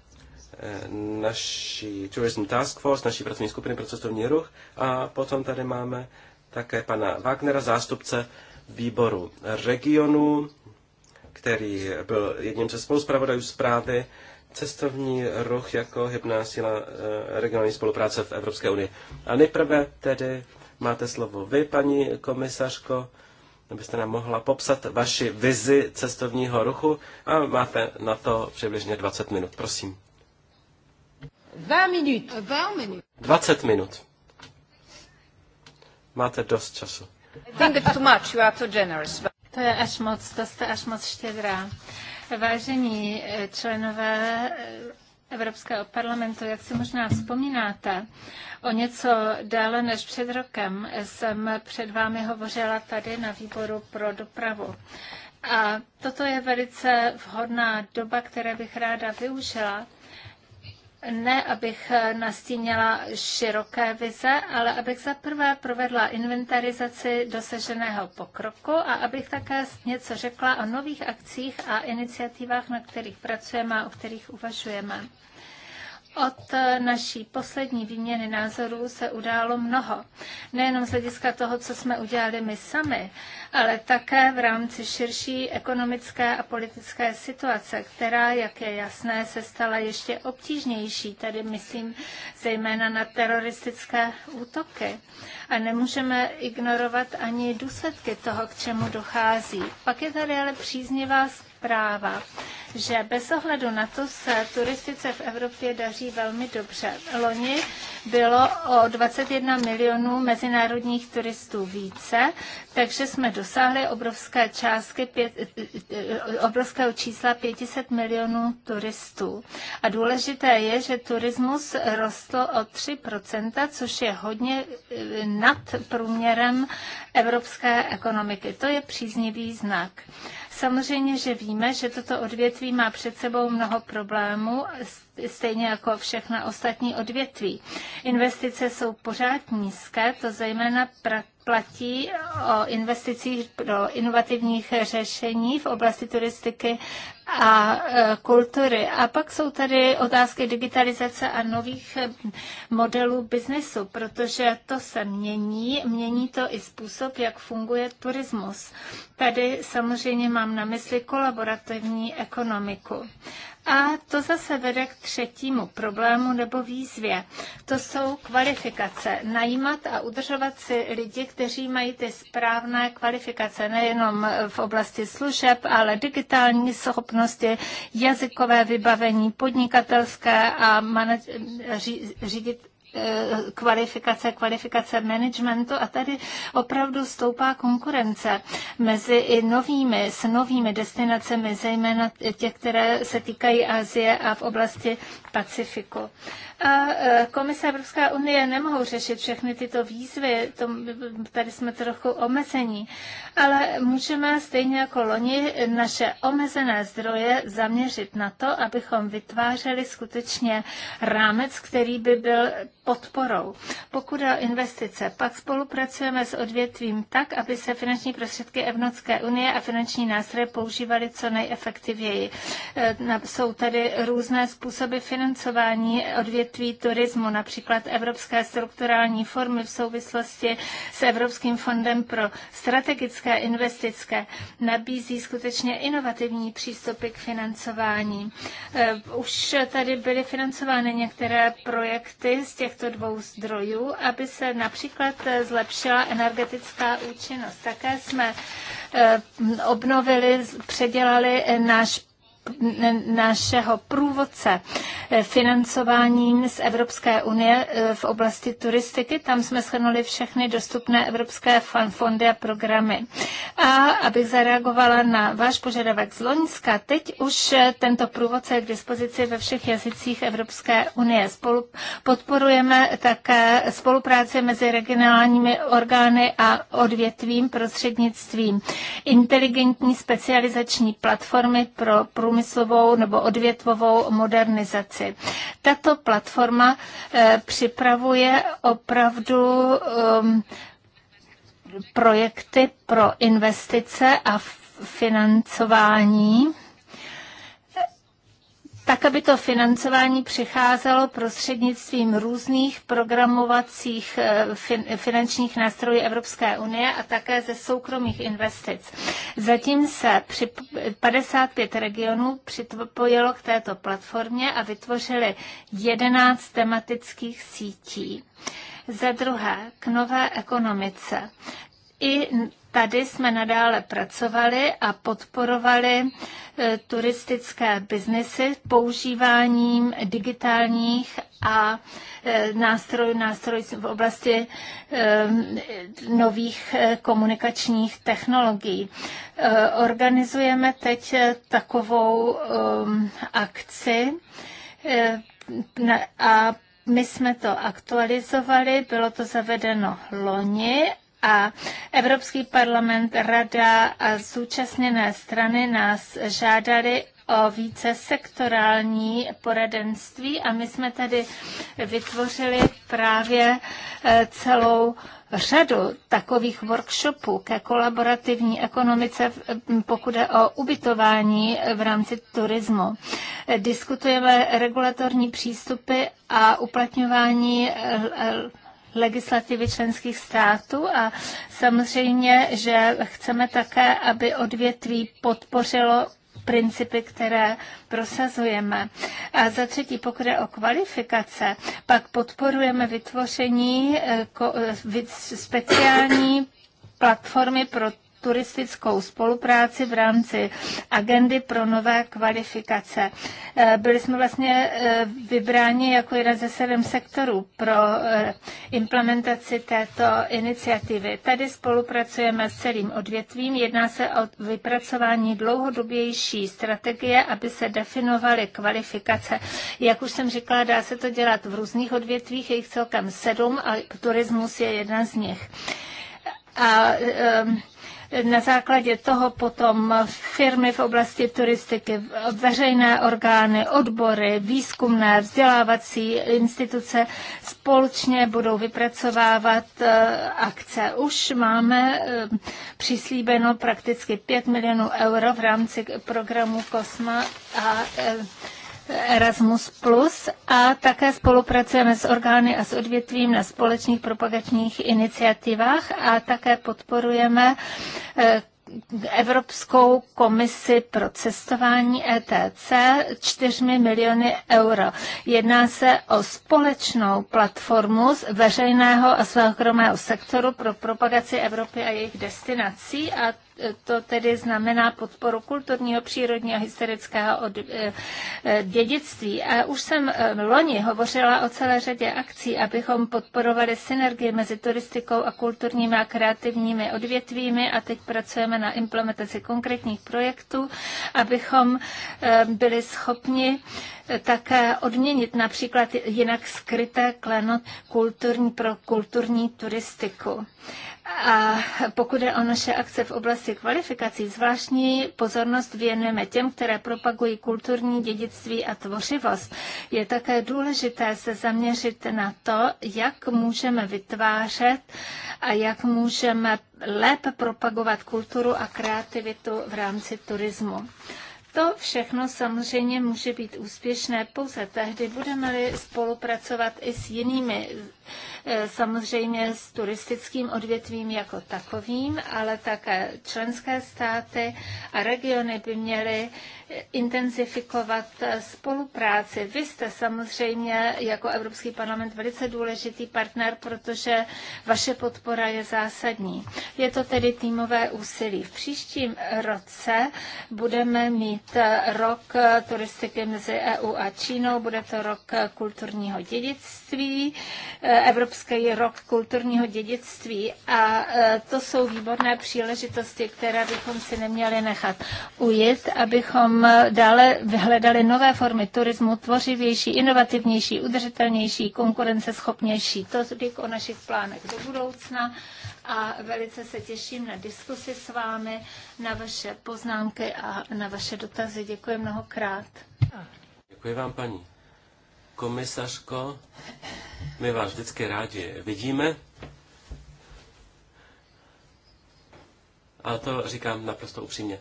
naší Tourism Task Force, naší pracovní skupiny pro cestovní ruch a potom tady máme také pana Wagnera, zástupce výboru regionu který byl jedním ze spoluzpravodajů zprávy cestovní ruch jako hybná síla eh, regionální spolupráce v Evropské unii. A nejprve tedy máte slovo vy, paní komisařko, abyste nám mohla popsat vaši vizi cestovního ruchu a máte na to přibližně 20 minut, prosím. 20 minut. Máte dost času. I think it's too much. You are too generous. To je až moc, to jste až moc štědrá. Vážení eh, členové eh, Evropského parlamentu, jak si možná vzpomínáte, o něco déle než před rokem jsem před vámi hovořila tady na výboru pro dopravu. A toto je velice vhodná doba, které bych ráda využila ne abych nastínila široké vize, ale abych zaprvé provedla inventarizaci dosaženého pokroku a abych také něco řekla o nových akcích a iniciativách, na kterých pracujeme a o kterých uvažujeme. Od naší poslední výměny názorů se událo mnoho. Nejenom z hlediska toho, co jsme udělali my sami, ale také v rámci širší ekonomické a politické situace, která, jak je jasné, se stala ještě obtížnější. Tady myslím zejména na teroristické útoky. A nemůžeme ignorovat ani důsledky toho, k čemu dochází. Pak je tady ale příznivá zpráva, že bez ohledu na to se turistice v Evropě daří velmi dobře. Loni bylo o 21 milionů mezinárodních turistů více, takže jsme dosáhli obrovské částky, pět, obrovského čísla 500 milionů turistů. A důležité je, že turismus rostl o 3%, což je hodně eh, nad průměrem evropské ekonomiky. To je příznivý znak. Samozřejmě, že víme, že toto odvětví má před sebou mnoho problémů, stejně jako všechna ostatní odvětví. Investice jsou pořád nízké, to zejména platí o investicích do inovativních řešení v oblasti turistiky a e, kultury. A pak jsou tady otázky digitalizace a nových e, modelů biznesu, protože to se mění, mění to i způsob, jak funguje turismus. Tady samozřejmě mám na mysli kolaborativní ekonomiku. A to zase vede k třetímu problému nebo výzvě. To jsou kvalifikace. Najímat a udržovat si lidi, kteří mají ty správné kvalifikace, nejenom v oblasti služeb, ale digitální schopnosti, jazykové vybavení, podnikatelské a řídit Eh, kvalifikace, kvalifikace managementu a tady opravdu stoupá konkurence mezi i novými, s novými destinacemi, zejména těch, které se týkají Asie a v oblasti Pacifiku a e, Komise Evropská unie nemohou řešit všechny tyto výzvy, to, tady jsme trochu omezení, ale můžeme stejně jako loni naše omezené zdroje zaměřit na to, abychom vytvářeli skutečně rámec, který by byl podporou. Pokud o investice, pak spolupracujeme s odvětvím tak, aby se finanční prostředky Evropské unie a finanční nástroje používaly co nejefektivněji. E, jsou tady různé způsoby financování odvětví odvětví turismu, například Evropské strukturální formy v souvislosti s Evropským fondem pro strategické investice, nabízí skutečně inovativní přístupy k financování. Eh, už tady byly financovány některé projekty z těchto dvou zdrojů, aby se například eh, zlepšila energetická účinnost. Také jsme eh, obnovili, předělali náš našeho průvodce eh, financováním z Evropské unie eh, v oblasti turistiky. Tam jsme shrnuli všechny dostupné evropské fondy a programy. A abych zareagovala na váš požadavek z Loňska, teď už eh, tento průvodce je k dispozici ve všech jazycích Evropské unie. Spolu podporujeme také spolupráci mezi regionálními orgány a odvětvím prostřednictvím inteligentní specializační platformy pro průvodce průmyslovou nebo odvětvovou modernizaci. Tato platforma eh, připravuje opravdu ehm, projekty pro investice a financování tak, aby to financování přicházelo prostřednictvím různých programovacích eh, finančních nástrojů Evropské unie a také ze soukromých investic. Zatím se při 55 regionů připojilo k této platformě a vytvořili 11 tematických sítí. Za druhé, k nové ekonomice. I Tady jsme nadále pracovali a podporovali e, turistické biznesy používáním digitálních a nástrojů, e, nástrojů v oblasti e, nových komunikačních technologií. Organizujeme teď takovou akci a my jsme to aktualizovali, bylo to zavedeno loni a Evropský parlament, Rada a zúčastněné strany nás žádali o více sektorální poradenství a my jsme tady vytvořili právě e, celou řadu takových workshopů ke kolaborativní ekonomice, pokud je o ubytování v rámci turismu. Diskutujeme regulatorní přístupy a uplatňování e, e, legislativy členských států a samozřejmě, že chceme také, aby odvětví podpořilo principy, které prosazujeme. A za třetí, pokud je o kvalifikace, pak podporujeme vytvoření eh, eh, speciální platformy pro turistickou spolupráci v rámci agendy pro nové kvalifikace. Eh, byli jsme vlastně eh, vybráni jako jeden ze sedm sektorů pro eh, implementaci této iniciativy. Tady spolupracujeme s celým odvětvím. Jedná se o vypracování dlouhodobější strategie, aby se definovaly kvalifikace. Jak už jsem říkala, dá se to dělat v různých odvětvích, je jich celkem sedm a turismus je jedna z nich. A um, na základě toho potom firmy v oblasti turistiky, veřejné orgány, odbory, výzkumné, vzdělávací instituce společně budou vypracovávat eh, akce. Už máme eh, přislíbeno prakticky 5 milionů euro v rámci programu COSMA a eh, Erasmus Plus a také spolupracujeme s orgány a s odvětvím na společných propagačních iniciativách a také podporujeme eh, Evropskou komisi pro cestování ETC 4 miliony euro. Jedná se o společnou platformu z veřejného a soukromého sektoru pro propagaci Evropy a jejich destinací a to tedy znamená podporu kulturního, přírodního, historického eh, eh, dědictví. A už jsem eh, loni hovořila o celé řadě akcí, abychom podporovali synergii mezi turistikou a kulturními a kreativními odvětvími a teď pracujeme na implementaci konkrétních projektů, abychom byli schopni také odměnit například jinak skryté klenot kulturní pro kulturní turistiku. A pokud je o naše akce v oblasti kvalifikací, zvláštní pozornost věnujeme těm, které propagují kulturní dědictví a tvořivost. Je také důležité se zaměřit na to, jak můžeme vytvářet a jak můžeme lépe propagovat kulturu a kreativitu v rámci turismu. To všechno samozřejmě může být úspěšné pouze tehdy, budeme-li spolupracovat i s jinými Eh, samozřejmě s turistickým odvětvím jako takovým, ale také členské státy a regiony by měly eh, intenzifikovat eh, spolupráci. Vy jste samozřejmě jako Evropský parlament velice důležitý partner, protože vaše podpora je zásadní. Je to tedy týmové úsilí. V příštím roce budeme mít rok turistiky mezi EU a Čínou, bude to rok kulturního dědictví. Evropský Evropský rok kulturního dědictví a e, to jsou výborné příležitosti, které bychom si neměli nechat ujít, abychom dále vyhledali nové formy turismu, tvořivější, inovativnější, udržitelnější, konkurenceschopnější. To je o našich plánech do budoucna a velice se těším na diskusi s vámi, na vaše poznámky a na vaše dotazy. Děkuji mnohokrát. Děkuji vám, paní komisařko. My vás vždycky rádi vidíme. A to říkám naprosto upřímně.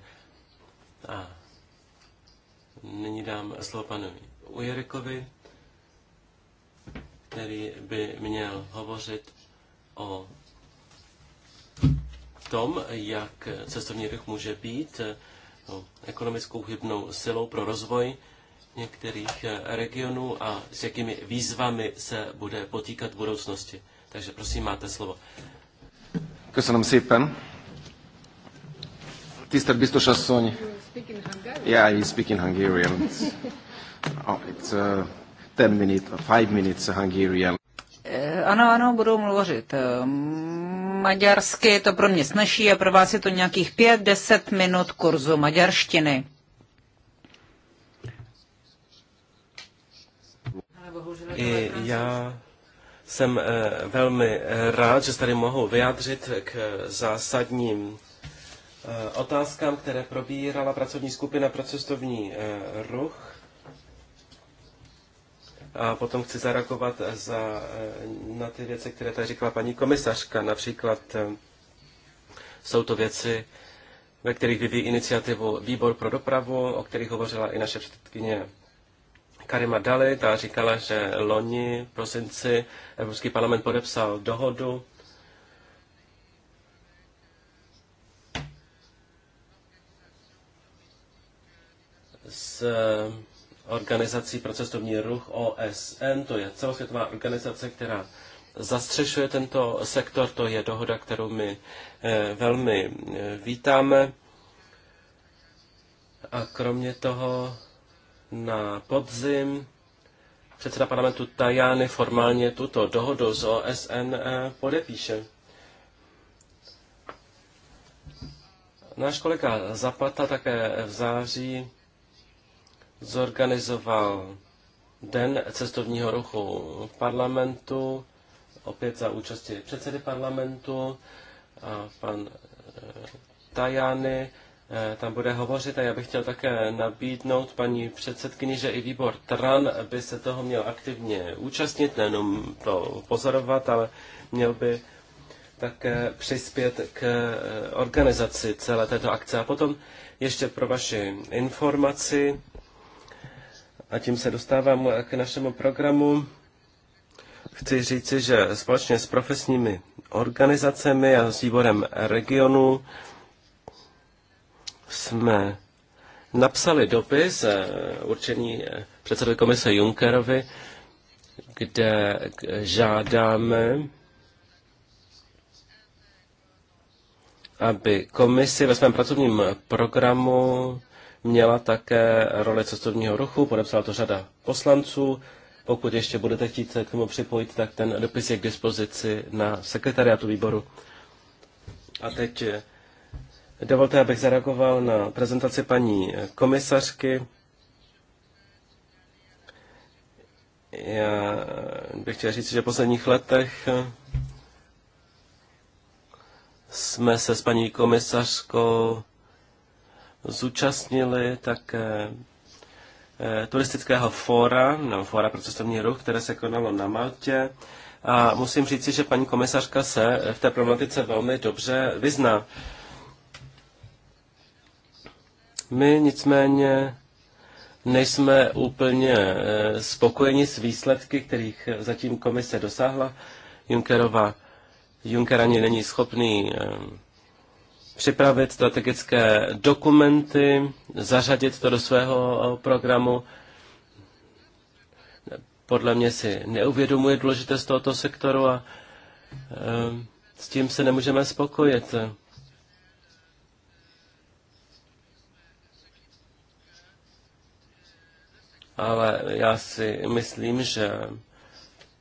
A nyní dám slovo panu Ujerikovi, který by měl hovořit o tom, jak cestovní ruch může být ekonomickou hybnou silou pro rozvoj některých eh, regionů a s jakými výzvami se bude potýkat v budoucnosti. Takže prosím, máte slovo. Köszönöm szépen. Tisztelt biztos asszony. Yeah, i speak in Hungarian. oh, it's uh, ten minute, uh, five minutes Hungarian. Eh, ano, ano, budu mluvit eh, maďarsky, to pro mě snaží a pro vás je to nějakých 5-10 minut kurzu maďarštiny. I já jsem eh, velmi eh, rád, že se tady mohu vyjádřit k zásadním eh, otázkám, které probírala pracovní skupina pro cestovní ruch. A potom chci zareagovat za, na ty věci, které tady říkala paní komisařka. Například jsou to věci, ve kterých vyvíjí iniciativu Výbor pro dopravu, o kterých hovořila i naše předtkyně Karima Dali, ta říkala, že loni v prosinci Evropský parlament podepsal dohodu s organizací pro cestovní ruch OSN, to je celosvětová organizace, která zastřešuje tento sektor, to je dohoda, kterou my eh, velmi eh, vítáme. A kromě toho na podzim předseda parlamentu Tajány formálně tuto dohodu z OSN eh, podepíše. Náš kolega Zapata také v září zorganizoval Den cestovního ruchu v parlamentu, opět za účasti předsedy parlamentu, a pan eh, Tajany Eh, tam bude hovořit a já bych chtěl také nabídnout paní předsedkyni, že i výbor TRAN by se toho měl aktivně účastnit, nejenom to pozorovat, ale měl by také přispět k eh, organizaci celé této akce. A potom ještě pro vaši informaci, a tím se dostávám k našemu programu, chci říci, že společně s profesními organizacemi a s výborem regionu jsme napsali dopis eh, určený eh, předsedovi komise Junckerovi, kde žádáme, aby komisi ve svém pracovním programu měla také roli cestovního ruchu, podepsala to řada poslanců. Pokud ještě budete chtít se k tomu připojit, tak ten dopis je k dispozici na sekretariátu výboru. A teď eh, Dovolte, abych zareagoval na prezentaci paní komisařky. Já bych chtěl říct, že v posledních letech jsme se s paní komisařkou zúčastnili také eh, turistického fóra, nebo fóra pro cestovní ruch, které se konalo na Maltě. A musím říci, že paní komisařka se v té problematice velmi dobře vyzná. My nicméně nejsme úplně eh, spokojeni s výsledky, kterých zatím komise dosáhla. Junckerova, Juncker ani není schopný eh, připravit strategické dokumenty, zařadit to do svého eh, programu. Podle mě si neuvědomuje důležitost tohoto sektoru a s tím se nemůžeme spokojit. ale já si myslím, že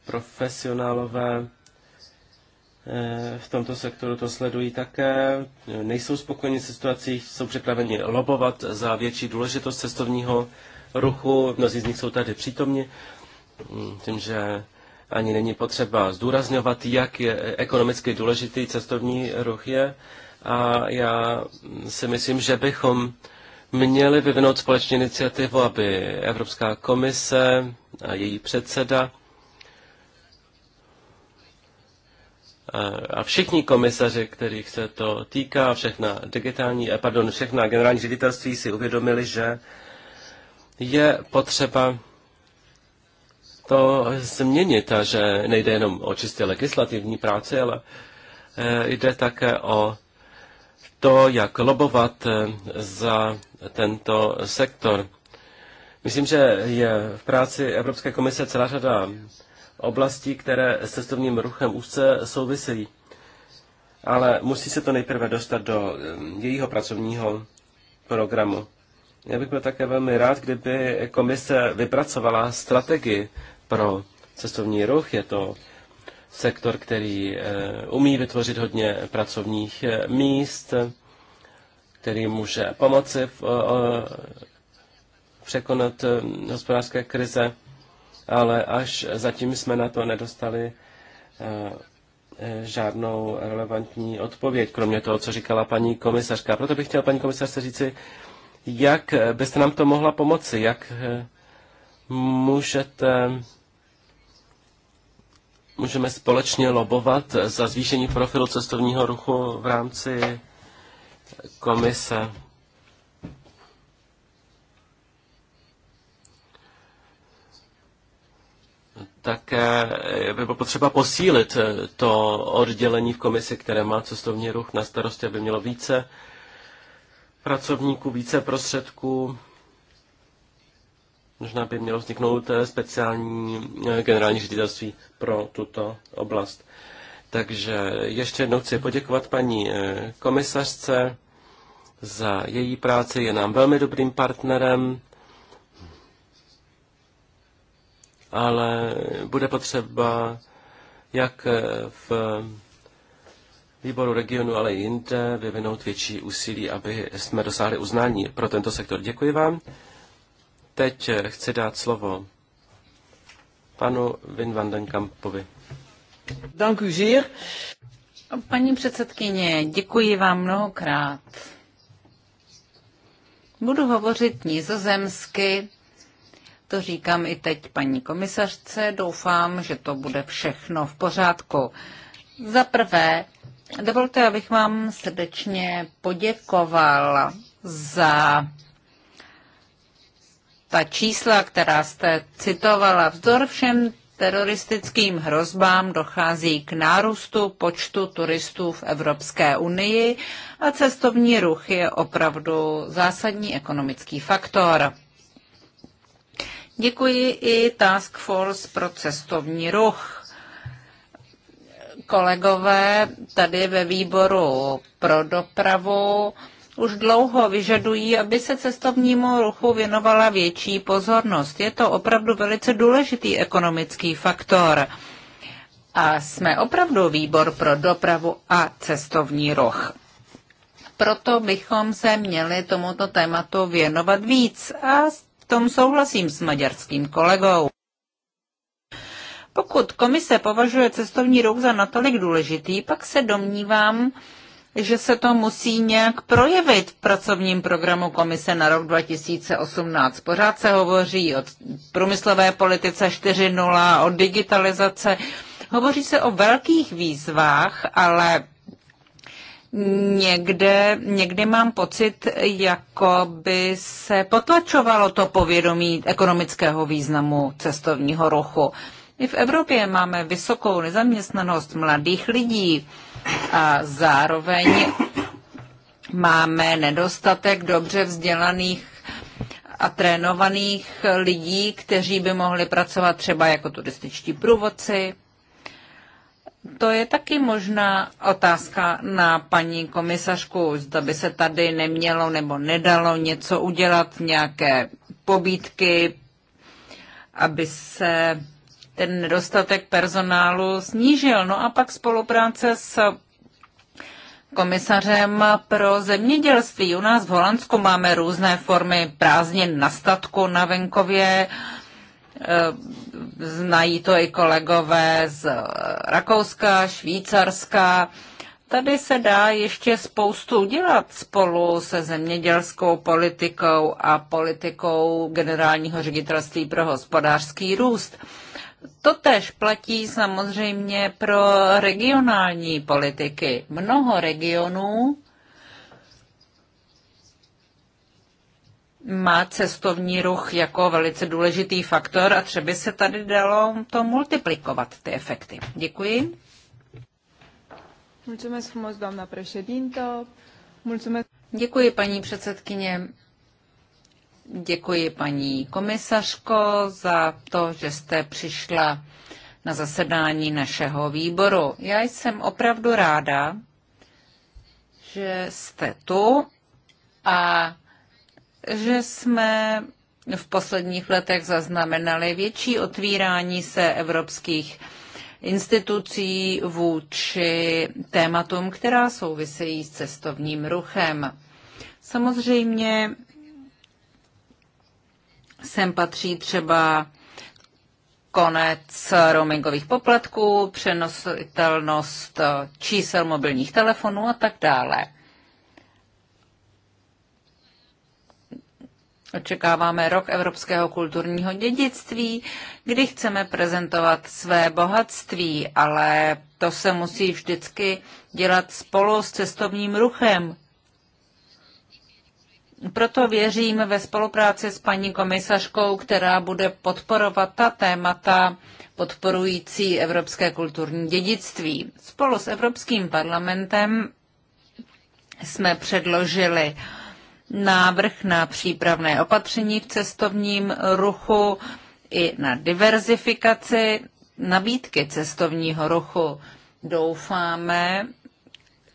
profesionálové eh, v tomto sektoru to sledují také, nejsou spokojeni s situací, jsou připraveni lobovat za větší důležitost cestovního ruchu, mnozí z nich jsou tady přítomni, mm, tím, že ani není potřeba zdůrazňovat, jak je ekonomicky důležitý cestovní ruch je. A já si myslím, že bychom měli vyvinout společně iniciativu, aby Evropská komise a její předseda a všichni komisaři, kterých se to týká, všechna digitální, eh, pardon, všechna generální ředitelství si uvědomili, že je potřeba to změnit a že nejde jenom o čistě legislativní práci, ale eh, jde také o to, jak lobovat eh, za tento sektor. Myslím, že je v práci Evropské komise celá řada oblastí, které s cestovním ruchem úzce souvisí, Ale musí se to nejprve dostat do jejího pracovního programu. Já bych byl také velmi rád, kdyby komise vypracovala strategii pro cestovní ruch. Je to sektor, který umí vytvořit hodně pracovních míst, který může pomoci v, eh, eh, překonat eh, hospodářské krize, ale až zatím jsme na to nedostali žádnou relevantní odpověď, kromě toho, co říkala paní komisařka. Proto bych chtěl paní komisařce říci, jak byste nám to mohla pomoci, jak můžete, můžeme společně lobovat za zvýšení profilu cestovního ruchu v rámci komise také by bylo potřeba posílit eh, to oddělení v komisi, které má cestovní ruch na starosti, aby mělo více pracovníků, více prostředků. Možná by mělo vzniknout eh, speciální eh, generální ředitelství pro tuto oblast. Takže ještě jednou chci poděkovat paní komisařce za její práci, je nám velmi dobrým partnerem, ale bude potřeba jak v výboru regionu, ale i jinde vyvinout větší úsilí, aby jsme dosáhli uznání pro tento sektor. Děkuji vám. Teď chci dát slovo panu Vin van den Kampovi. Paní předsedkyně, děkuji vám mnohokrát. Budu hovořit nizozemsky, to říkám i teď paní komisařce, doufám, že to bude všechno v pořádku. Za prvé, dovolte, abych vám srdečně poděkoval za ta čísla, která jste citovala. Vzdor všem teroristickým hrozbám dochází k nárůstu počtu turistů v Evropské unii a cestovní ruch je opravdu zásadní ekonomický faktor. Děkuji i Task Force pro cestovní ruch. Kolegové tady ve výboru pro dopravu už dlouho vyžadují, aby se cestovnímu ruchu věnovala větší pozornost. Je to opravdu velice důležitý ekonomický faktor. A jsme opravdu výbor pro dopravu a cestovní ruch. Proto bychom se měli tomuto tématu věnovat víc a s tom souhlasím s maďarským kolegou. Pokud komise považuje cestovní ruch za natolik důležitý, pak se domnívám, že se to musí nějak projevit v pracovním programu komise na rok 2018. Pořád se hovoří o průmyslové politice 4.0, o digitalizace. Hovoří se o velkých výzvách, ale někde, někdy mám pocit, jako by se potlačovalo to povědomí ekonomického významu cestovního ruchu. I v Evropě máme vysokou nezaměstnanost mladých lidí. A zároveň máme nedostatek dobře vzdělaných a trénovaných lidí, kteří by mohli pracovat třeba jako turističtí průvodci. To je taky možná otázka na paní komisařku, zda by se tady nemělo nebo nedalo něco udělat, nějaké pobídky, aby se ten nedostatek personálu snížil. No a pak spolupráce s komisařem pro zemědělství. U nás v Holandsku máme různé formy prázdnin na statku, na venkově. Eh, znají to i kolegové z Rakouska, Švýcarska. Tady se dá ještě spoustu dělat spolu se zemědělskou politikou a politikou generálního ředitelství pro hospodářský růst. To tež platí samozřejmě pro regionální politiky. Mnoho regionů má cestovní ruch jako velice důležitý faktor a třeba se tady dalo to multiplikovat, ty efekty. Děkuji. Mulțumesc frumos, doamna Mulțumesc. Děkuji, paní předsedkyně. Děkuji paní komisařko za to, že jste přišla na zasedání našeho výboru. Já jsem opravdu ráda, že jste tu a že jsme v posledních letech zaznamenali větší otvírání se evropských institucí vůči tématům, která souvisejí s cestovním ruchem. Samozřejmě Sem patří třeba konec roamingových poplatků, přenositelnost eh, čísel mobilních telefonů a tak dále. Očekáváme rok evropského kulturního dědictví, kdy chceme prezentovat své bohatství, ale to se musí vždycky dělat spolu s cestovním ruchem. Proto věřím ve spolupráci s paní komisařkou, která bude podporovat ta témata podporující evropské kulturní dědictví. Spolu s Evropským parlamentem jsme předložili návrh na přípravné opatření v cestovním ruchu i na diverzifikaci nabídky cestovního ruchu. Doufáme,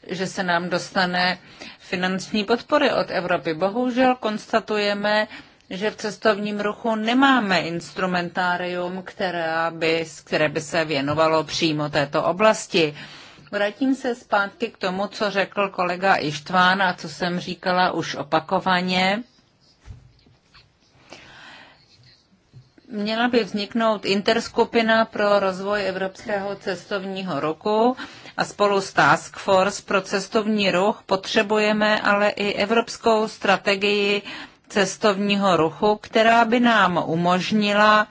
že se nám dostane finanční podpory od Evropy. Bohužel konstatujeme, že v cestovním ruchu nemáme instrumentárium, které by, které by se věnovalo přímo této oblasti. Vrátím se zpátky k tomu, co řekl kolega Ištván a co jsem říkala už opakovaně. Měla by vzniknout interskupina pro rozvoj evropského cestovního roku a spolu s Task Force pro cestovní ruch potřebujeme ale i evropskou strategii cestovního ruchu, která by nám umožnila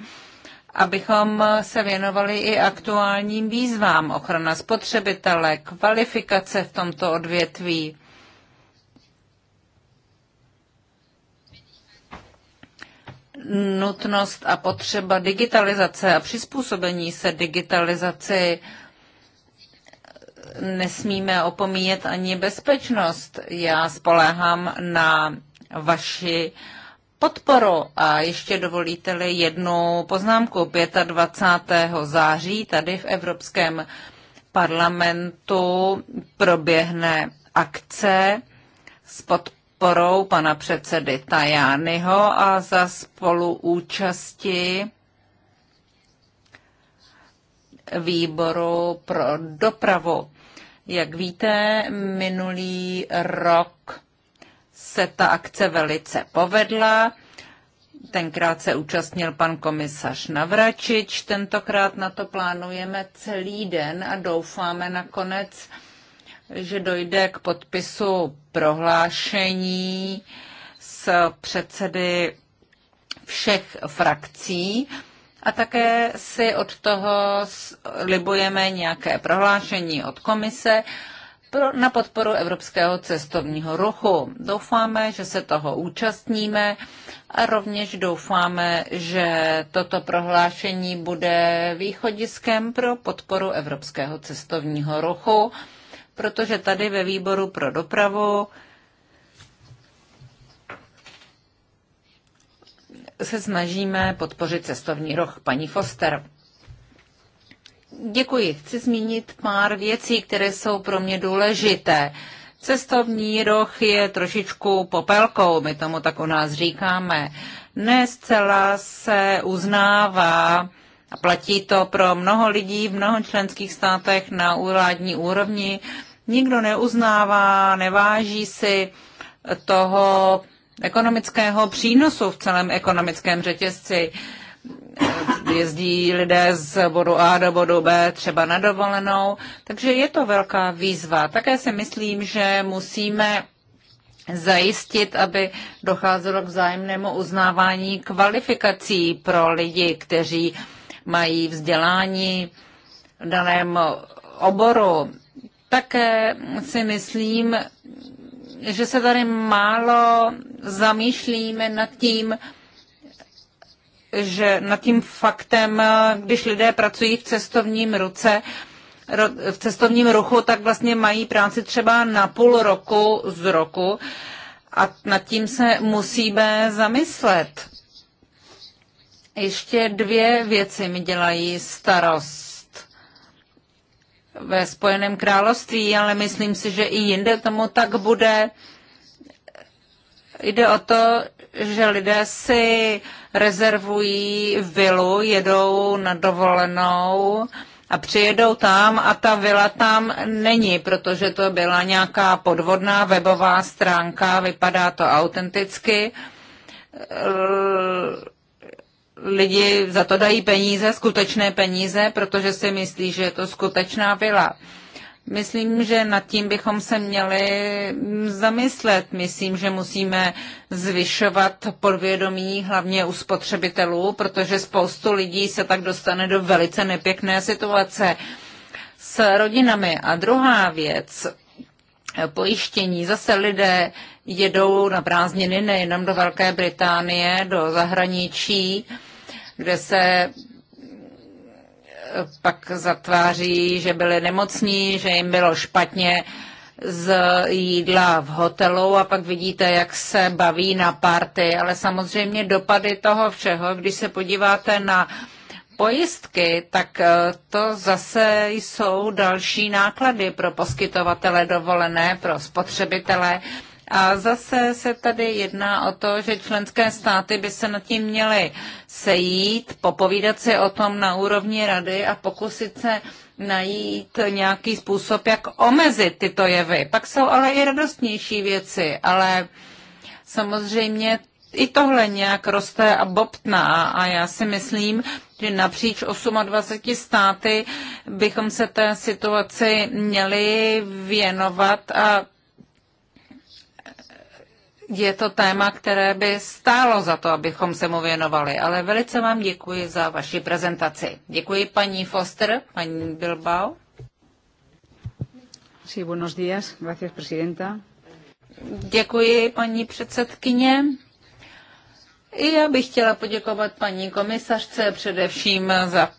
abychom se věnovali i aktuálním výzvám ochrana spotřebitele, kvalifikace v tomto odvětví. nutnost a potřeba digitalizace a přizpůsobení se digitalizaci nesmíme opomíjet ani bezpečnost. Já spolehám na vaši podporu. A ještě dovolíte-li jednu poznámku. 25. září tady v Evropském parlamentu proběhne akce s podporou pana předsedy Tajányho a za spoluúčasti výboru pro dopravu. Jak víte, minulý rok se ta akce velice povedla. Tenkrát se účastnil pan komisař Navračič, tentokrát na to plánujeme celý den a doufáme nakonec, že dojde k podpisu prohlášení s předsedy všech frakcí a také si od toho libujeme nějaké prohlášení od komise pro, na podporu evropského cestovního ruchu. Doufáme, že se toho účastníme a rovněž doufáme, že toto prohlášení bude východiskem pro podporu evropského cestovního ruchu, protože tady ve výboru pro dopravu se snažíme podpořit cestovní roh. Paní Foster. Děkuji. Chci zmínit pár věcí, které jsou pro mě důležité. Cestovní roh je trošičku popelkou, my tomu tak u nás říkáme. Ne zcela se uznává a platí to pro mnoho lidí v mnoho členských státech na úrádní úrovni. Nikdo neuznává, neváží si toho, ekonomického přínosu v celém ekonomickém řetězci. Jezdí lidé z bodu A do bodu B třeba na dovolenou, takže je to velká výzva. Také si myslím, že musíme zajistit, aby docházelo k vzájemnému uznávání kvalifikací pro lidi, kteří mají vzdělání v daném oboru. Také si myslím, že se tady málo zamýšlíme nad tím, že nad tím faktem, když lidé pracují v cestovním ruce, v cestovním ruchu, tak vlastně mají práci třeba na půl roku z roku a nad tím se musíme zamyslet. Ještě dvě věci mi dělají starost ve Spojeném království, ale myslím si, že i jinde tomu tak bude. Jde o to, že lidé si rezervují vilu, jedou na dovolenou a přijedou tam a ta vila tam není, protože to byla nějaká podvodná webová stránka, vypadá to autenticky lidi za to dají peníze, skutečné peníze, protože si myslí, že je to skutečná vila. Myslím, že nad tím bychom se měli zamyslet. Myslím, že musíme zvyšovat podvědomí hlavně u spotřebitelů, protože spoustu lidí se tak dostane do velice nepěkné situace s rodinami. A druhá věc, pojištění. Zase lidé jedou na prázdniny nejenom do Velké Británie, do zahraničí, kde se eh, pak zatváří, že byli nemocní, že jim bylo špatně z jídla v hotelu a pak vidíte, jak se baví na party. Ale samozřejmě dopady toho všeho, když se podíváte na uh, pojistky, tak eh, to zase jsou další náklady pro poskytovatele dovolené, pro spotřebitele. A zase se tady jedná o to, že členské státy by se nad tím měly sejít, popovídat se o tom na úrovni rady a pokusit se najít nějaký způsob, jak omezit tyto jevy. Pak jsou ale i radostnější věci, ale samozřejmě i tohle nějak roste a bobtná a já si myslím, že napříč 28 státy bychom se té situaci měli věnovat a je to téma, které by stálo za to, abychom se mu věnovali. Ale velice vám děkuji za vaši prezentaci. Děkuji paní Foster, paní Bilbao. Sí, buenos días. Gracias, presidenta. Děkuji, paní předsedkyně. I já bych chtěla poděkovat paní komisařce především za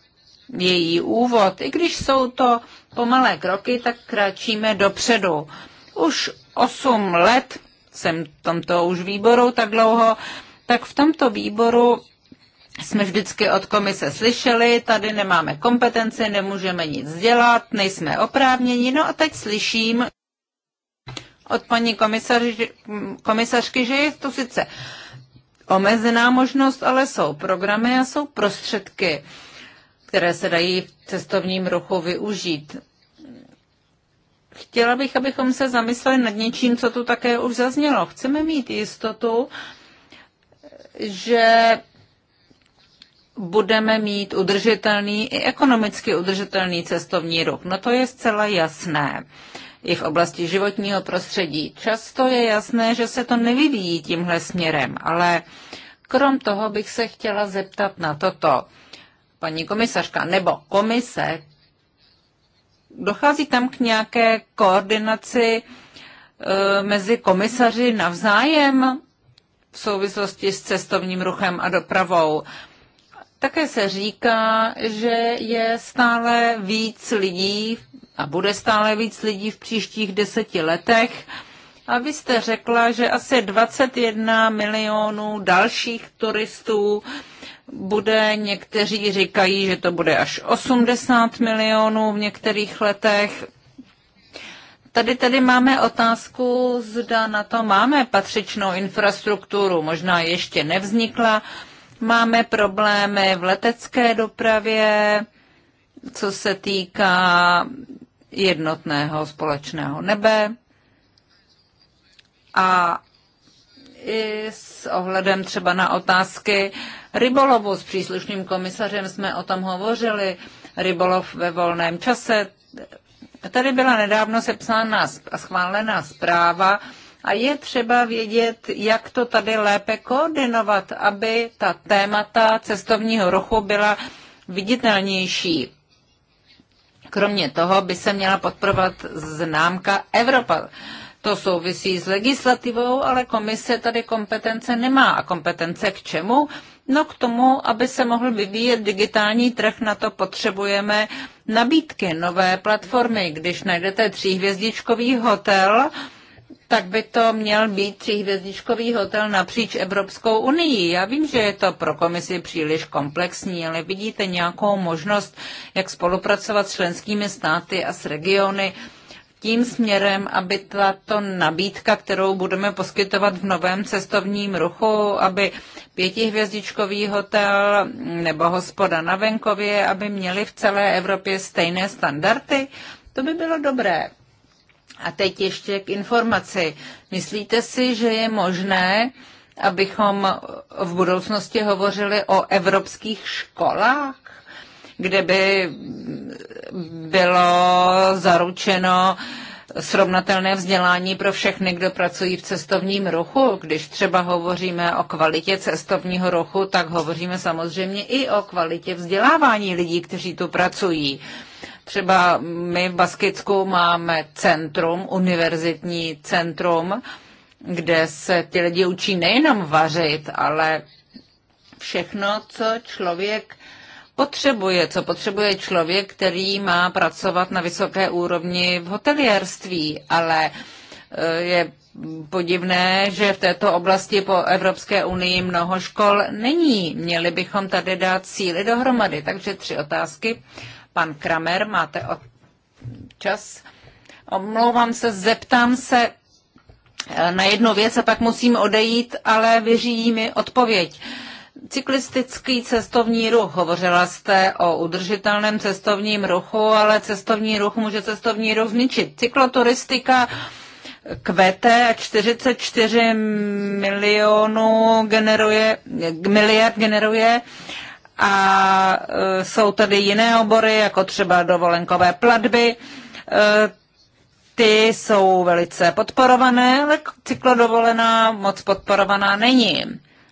její úvod. I když jsou to pomalé kroky, tak kráčíme dopředu. Už 8 let jsem v tomto už výboru tak dlouho, tak v tomto výboru jsme vždycky od komise slyšeli, tady nemáme kompetenci, nemůžeme nic dělat, nejsme oprávněni. No a teď slyším od paní komisař, komisařky, že je to sice omezená možnost, ale jsou programy a jsou prostředky, které se dají v cestovním ruchu využít. Chtěla bych, abychom se zamysleli nad něčím, co tu také už zaznělo. Chceme mít jistotu, že budeme mít udržitelný i ekonomicky udržitelný cestovní ruch. No to je zcela jasné. Uh, i v oblasti životního prostředí. Často je jasné, že se to nevyvíjí tímhle směrem, ale krom toho bych se chtěla zeptat na toto. Paní komisařka nebo komise, dochází tam k nějaké koordinaci e, mezi komisaři navzájem v souvislosti s cestovním ruchem a dopravou. Také se říká, že je stále víc lidí a bude stále víc lidí v příštích deseti letech. A vy jste řekla, že asi 21 milionů dalších turistů bude, někteří říkají, že to bude až 80 milionů v některých letech. Tady tady máme otázku, zda na to máme patřičnou infrastrukturu, možná ještě nevznikla. Máme problémy v letecké dopravě, co se týká jednotného společného nebe a i s ohledem třeba na otázky rybolovu. S příslušným komisařem jsme o tom hovořili. Rybolov ve volném čase. Tady byla nedávno sepsána a schválená zpráva a je třeba vědět, jak to tady lépe koordinovat, aby ta témata cestovního ruchu byla viditelnější. Kromě toho by se měla podporovat známka Evropa. To souvisí s legislativou, ale komise tady kompetence nemá. A kompetence k čemu? No k tomu, aby se mohl vyvíjet digitální trh, na to potřebujeme nabídky, nové platformy. Když najdete tříhvězdičkový hotel, tak by to měl být tříhvězdičkový hotel napříč Evropskou unii. Já vím, že je to pro komisi příliš komplexní, ale vidíte nějakou možnost, jak spolupracovat s členskými státy a s regiony tím směrem, aby tato nabídka, kterou budeme poskytovat v novém cestovním ruchu, aby pětihvězdičkový hotel nebo hospoda na venkově, aby měli v celé Evropě stejné standardy, to by bylo dobré. A teď ještě k informaci. Myslíte si, že je možné, abychom v budoucnosti hovořili o evropských školách, kde by bylo zaručeno srovnatelné vzdělání pro všechny, kdo pracují v cestovním ruchu. Když třeba hovoříme o kvalitě cestovního ruchu, tak hovoříme samozřejmě i o kvalitě vzdělávání lidí, kteří tu pracují. Třeba my v Baskicku máme centrum, univerzitní centrum, kde se ti lidi učí nejenom vařit, ale všechno, co člověk potřebuje, co potřebuje člověk, který má pracovat na vysoké úrovni v hotelierství, ale eh, je podivné, že v této oblasti po Evropské unii mnoho škol není. Měli bychom tady dát síly dohromady. Takže tři otázky. Pan Kramer, máte čas? Omlouvám se, zeptám se eh, na jednu věc a pak musím odejít, ale vyřídí mi odpověď. Cyklistický cestovní ruch. Hovořila jste o udržitelném cestovním ruchu, ale cestovní ruch může cestovní ruch zničit. Cykloturistika kvete a 44 milionů generuje, miliard generuje a e, jsou tady jiné obory, jako třeba dovolenkové platby. E, ty jsou velice podporované, ale cyklodovolená moc podporovaná není.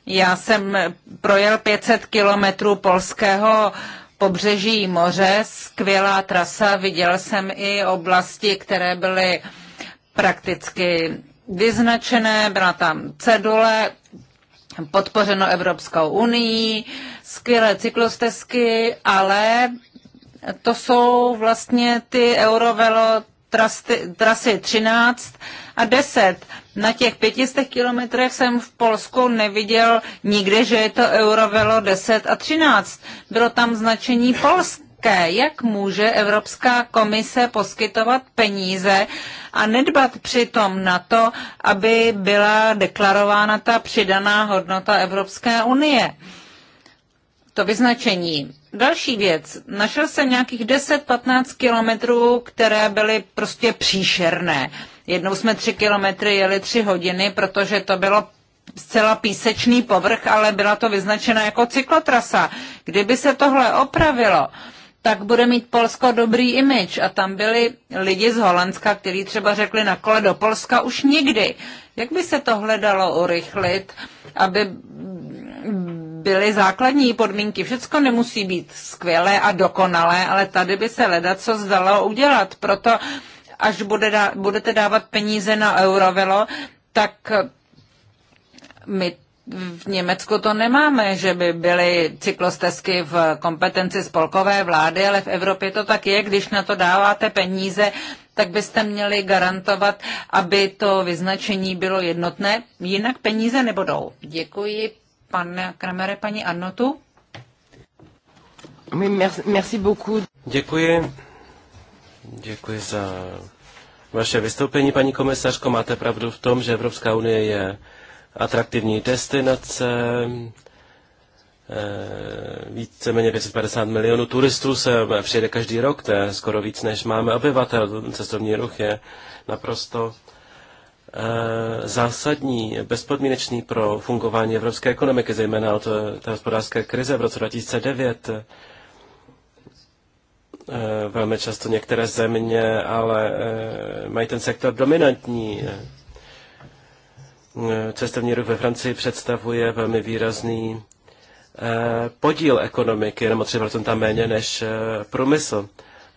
Já jsem projel 500 kilometrů polského pobřeží moře, skvělá trasa, viděl jsem i oblasti, které byly prakticky vyznačené, byla tam cedule, podpořeno Evropskou unii, uh, skvělé cyklostezky, ale to jsou vlastně ty Eurovelo trasy, trasy 13 a 10. Na těch 500 kilometrech jsem v Polsku neviděl nikde, že je to Eurovelo 10 a 13. Bylo tam značení polské. Jak může Evropská komise poskytovat peníze a nedbat přitom na to, aby byla deklarována ta přidaná hodnota Evropské unie? to vyznačení. Další věc. Našel jsem nějakých 10-15 kilometrů, které byly prostě příšerné. Jednou jsme 3 kilometry jeli 3 hodiny, protože to bylo zcela písečný povrch, ale byla to vyznačena jako cyklotrasa. Kdyby se tohle opravilo, tak bude mít Polsko dobrý image. A tam byli lidi z Holandska, kteří třeba řekli na kole do Polska už nikdy. Jak by se tohle dalo urychlit, aby byly základní podmínky. Všecko nemusí být skvělé a dokonalé, ale tady by se leda co zdalo udělat. Proto až bude dá, budete dávat peníze na Eurovelo, tak my v Německu to nemáme, že by byly cyklostezky v kompetenci spolkové vlády, ale v Evropě to tak je, když na to dáváte peníze, tak byste měli garantovat, aby to vyznačení bylo jednotné, jinak peníze nebudou. Děkuji Pan Kramere, paní Arnotu. Merci beaucoup. Děkuji. Děkuji za vaše vystoupení, paní komisařko. Máte pravdu v tom, že Evropská unie je atraktivní destinace. Eh, víceméně 550 milionů turistů se přijede každý rok, to je skoro víc, než máme obyvatel. Cestovní ruch je naprosto Eh, zásadní, bezpodmínečný pro fungování evropské ekonomiky, zejména od eh, té hospodářské krize v roce 2009. Eh, velmi často některé země, ale mají ten sektor dominantní. Cestovní ruch ve Francii představuje velmi výrazný podíl ekonomiky, jenom 3% méně než průmysl.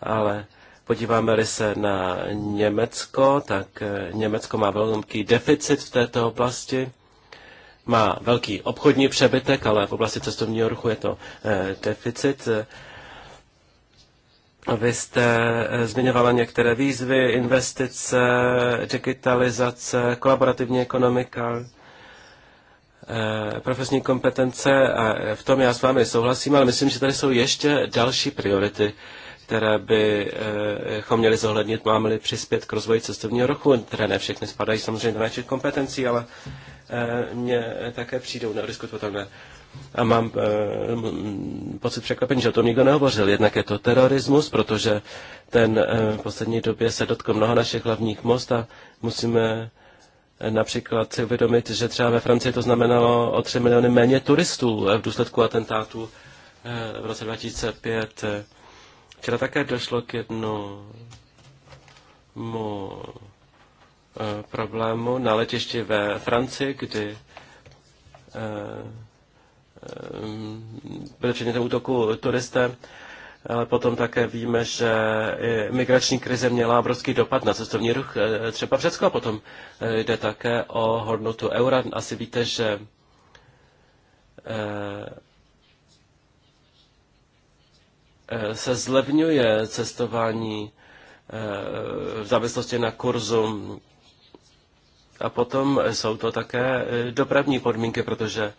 Ale Podíváme-li se na Německo, tak eh, Německo má velký deficit v této oblasti. Má velký obchodní přebytek, ale v oblasti cestovního ruchu je to eh, deficit. Vy jste eh, zmiňovala některé výzvy, investice, digitalizace, kolaborativní ekonomika, profesní kompetence a v tom já s vámi souhlasím, ale myslím, že tady jsou ještě další priority, které bychom eh, měli zohlednit, máme-li přispět k rozvoji cestovního ruchu, které ne všechny spadají samozřejmě do našich kompetencí, ale eh, mě také přijdou neodiskutovatelné. A mám eh, pocit překvapení, že o tom nikdo nehovořil. Jednak je to terorismus, protože ten v poslední době se dotkl mnoha našich hlavních most a musíme například si uvědomit, že třeba ve Francii to znamenalo o 3 miliony méně turistů v důsledku atentátu v roce 2005. Včera také došlo k jednomu eh, problému na letišti ve Francii, kdy eh, eh, byli předmětem útoku turisté, ale potom také víme, že migrační krize měla obrovský dopad na cestovní ruch třeba v Řecku a potom jde také o hodnotu eura. Asi víte, že Eh, se zlevňuje cestování eh, v závislosti na kurzu. A potom jsou to také eh, dopravní podmínky, protože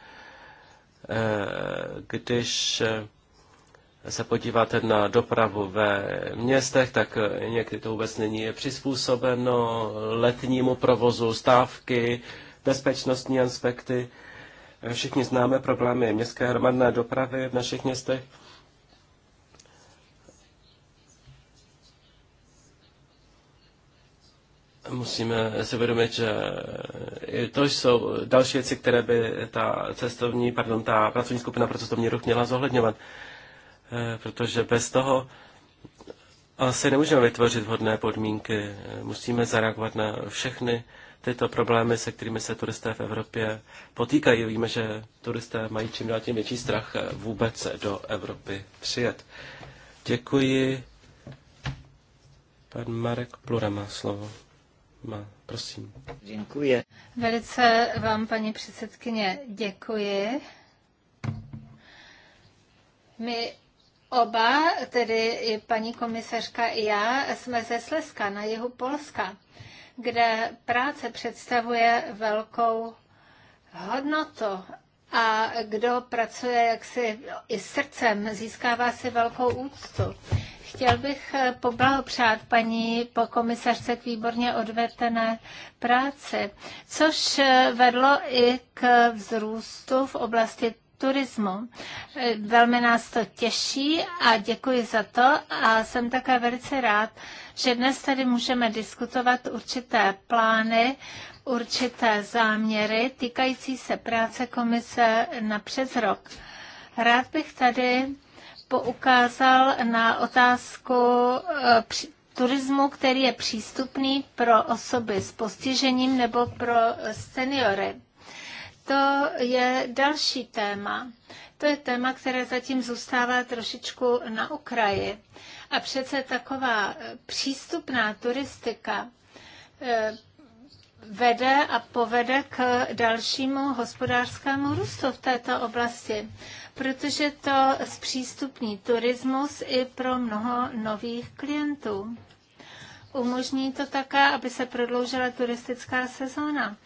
když se podíváte na dopravu ve městech, tak někdy to vůbec není přizpůsobeno letnímu provozu, stávky, bezpečnostní aspekty. Všichni známe problémy městské hromadné dopravy v našich městech. musíme si uvědomit, že to jsou další věci, které by ta cestovní, pardon, ta pracovní skupina pro cestovní ruch měla zohledňovat. Eh, protože bez toho asi nemůžeme vytvořit vhodné podmínky. Musíme zareagovat na všechny tyto problémy, se kterými se turisté v Evropě potýkají. Víme, že turisté mají čím dál tím větší strach eh, vůbec do Evropy přijet. Děkuji. Pan Marek Plura má slovo má. Prosím. Děkuji. Velice vám, paní předsedkyně, děkuji. My oba, tedy i paní komisařka i já, jsme ze Slezska na jihu Polska, kde práce představuje velkou hodnotu a kdo pracuje jaksi i srdcem, získává si velkou úctu. Chtěl bych eh, poblahopřát paní komisařce k výborně odvetené práci, což eh, vedlo i k vzrůstu v oblasti turismu. Eh, velmi nás to těší a děkuji za to a jsem také velice rád, že dnes tady můžeme diskutovat určité plány, určité záměry týkající se práce komise na přes rok. Rád bych tady poukázal na otázku eh, turismu, který je přístupný pro osoby s postižením nebo pro seniory. To je další téma. To je téma, které zatím zůstává trošičku na okraji. A přece taková eh, přístupná turistika eh, vede a povede k dalšímu hospodářskému růstu v této oblasti, protože to zpřístupní turismus i pro mnoho nových klientů. Umožní to také, aby se prodloužila turistická sezóna.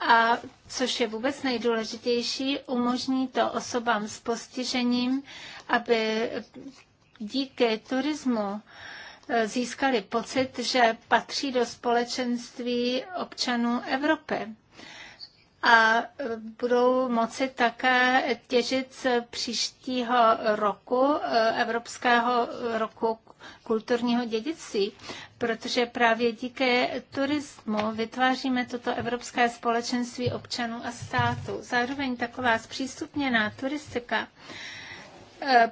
A což je vůbec nejdůležitější, umožní to osobám s postižením, aby díky turismu získali pocit, že patří do společenství občanů Evropy a e, budou moci také těžit z příštího roku, e, Evropského roku kulturního dědictví, protože právě díky turismu vytváříme toto evropské společenství občanů a států. Zároveň taková zpřístupněná turistika e,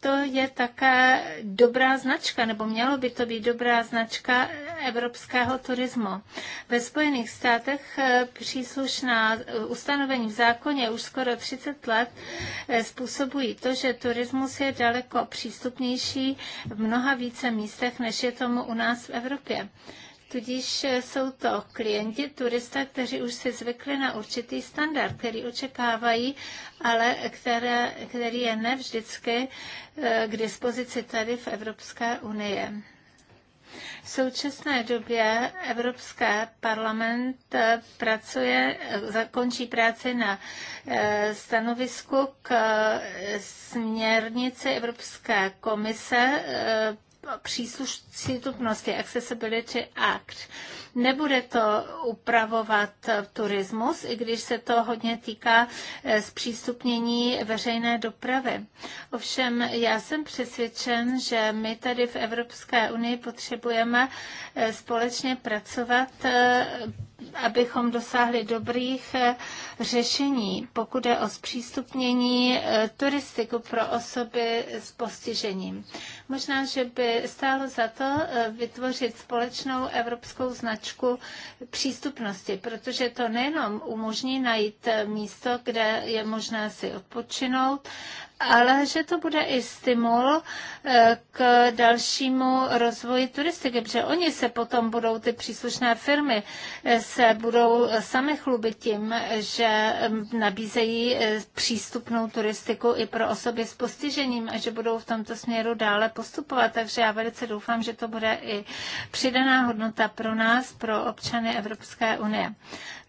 to je také dobrá značka, nebo mělo by to být dobrá značka evropského turismu. Ve Spojených státech eh, příslušná eh, ustanovení v zákoně už skoro 30 let eh, způsobují to, že turismus je daleko přístupnější v mnoha více místech, než je tomu u nás v Evropě. Tudíž eh, jsou to klienti, turista, kteří už si zvykli na určitý standard, který očekávají, ale které, který je ne vždycky eh, k dispozici tady v Evropské unii. V současné době Evropský parlament eh, pracuje, zakončí práci na stanovisku k směrnici Evropské komise přístupnosti Accessibility Act. Nebude to upravovat turismus, i když se to hodně týká eh, zpřístupnění veřejné dopravy. Ovšem já jsem přesvědčen, že my tady v Evropské unii potřebujeme eh, společně pracovat eh, abychom dosáhli dobrých eh, řešení, pokud je o zpřístupnění eh, turistiku pro osoby s postižením. Možná, že by stálo za to eh, vytvořit společnou evropskou značku přístupnosti, protože to nejenom umožní najít místo, kde je možné si odpočinout, ale že to bude i stimul eh, k dalšímu rozvoji turistiky, protože oni se potom budou, ty příslušné firmy, eh, se budou sami chlubit tím, že nabízejí eh, přístupnou turistiku i pro osoby s postižením a že budou v tomto směru dále postupovat. Takže já velice doufám, že to bude i přidaná hodnota pro nás, pro občany Evropské unie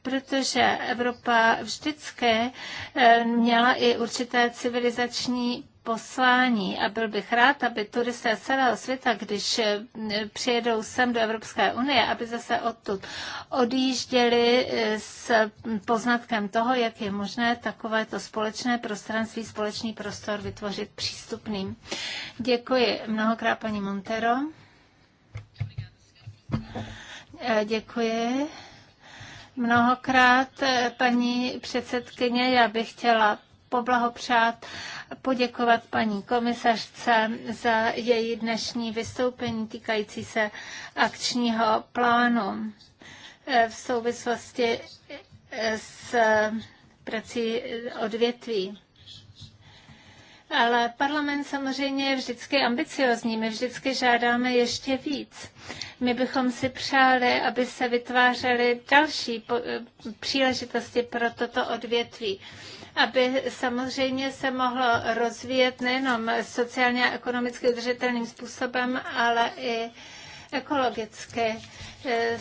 protože Evropa vždycky eh, měla i určité civilizační poslání a byl bych rád, aby turisté z celého světa, když eh, přijedou sem do Evropské unie, aby zase odtud odjížděli eh, s poznatkem toho, jak je možné takovéto společné prostranství, společný prostor vytvořit přístupným. Děkuji mnohokrát paní Montero. Děkuji mnohokrát, eh, paní předsedkyně. Já bych chtěla poblahopřát, poděkovat paní komisařce za její dnešní vystoupení týkající se akčního plánu eh, v souvislosti eh, s prací odvětví ale parlament samozřejmě je vždycky ambiciozní, my vždycky žádáme ještě víc. My bychom si přáli, aby se vytvářely další eh, příležitosti pro toto odvětví aby samozřejmě se mohlo rozvíjet nejenom sociálně a ekonomicky udržitelným způsobem, ale i ekologicky. E,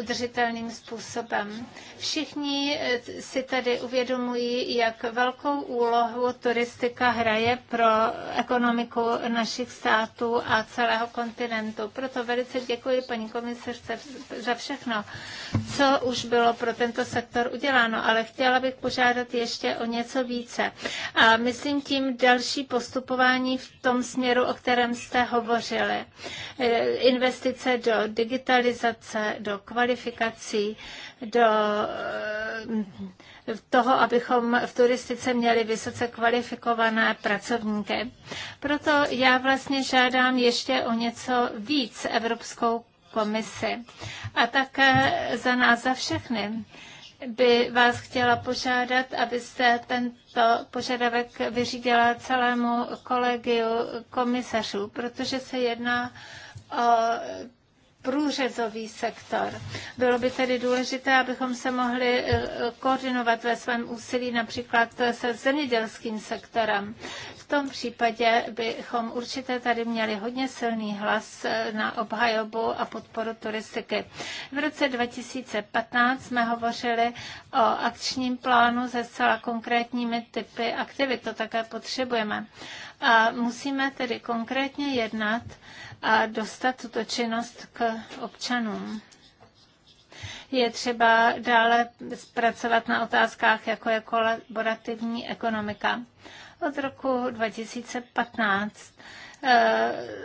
udržitelným způsobem. Všichni e, si tady uvědomují, jak velkou úlohu turistika hraje pro ekonomiku našich států a celého kontinentu. Proto velice děkuji paní komisařce za všechno, co už bylo pro tento sektor uděláno, ale chtěla bych požádat ještě o něco více. A myslím tím další postupování v tom směru, o kterém jste hovořili. E, investice do digitalizace, kvalifikace, do kvalifikací, do eh, toho, abychom v turistice měli vysoce kvalifikované pracovníky. Proto já vlastně žádám ještě o něco víc Evropskou komisi. A také za nás, za všechny, by vás chtěla požádat, abyste tento požadavek vyřídila celému kolegiu komisařů, protože se jedná o průřezový sektor. Bylo by tedy důležité, abychom se mohli eh, koordinovat ve svém úsilí například se zemědělským sektorem. V tom případě bychom určitě tady měli hodně silný hlas eh, na obhajobu a podporu turistiky. V roce 2015 jsme hovořili o akčním plánu se zcela konkrétními typy aktivit. To také potřebujeme. A musíme tedy konkrétně jednat a dostat tuto činnost k občanům je třeba dále zpracovat na otázkách, jako je kolaborativní ekonomika. Od roku 2015 eh,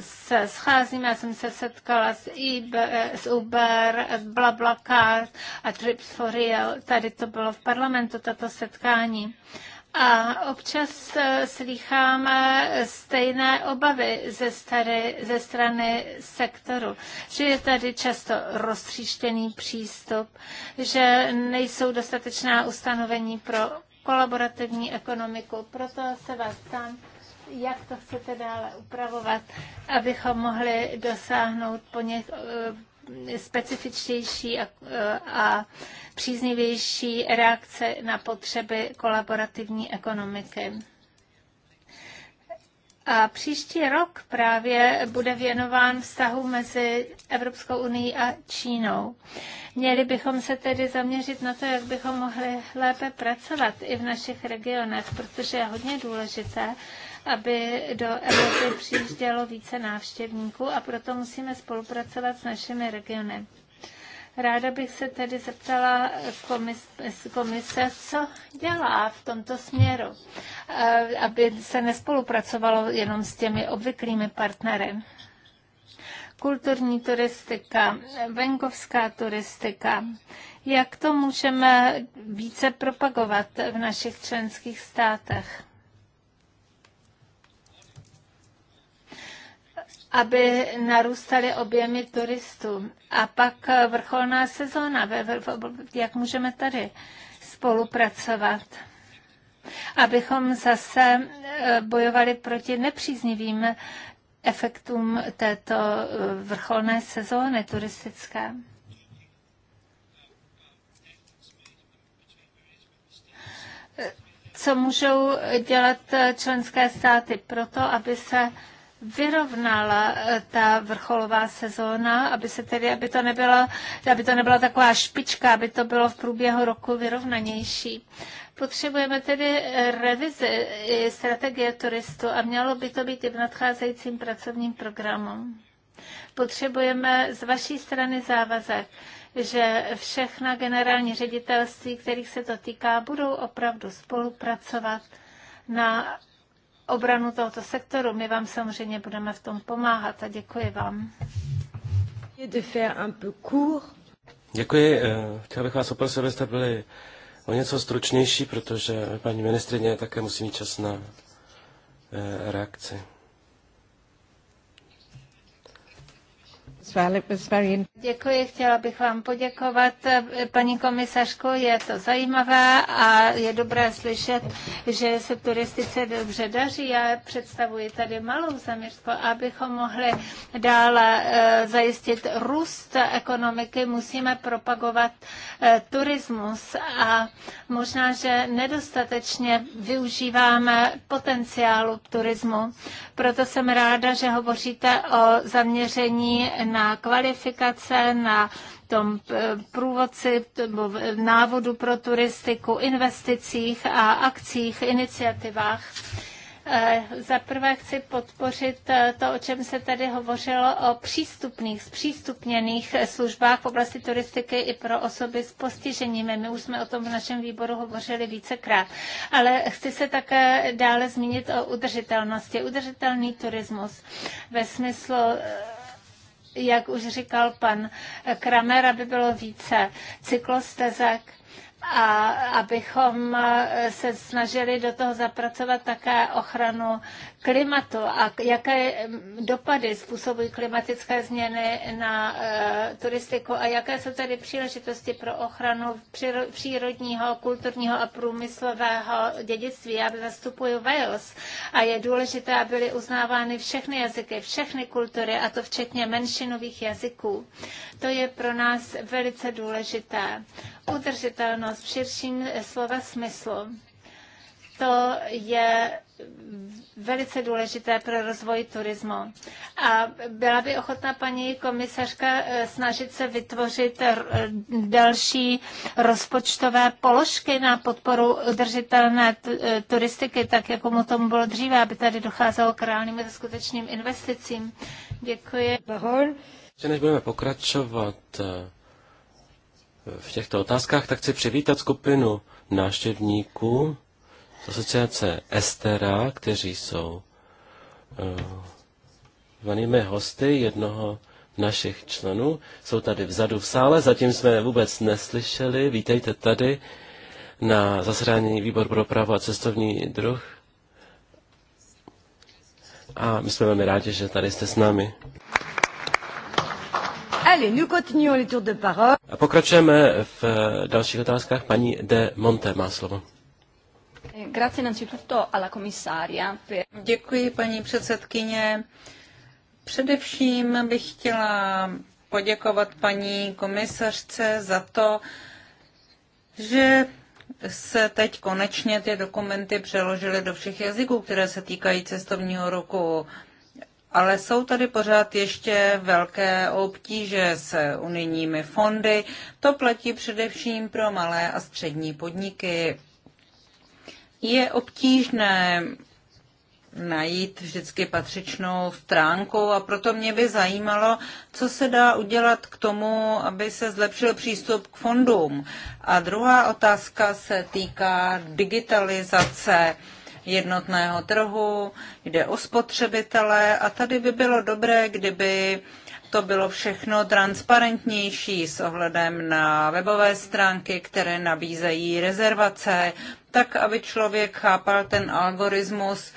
se scházím, já jsem se setkala s, Iber, s Uber, s BlaBlaCar a Trips for Real. Tady to bylo v parlamentu, tato setkání. A občas eh, slychám stejné obavy ze, stary, ze strany sektoru, že je tady často roztříštěný přístup, že nejsou dostatečná ustanovení pro kolaborativní ekonomiku. Proto se vás ptám, jak to chcete dále upravovat, abychom mohli dosáhnout po něch, eh, specifičtější a, a příznivější reakce na potřeby kolaborativní ekonomiky. A příští rok právě bude věnován vztahu mezi Evropskou unii a Čínou. Měli bychom se tedy zaměřit na to, jak bychom mohli lépe pracovat i v našich regionech, protože je hodně důležité, aby do Evropy přijíždělo více návštěvníků a proto musíme spolupracovat s našimi regiony. Ráda bych se tedy zeptala komis, komise, co dělá v tomto směru, aby se nespolupracovalo jenom s těmi obvyklými partnery. Kulturní turistika, venkovská turistika, jak to můžeme více propagovat v našich členských státech? aby narůstaly objemy turistů. A pak vrcholná sezóna, jak můžeme tady spolupracovat, abychom zase e, bojovali proti nepříznivým efektům této e, vrcholné sezóny turistické. E, co můžou dělat členské státy proto, aby se vyrovnala eh, ta vrcholová sezóna, aby se tedy, aby to nebyla, aby to nebyla taková špička, aby to bylo v průběhu roku vyrovnanější. Potřebujeme tedy eh, revizi eh, strategie turistu a mělo by to být i v nadcházejícím pracovním programu. Potřebujeme z vaší strany závazek, že všechna generální ředitelství, kterých se to týká, budou opravdu spolupracovat na obranu tohoto sektoru. My vám samozřejmě budeme v tom pomáhat a děkuji vám. Děkuji. Eh, chtěl bych vás poprosit, abyste byli o něco stručnější, protože paní ministrině také musí mít čas na eh, reakci. well. It was very... Děkuji, chtěla bych vám poděkovat, paní komisařko, je to zajímavé a je dobré slyšet, že se turistice dobře daří. Já představuji tady malou zaměřku, abychom mohli dále eh, zajistit růst ekonomiky, musíme propagovat eh, turismus a možná, že nedostatečně využíváme potenciálu turismu. Proto jsem ráda, že hovoříte o zaměření na kvalifikace, na tom eh, průvodci nebo návodu pro turistiku, investicích a akcích, iniciativách. Eh, za prvé chci podpořit eh, to, o čem se tady hovořilo, o přístupných, zpřístupněných službách v oblasti turistiky i pro osoby s postiženími. My už jsme o tom v našem výboru hovořili vícekrát. Ale chci se také dále zmínit o udržitelnosti. Udržitelný turismus ve smyslu jak už říkal pan Kramer, aby bylo více cyklostezek a abychom se snažili do toho zapracovat také ochranu klimatu a jaké mm, dopady způsobují klimatické změny na e, turistiku a jaké jsou tady příležitosti pro ochranu přírodního, kulturního a průmyslového dědictví. Já zastupuji Wales a je důležité, aby byly uznávány všechny jazyky, všechny kultury a to včetně menšinových jazyků. To je pro nás velice důležité. Udržitelnost v širším slova smyslu to je velice důležité pro rozvoj turismu. A byla by ochotná paní komisařka eh, snažit se vytvořit eh, další rozpočtové položky na podporu udržitelné eh, turistiky, tak jako mu tomu bylo dříve, aby tady docházelo k reálným a skutečným investicím. Děkuji. Že Než budeme pokračovat v těchto otázkách, tak chci přivítat skupinu náštěvníků asociace Estera, kteří jsou eh, vanými hosty jednoho našich členů. Jsou tady vzadu v sále, zatím jsme je vůbec neslyšeli. Vítejte tady na zasedání Výbor pro právo a cestovní druh. A my jsme velmi rádi, že tady jste s námi. A pokračujeme v dalších otázkách. Paní de Monte má slovo. Děkuji, paní předsedkyně. Především bych chtěla poděkovat paní komisařce za to, že se teď konečně ty dokumenty přeložily do všech jazyků, které se týkají cestovního roku. Ale jsou tady pořád ještě velké obtíže s unijními fondy. To platí především pro malé a střední podniky je obtížné najít vždycky patřičnou stránku a proto mě by zajímalo, co se dá udělat k tomu, aby se zlepšil přístup k fondům. A druhá otázka se týká digitalizace jednotného trhu, jde o spotřebitele a tady by bylo dobré, kdyby to bylo všechno transparentnější s ohledem na webové stránky, které nabízejí rezervace, tak, aby člověk chápal ten algoritmus,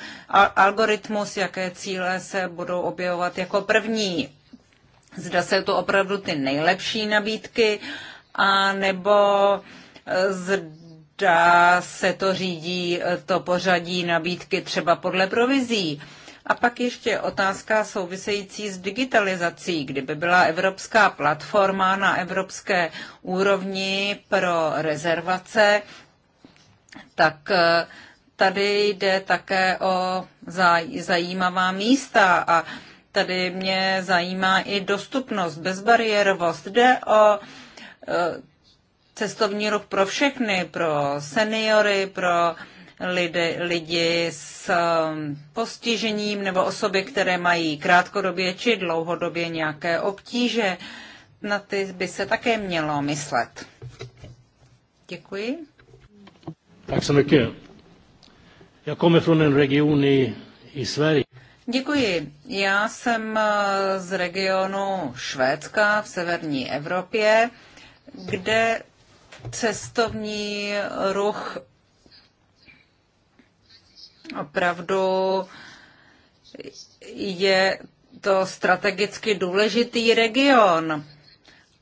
algoritmus, jaké cíle se budou objevovat jako první. Zda se to opravdu ty nejlepší nabídky, a nebo e, zda se to řídí e, to pořadí nabídky třeba podle provizí. A pak ještě otázka související s digitalizací. Kdyby byla evropská platforma na evropské úrovni pro rezervace, tak eh, tady jde také o zajímavá místa a tady mě zajímá i dostupnost, bezbariérovost. Jde o eh, cestovní ruch pro všechny, pro seniory, pro lidi, lidi s eh, postižením nebo osoby, které mají krátkodobě či dlouhodobě nějaké obtíže. Na ty by se také mělo myslet. Děkuji så mycket. Jag kommer från en region i, i Sverige. Děkuji. Já jsem eh, z regionu Švédska v severní Evropě, kde cestovní ruch opravdu je to strategicky důležitý region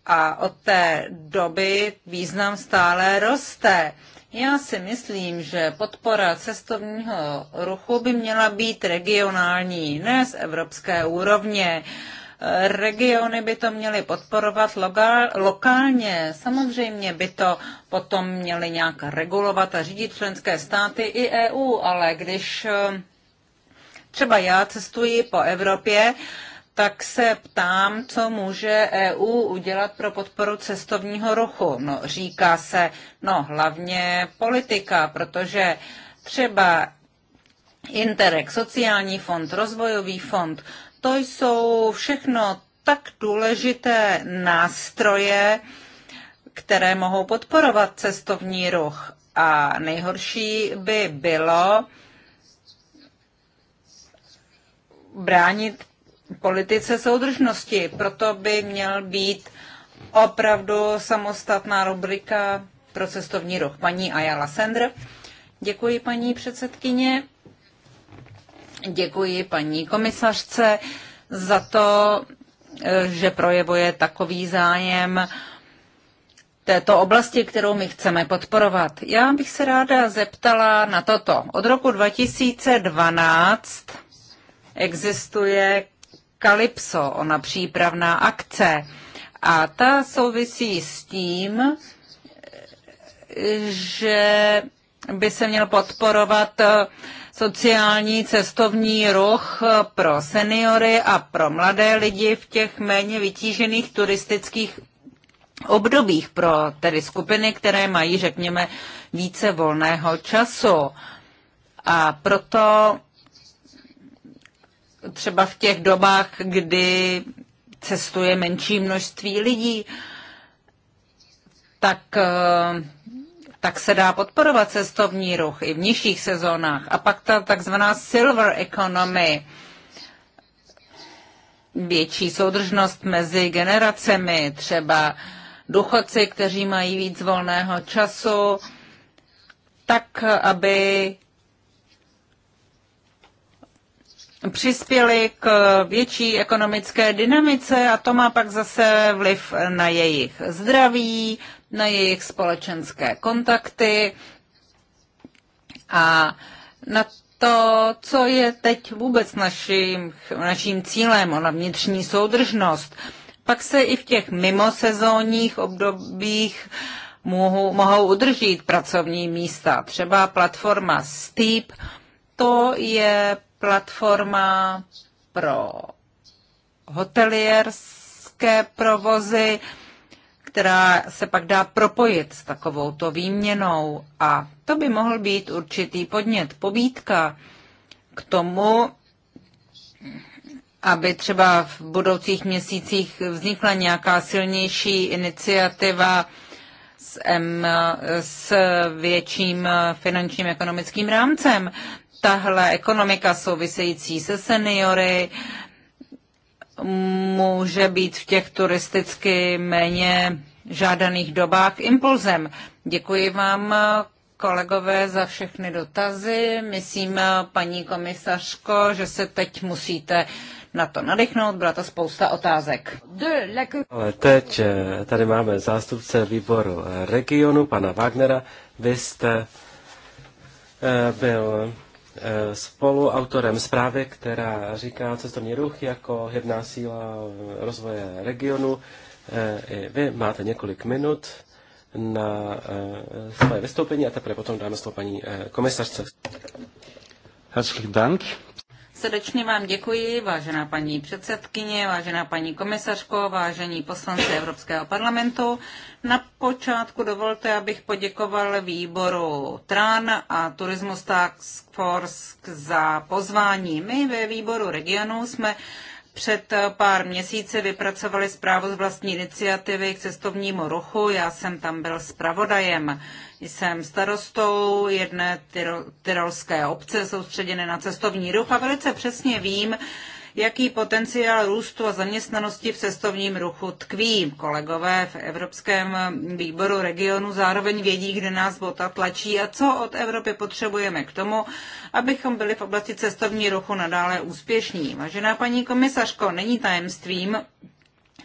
a od té doby význam stále roste. Já si myslím, že podpora cestovního ruchu by měla být regionální, ne z evropské úrovně. Regiony by to měly podporovat lokálně. Samozřejmě by to potom měly nějak regulovat a řídit členské státy i EU, ale když eh, třeba já cestuji po Evropě, tak se ptám, co může EU udělat pro podporu cestovního ruchu. No, říká se, no hlavně politika, protože třeba Interreg, sociální fond, rozvojový fond, to jsou všechno tak důležité nástroje, které mohou podporovat cestovní ruch. A nejhorší by bylo bránit politice soudržnosti. Proto by měl být opravdu samostatná rubrika pro cestovní ruch. Paní Ayala Sender. Děkuji paní předsedkyně. Děkuji paní komisařce za to, že projevuje takový zájem této oblasti, kterou my chceme podporovat. Já bych se ráda zeptala na toto. Od roku 2012 existuje Kalypso, ona přípravná akce. A ta souvisí s tím, že by se měl podporovat sociální cestovní ruch pro seniory a pro mladé lidi v těch méně vytížených turistických obdobích pro tedy skupiny, které mají, řekněme, více volného času. A proto třeba v těch dobách, kdy cestuje menší množství lidí, tak, eh, tak se dá podporovat cestovní ruch i v nižších sezónách. A pak ta takzvaná silver economy, větší soudržnost mezi generacemi, třeba důchodci, kteří mají víc volného času, tak, aby přispěly k větší ekonomické dynamice a to má pak zase vliv na jejich zdraví, na jejich společenské kontakty a na to, co je teď vůbec naším, naším cílem, ona vnitřní soudržnost. Pak se i v těch mimosezónních obdobích mohou, mohou udržít pracovní místa. Třeba platforma Steep, to je platforma pro hotelierské provozy, která se pak dá propojit s takovouto výměnou a to by mohl být určitý podnět, pobídka k tomu, aby třeba v budoucích měsících vznikla nějaká silnější iniciativa s, M, s větším finančním ekonomickým rámcem tahle ekonomika související se seniory může být v těch turisticky méně žádaných dobách impulzem. Děkuji vám, kolegové, za všechny dotazy. Myslím, paní komisařko, že se teď musíte na to nadechnout. Byla to spousta otázek. Ale teď eh, tady máme zástupce výboru regionu, pana Wagnera. Vy jste eh, byl Eh, spoluautorem zprávy, která říká cestovní ruch jako jedná síla rozvoje regionu. Eh, I vy máte několik minut na eh, své vystoupení a teprve potom dáme slovo paní komisařce. Herzlichen Dank. Srdečně vám děkuji, vážená paní předsedkyně, vážená paní komisařko, vážení poslanci Evropského parlamentu. Na počátku dovolte, abych poděkoval výboru TRAN a Turismus Task Force za pozvání. My ve výboru regionu jsme před eh, pár měsíci vypracovali zprávu z vlastní iniciativy k cestovnímu ruchu. Já jsem tam byl zpravodajem. Jsem starostou jedné tyrolské obce soustředěné na cestovní ruch a velice přesně vím, jaký potenciál růstu a zaměstnanosti v cestovním ruchu tkví. Kolegové v Evropském výboru regionu zároveň vědí, kde nás bota tlačí a co od Evropy potřebujeme k tomu, abychom byli v oblasti cestovní ruchu nadále úspěšní. Vážená paní komisařko, není tajemstvím,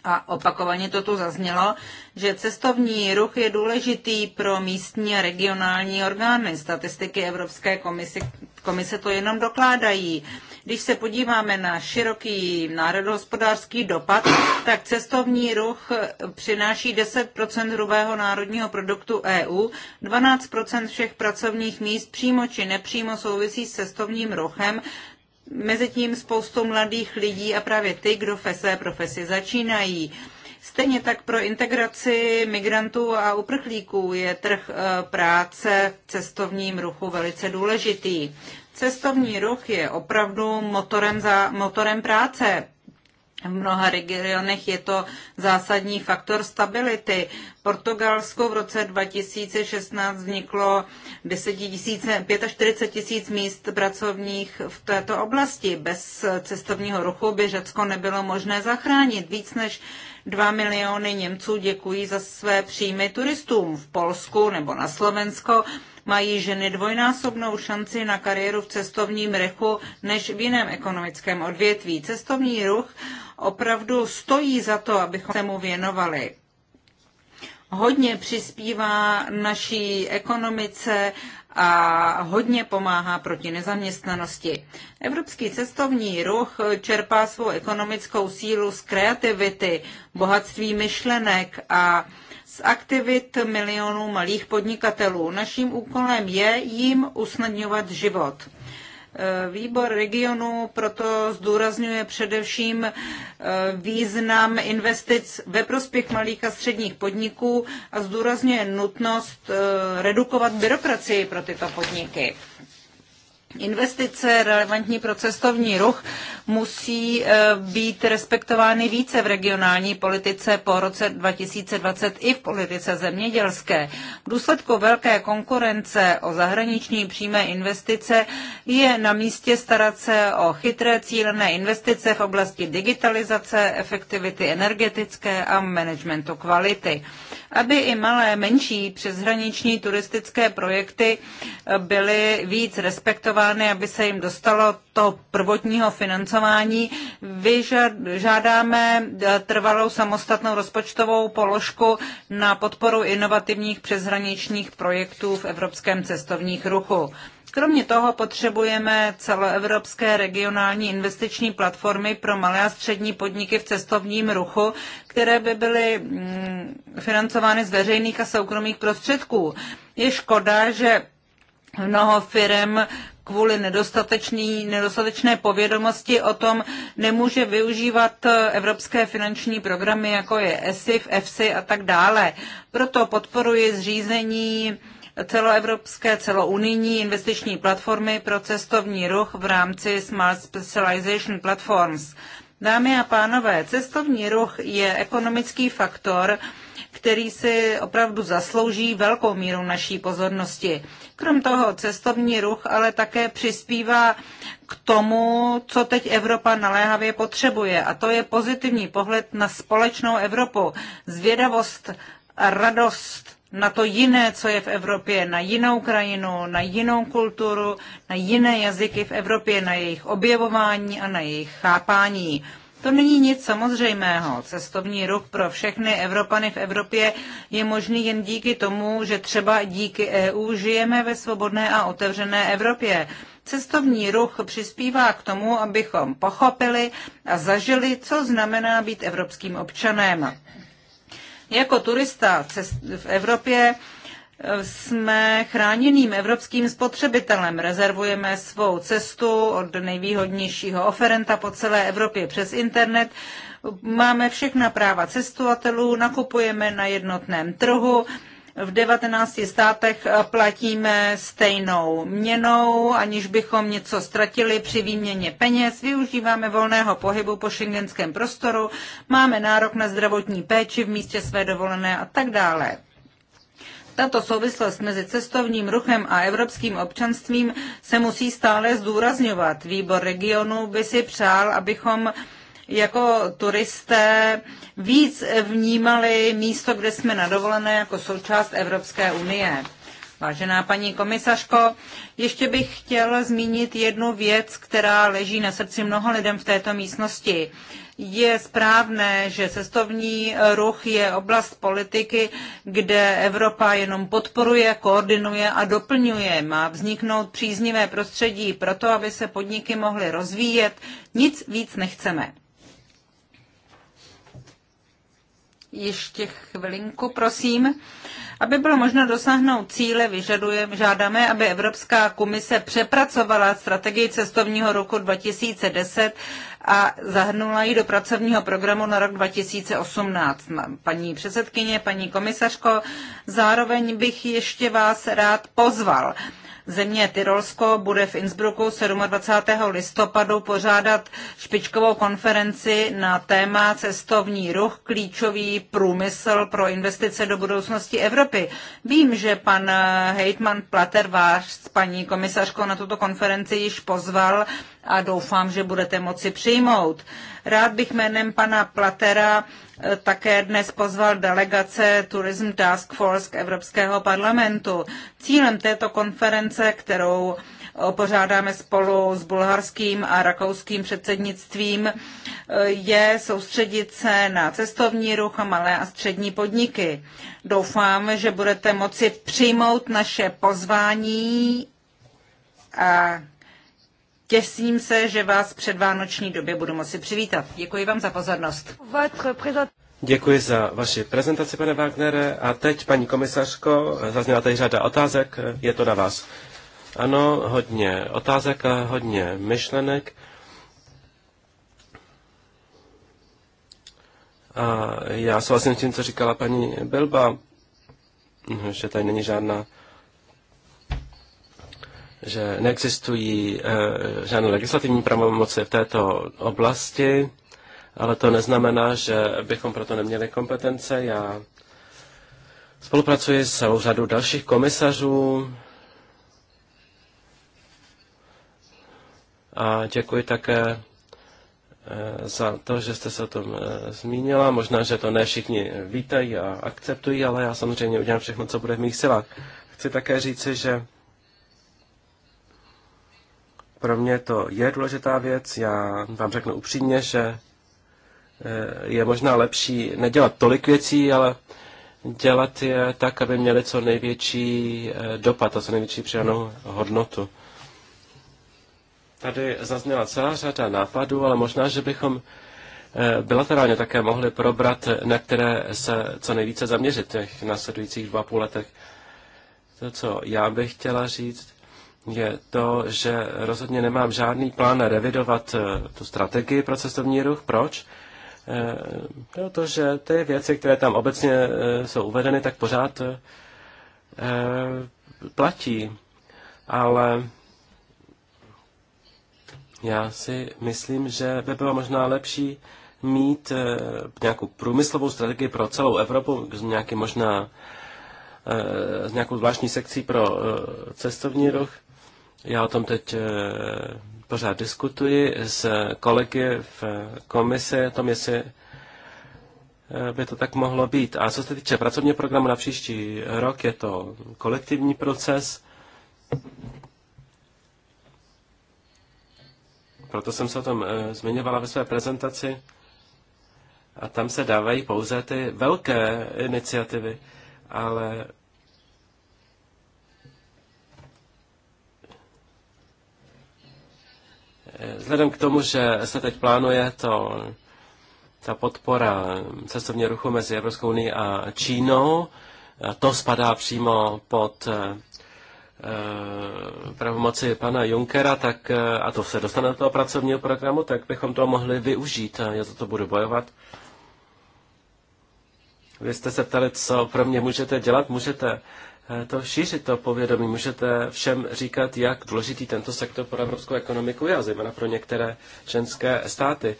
a opakovaně to tu zaznělo, že cestovní ruch je důležitý pro místní a regionální orgány. Statistiky Evropské komise, komise to jenom dokládají. Když se podíváme na široký národohospodářský dopad, tak cestovní ruch přináší 10 hrubého národního produktu EU, 12 všech pracovních míst přímo či nepřímo souvisí s cestovním ruchem, Mezitím spoustu mladých lidí a právě ty, kdo ve své profesi začínají. Stejně tak pro integraci migrantů a uprchlíků je trh e, práce v cestovním ruchu velice důležitý. Cestovní ruch je opravdu motorem, za, motorem práce. V mnoha regionech je to zásadní faktor stability. V Portugalsku v roce 2016 vzniklo 10 000, 45 tisíc míst pracovních v této oblasti. Bez cestovního ruchu by Řecko nebylo možné zachránit. Víc než 2 miliony Němců děkují za své příjmy turistům v Polsku nebo na Slovensko mají ženy dvojnásobnou šanci na kariéru v cestovním ruchu než v jiném ekonomickém odvětví. Cestovní ruch opravdu stojí za to, abychom se mu věnovali. Hodně přispívá naší ekonomice a hodně pomáhá proti nezaměstnanosti. Evropský cestovní ruch čerpá svou ekonomickou sílu z kreativity, bohatství myšlenek a z aktivit milionů malých podnikatelů. Naším úkolem je jim usnadňovat život. E, Výbor regionu proto zdůrazňuje především e, význam investic ve prospěch malých a středních podniků a zdůrazňuje nutnost e, redukovat byrokracii pro tyto podniky. Investice relevantní pro cestovní ruch musí eh, být respektovány více v regionální politice po roce 2020 i v politice zemědělské. V důsledku velké konkurence o zahraniční přímé investice je na místě starat se o chytré cílené investice v oblasti digitalizace, efektivity energetické a managementu kvality aby i malé, menší přeshraniční turistické projekty eh, byly víc respektovány, aby se jim dostalo to prvotního financování. Vyžádáme eh, trvalou samostatnou rozpočtovou položku na podporu inovativních přeshraničních projektů v evropském cestovních ruchu. Kromě toho potřebujeme celoevropské regionální investiční platformy pro malé a střední podniky v cestovním ruchu, které by byly mm, financovány z veřejných a soukromých prostředků. Je škoda, že mnoho firm kvůli nedostatečné povědomosti o tom nemůže využívat evropské finanční programy, jako je ESIF, EFSI a tak dále. Proto podporuji zřízení celoevropské, celounijní investiční platformy pro cestovní ruch v rámci Smart Specialization Platforms. Dámy a pánové, cestovní ruch je ekonomický faktor, který si opravdu zaslouží velkou míru naší pozornosti. Krom toho cestovní ruch ale také přispívá k tomu, co teď Evropa naléhavě potřebuje, a to je pozitivní pohled na společnou Evropu, zvědavost a radost na to jiné, co je v Evropě, na jinou krajinu, na jinou kulturu, na jiné jazyky v Evropě, na jejich objevování a na jejich chápání. To není nic samozřejmého. Cestovní ruch pro všechny Evropany v Evropě je možný jen díky tomu, že třeba díky EU žijeme ve svobodné a otevřené Evropě. Cestovní ruch přispívá k tomu, abychom pochopili a zažili, co znamená být evropským občanem. Jako turista v Evropě eh, jsme chráněným evropským spotřebitelem. Rezervujeme svou cestu od nejvýhodnějšího oferenta po celé Evropě přes internet. Máme všechna práva cestovatelů, nakupujeme na jednotném trhu v 19 státech platíme stejnou měnou, aniž bychom něco ztratili při výměně peněz, využíváme volného pohybu po šengenském prostoru, máme nárok na zdravotní péči v místě své dovolené a tak dále. Tato souvislost mezi cestovním ruchem a evropským občanstvím se musí stále zdůrazňovat. Výbor regionu by si přál, abychom jako turisté víc vnímali místo, kde jsme na dovolené jako součást Evropské unie. Vážená paní komisařko, ještě bych chtěl zmínit jednu věc, která leží na srdci mnoha lidem v této místnosti. Je správné, že cestovní ruch je oblast politiky, kde Evropa jenom podporuje, koordinuje a doplňuje. Má vzniknout příznivé prostředí pro to, aby se podniky mohly rozvíjet. Nic víc nechceme. ještě chvilinku, prosím. Aby bylo možno dosáhnout cíle, vyžadujeme, žádáme, aby Evropská komise přepracovala strategii cestovního roku 2010 a zahrnula ji do pracovního programu na rok 2018. Paní předsedkyně, paní komisařko, zároveň bych ještě vás rád pozval země Tyrolsko bude v Innsbrucku 27. listopadu pořádat špičkovou konferenci na téma cestovní ruch, klíčový průmysl pro investice do budoucnosti Evropy. Vím, že pan Hejtman Plater, váš paní komisařkou na tuto konferenci již pozval a doufám, že budete moci přijmout. Rád bych jménem pana Platera eh, také dnes pozval delegace Tourism Task Force k Evropského parlamentu. Cílem této konference, kterou pořádáme spolu s bulharským a rakouským předsednictvím, eh, je soustředit se na cestovní ruch a malé a střední podniky. Doufám, že budete moci přijmout naše pozvání a Těsím se, že vás před vánoční době budu moci přivítat. Děkuji vám za pozornost. Děkuji za vaši prezentaci, pane Wagnere. A teď, paní komisařko, zazněla tady řada otázek, je to na vás. Ano, hodně otázek a hodně myšlenek. A já souhlasím s tím, co říkala paní Bilba, že tady není žádná že neexistují eh, žádné legislativní pravomoci v této oblasti, ale to neznamená, že bychom proto neměli kompetence. Já spolupracuji s celou řadou dalších komisařů a děkuji také eh, za to, že jste se o tom eh, zmínila. Možná, že to ne všichni vítají a akceptují, ale já samozřejmě udělám všechno, co bude v mých silách. Chci také říci, že pro mě to je důležitá věc. Já vám řeknu upřímně, že eh, je možná lepší nedělat tolik věcí, ale dělat je tak, aby měly co největší eh, dopad a co největší přidanou hodnotu. Tady zazněla celá řada nápadů, ale možná, že bychom eh, bilaterálně také mohli probrat, na které se co nejvíce zaměřit v těch následujících dva půl letech. To, co já bych chtěla říct, je to, že rozhodně nemám žádný plán revidovat eh, tu strategii pro cestovní ruch. Proč? Eh, protože ty věci, které tam obecně eh, jsou uvedeny, tak pořád platí. Ale já si myslím, že by bylo možná lepší mít nějakou průmyslovou strategii pro celou Evropu, nějaký možná nějakou zvláštní sekcí pro cestovní ruch, já o tom teď eh, pořád diskutuji s kolegy v komisi o tom, jestli eh, by to tak mohlo být. A co se týče pracovního programu na příští rok, je to kolektivní proces. Proto jsem se o tom eh, zmiňovala ve své prezentaci. A tam se dávají pouze ty velké iniciativy, ale Vzhledem k tomu, že se teď plánuje to, ta podpora cestovního ruchu mezi Evropskou unii a Čínou, to spadá přímo pod eh, eh, pravomoci pana Junkera, tak, eh, a to se dostane do toho pracovního programu, tak bychom to mohli využít. Já za to budu bojovat. Vy jste se ptali, co pro mě můžete dělat. Můžete Eh, to šířit to povědomí. Můžete všem říkat, jak důležitý tento sektor pro evropskou ekonomiku je, a zejména pro některé členské státy.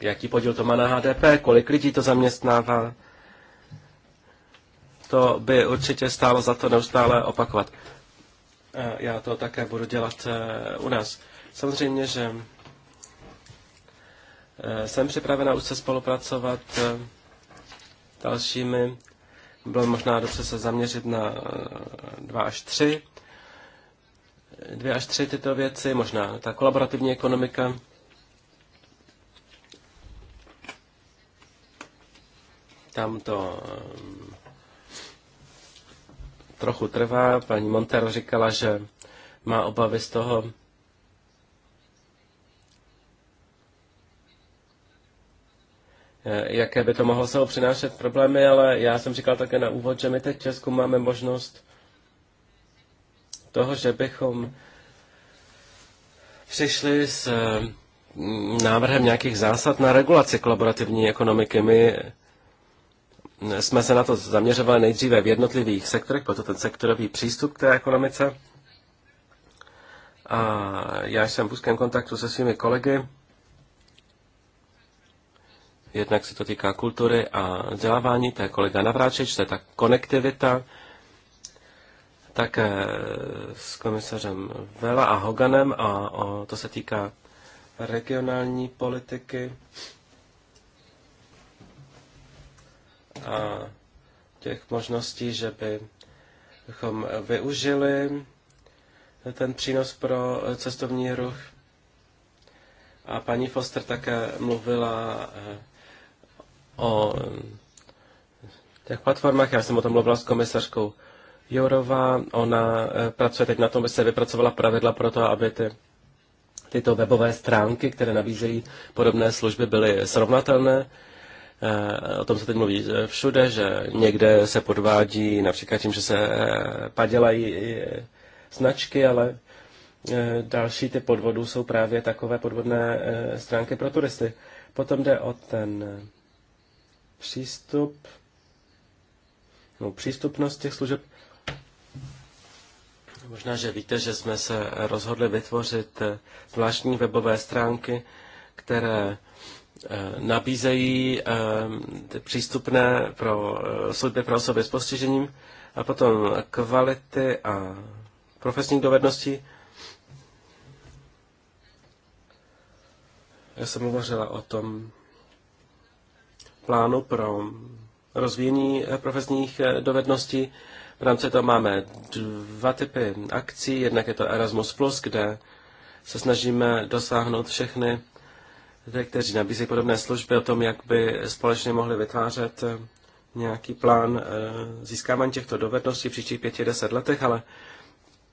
Jaký podíl to má na HDP, kolik lidí to zaměstnává. To by určitě stálo za to neustále opakovat. Eh, já to také budu dělat eh, u nás. Samozřejmě, že jsem připravena už se spolupracovat dalšími bylo možná dobře se zaměřit na eh, dva až tři, dvě až tři tyto věci, možná ta kolaborativní ekonomika. Tam to eh, trochu trvá. Paní Montero říkala, že má obavy z toho, Eh, jaké by to mohlo se přinášet problémy, ale já jsem říkal také na úvod, že my teď v Česku máme možnost toho, že bychom přišli s eh, návrhem nějakých zásad na regulaci kolaborativní ekonomiky. My eh, jsme se na to zaměřovali nejdříve v jednotlivých sektorech, proto ten sektorový přístup k té ekonomice. A já jsem v úzkém kontaktu se svými kolegy Jednak se to týká kultury a vzdělávání, to je kolega Navráčeč, to je ta konektivita, také s komisařem Vela a Hoganem a o, to se týká regionální politiky a těch možností, že bychom využili ten přínos pro cestovní ruch. A paní Foster také mluvila eh, o těch platformách. Já jsem o tom mluvila s komisařkou Jourová. Ona eh, pracuje teď na tom, aby se vypracovala pravidla pro to, aby ty, tyto webové stránky, které nabízejí podobné služby, byly srovnatelné. Eh, o tom se teď mluví eh, všude, že někde se podvádí například tím, že se padělají značky, ale další ty podvodů jsou právě takové podvodné stránky pro turisty. Potom jde o ten přístup, no, přístupnost těch služeb. Možná, že víte, že jsme se rozhodli vytvořit eh, zvláštní webové stránky, které eh, nabízejí eh, přístupné pro služby pro osoby s postižením a potom kvality a profesní dovednosti. Já jsem hovořila o tom, plánu pro rozvíjení eh, profesních eh, dovedností. V rámci toho máme dva typy akcí. Jednak je to Erasmus+, kde se snažíme dosáhnout všechny kteří nabízí podobné služby o tom, jak by společně mohli vytvářet eh, nějaký plán získávání těchto dovedností v příštích pěti, deset letech, ale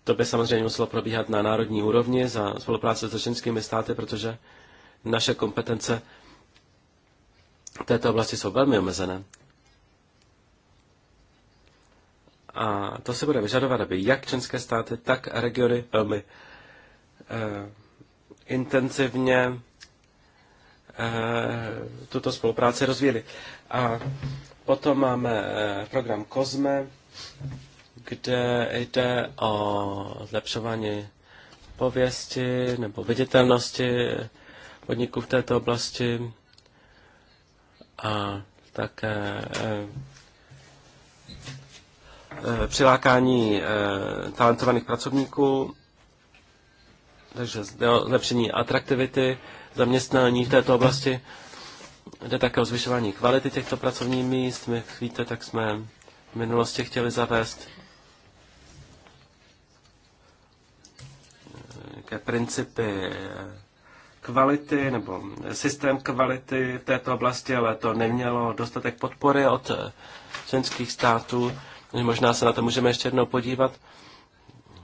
to by samozřejmě muselo probíhat na národní úrovni za spolupráce s členskými státy, protože naše kompetence této oblasti jsou velmi omezené. A to se bude vyžadovat, aby jak členské státy, tak regiony velmi eh, intenzivně eh, tuto spolupráci rozvíjeli. A potom máme eh, program COSME, kde jde o zlepšování pověsti nebo viditelnosti podniků v této oblasti a také eh, eh, eh, přilákání talentovaných pracovníků, takže zlepšení atraktivity zaměstnání v této oblasti. Jde také o zvyšování kvality těchto pracovních míst. My, víte, tak jsme v minulosti chtěli zavést nějaké principy kvality nebo systém kvality v této oblasti, ale to nemělo dostatek podpory od eh, členských států. Možná se na to můžeme ještě jednou podívat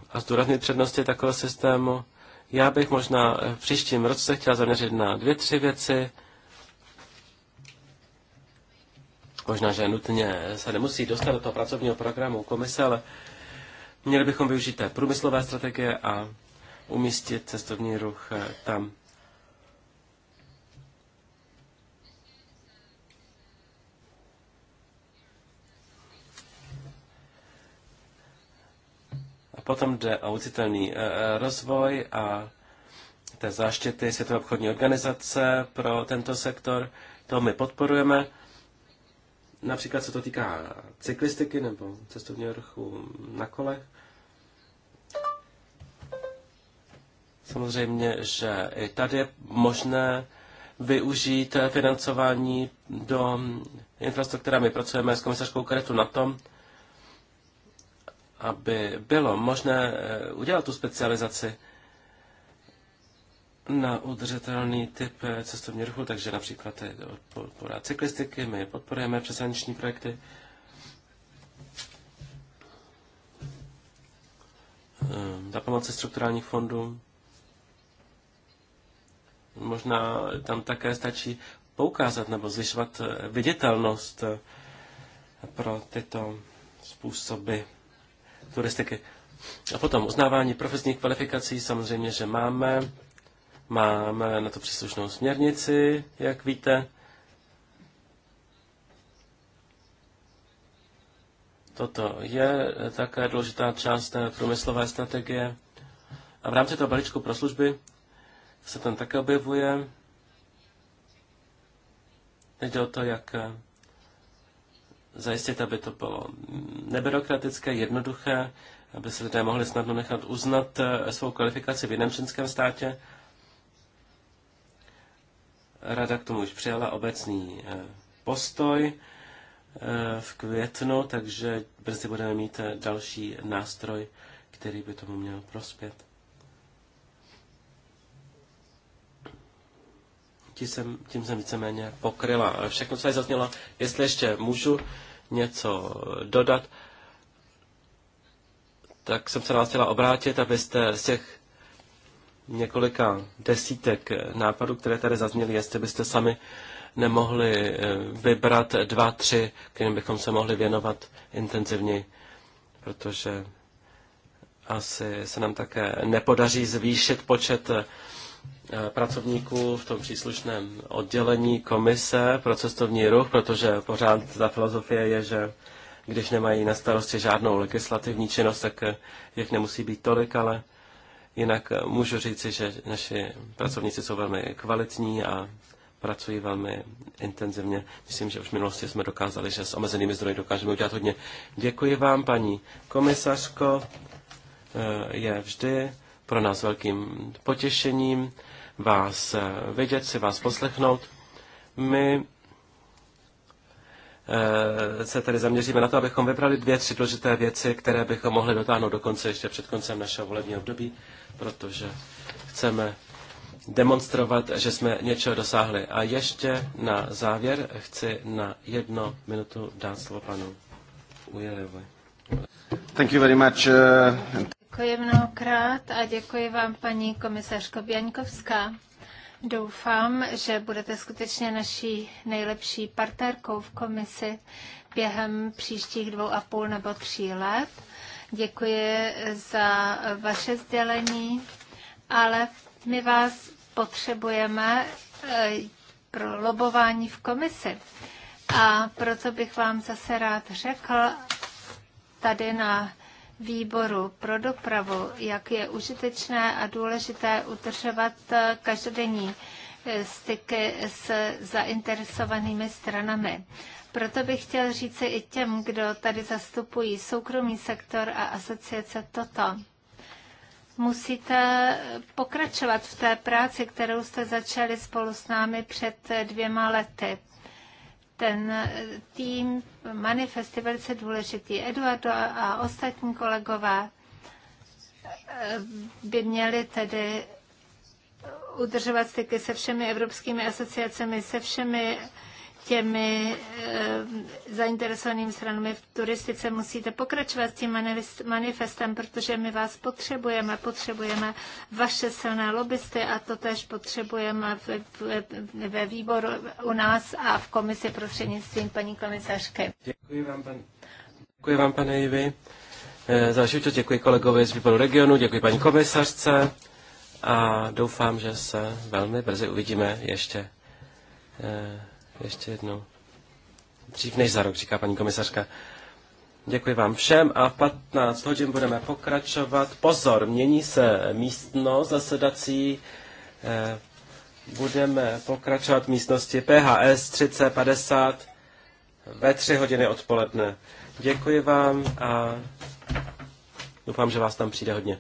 a zdůraznit přednosti takového systému. Já bych možná eh, v příštím roce chtěl zaměřit na dvě, tři věci. Možná, že nutně se nemusí dostat do toho pracovního programu komise, ale měli bychom využít té průmyslové strategie a umístit cestovní ruch eh, tam. Potom jde o ucitelný e, e, rozvoj a té záštěty Světové obchodní organizace pro tento sektor. To my podporujeme. Například se to týká cyklistiky nebo cestovního ruchu na kolech. Samozřejmě, že i tady je možné využít financování do infrastruktury. My pracujeme s komisařkou Karetu na tom, aby bylo možné eh, udělat tu specializaci na udržitelný typ eh, cestovní ruchu, takže například podpora cyklistiky, my podporujeme přesaniční projekty. Eh, za pomoci strukturálních fondů možná tam také stačí poukázat nebo zvyšovat viditelnost pro tyto způsoby turistiky. A potom uznávání profesních kvalifikací, samozřejmě, že máme. Máme na to příslušnou směrnici, jak víte. Toto je také důležitá část průmyslové strategie. A v rámci toho balíčku pro služby se tam také objevuje. Jde o to, jak zajistit, aby to bylo nebyrokratické, jednoduché, aby se lidé mohli snadno nechat uznat eh, svou kvalifikaci v jiném členském státě. Rada k tomu už přijala obecný eh, postoj eh, v květnu, takže brzy budeme mít další nástroj, který by tomu měl prospět. Tím jsem, tím jsem víceméně pokryla všechno, co je zaznělo. Jestli ještě můžu něco dodat, tak jsem se na vás chtěla obrátit, abyste z těch několika desítek nápadů, které tady zazněly, jestli byste sami nemohli eh, vybrat dva, tři, kterým bychom se mohli věnovat intenzivněji, protože asi se nám také nepodaří zvýšit počet eh, Eh, pracovníků v tom příslušném oddělení komise pro cestovní ruch, protože pořád ta filozofie je, že když nemají na starosti žádnou legislativní činnost, tak eh, jich nemusí být tolik, ale jinak eh, můžu říci, že naši pracovníci jsou velmi kvalitní a pracují velmi intenzivně. Myslím, že už v minulosti jsme dokázali, že s omezenými zdroji dokážeme udělat hodně. Děkuji vám, paní komisařko. Je vždy pro nás velkým potěšením vás eh, vidět, si vás poslechnout. My eh, se tedy zaměříme na to, abychom vybrali dvě, tři důležité věci, které bychom mohli dotáhnout do konce ještě před koncem našeho volebního období, protože chceme demonstrovat, že jsme něčeho dosáhli. A ještě na závěr chci na jedno minutu dát slovo panu Ujelevovi. Thank you very much. Eh, Děkuji mnohokrát a děkuji vám, paní komisařko Běňkovská. Doufám, že budete skutečně naší nejlepší partnerkou v komisi během příštích dvou a půl nebo tří let. Děkuji za vaše sdělení, ale my vás potřebujeme eh, pro lobování v komisi. A proto bych vám zase rád řekl tady na výboru pro dopravu, jak je užitečné a důležité utržovat eh, každodenní eh, styky s zainteresovanými stranami. Proto bych chtěl říci i těm, kdo tady zastupují soukromý sektor a asociace toto. Musíte pokračovat v té práci, kterou jste začali spolu s námi před dvěma lety ten eh, tým manifesty velice důležitý. Eduardo a ostatní kolegové eh, by měli tedy udržovat styky se všemi evropskými asociacemi, se všemi těmi eh, zainteresovanými stranami v turistice musíte pokračovat s tím manifestem, protože my vás potřebujeme, potřebujeme vaše silné lobbysty a to tež potřebujeme ve výboru u nás a v komisi prostřednictvím paní komisařky. Děkuji vám, pan, děkuji vám pane Ivy. Eh, za vaši děkuji kolegovi z výboru regionu, děkuji paní komisařce a doufám, že se velmi brzy uvidíme ještě eh, ještě jednou. Dřív než za rok, říká paní komisařka. Děkuji vám všem a v 15 hodin budeme pokračovat. Pozor, mění se místno zasedací. Eh, budeme pokračovat v místnosti PHS 3050 ve 3 hodiny odpoledne. Děkuji vám a doufám, že vás tam přijde hodně.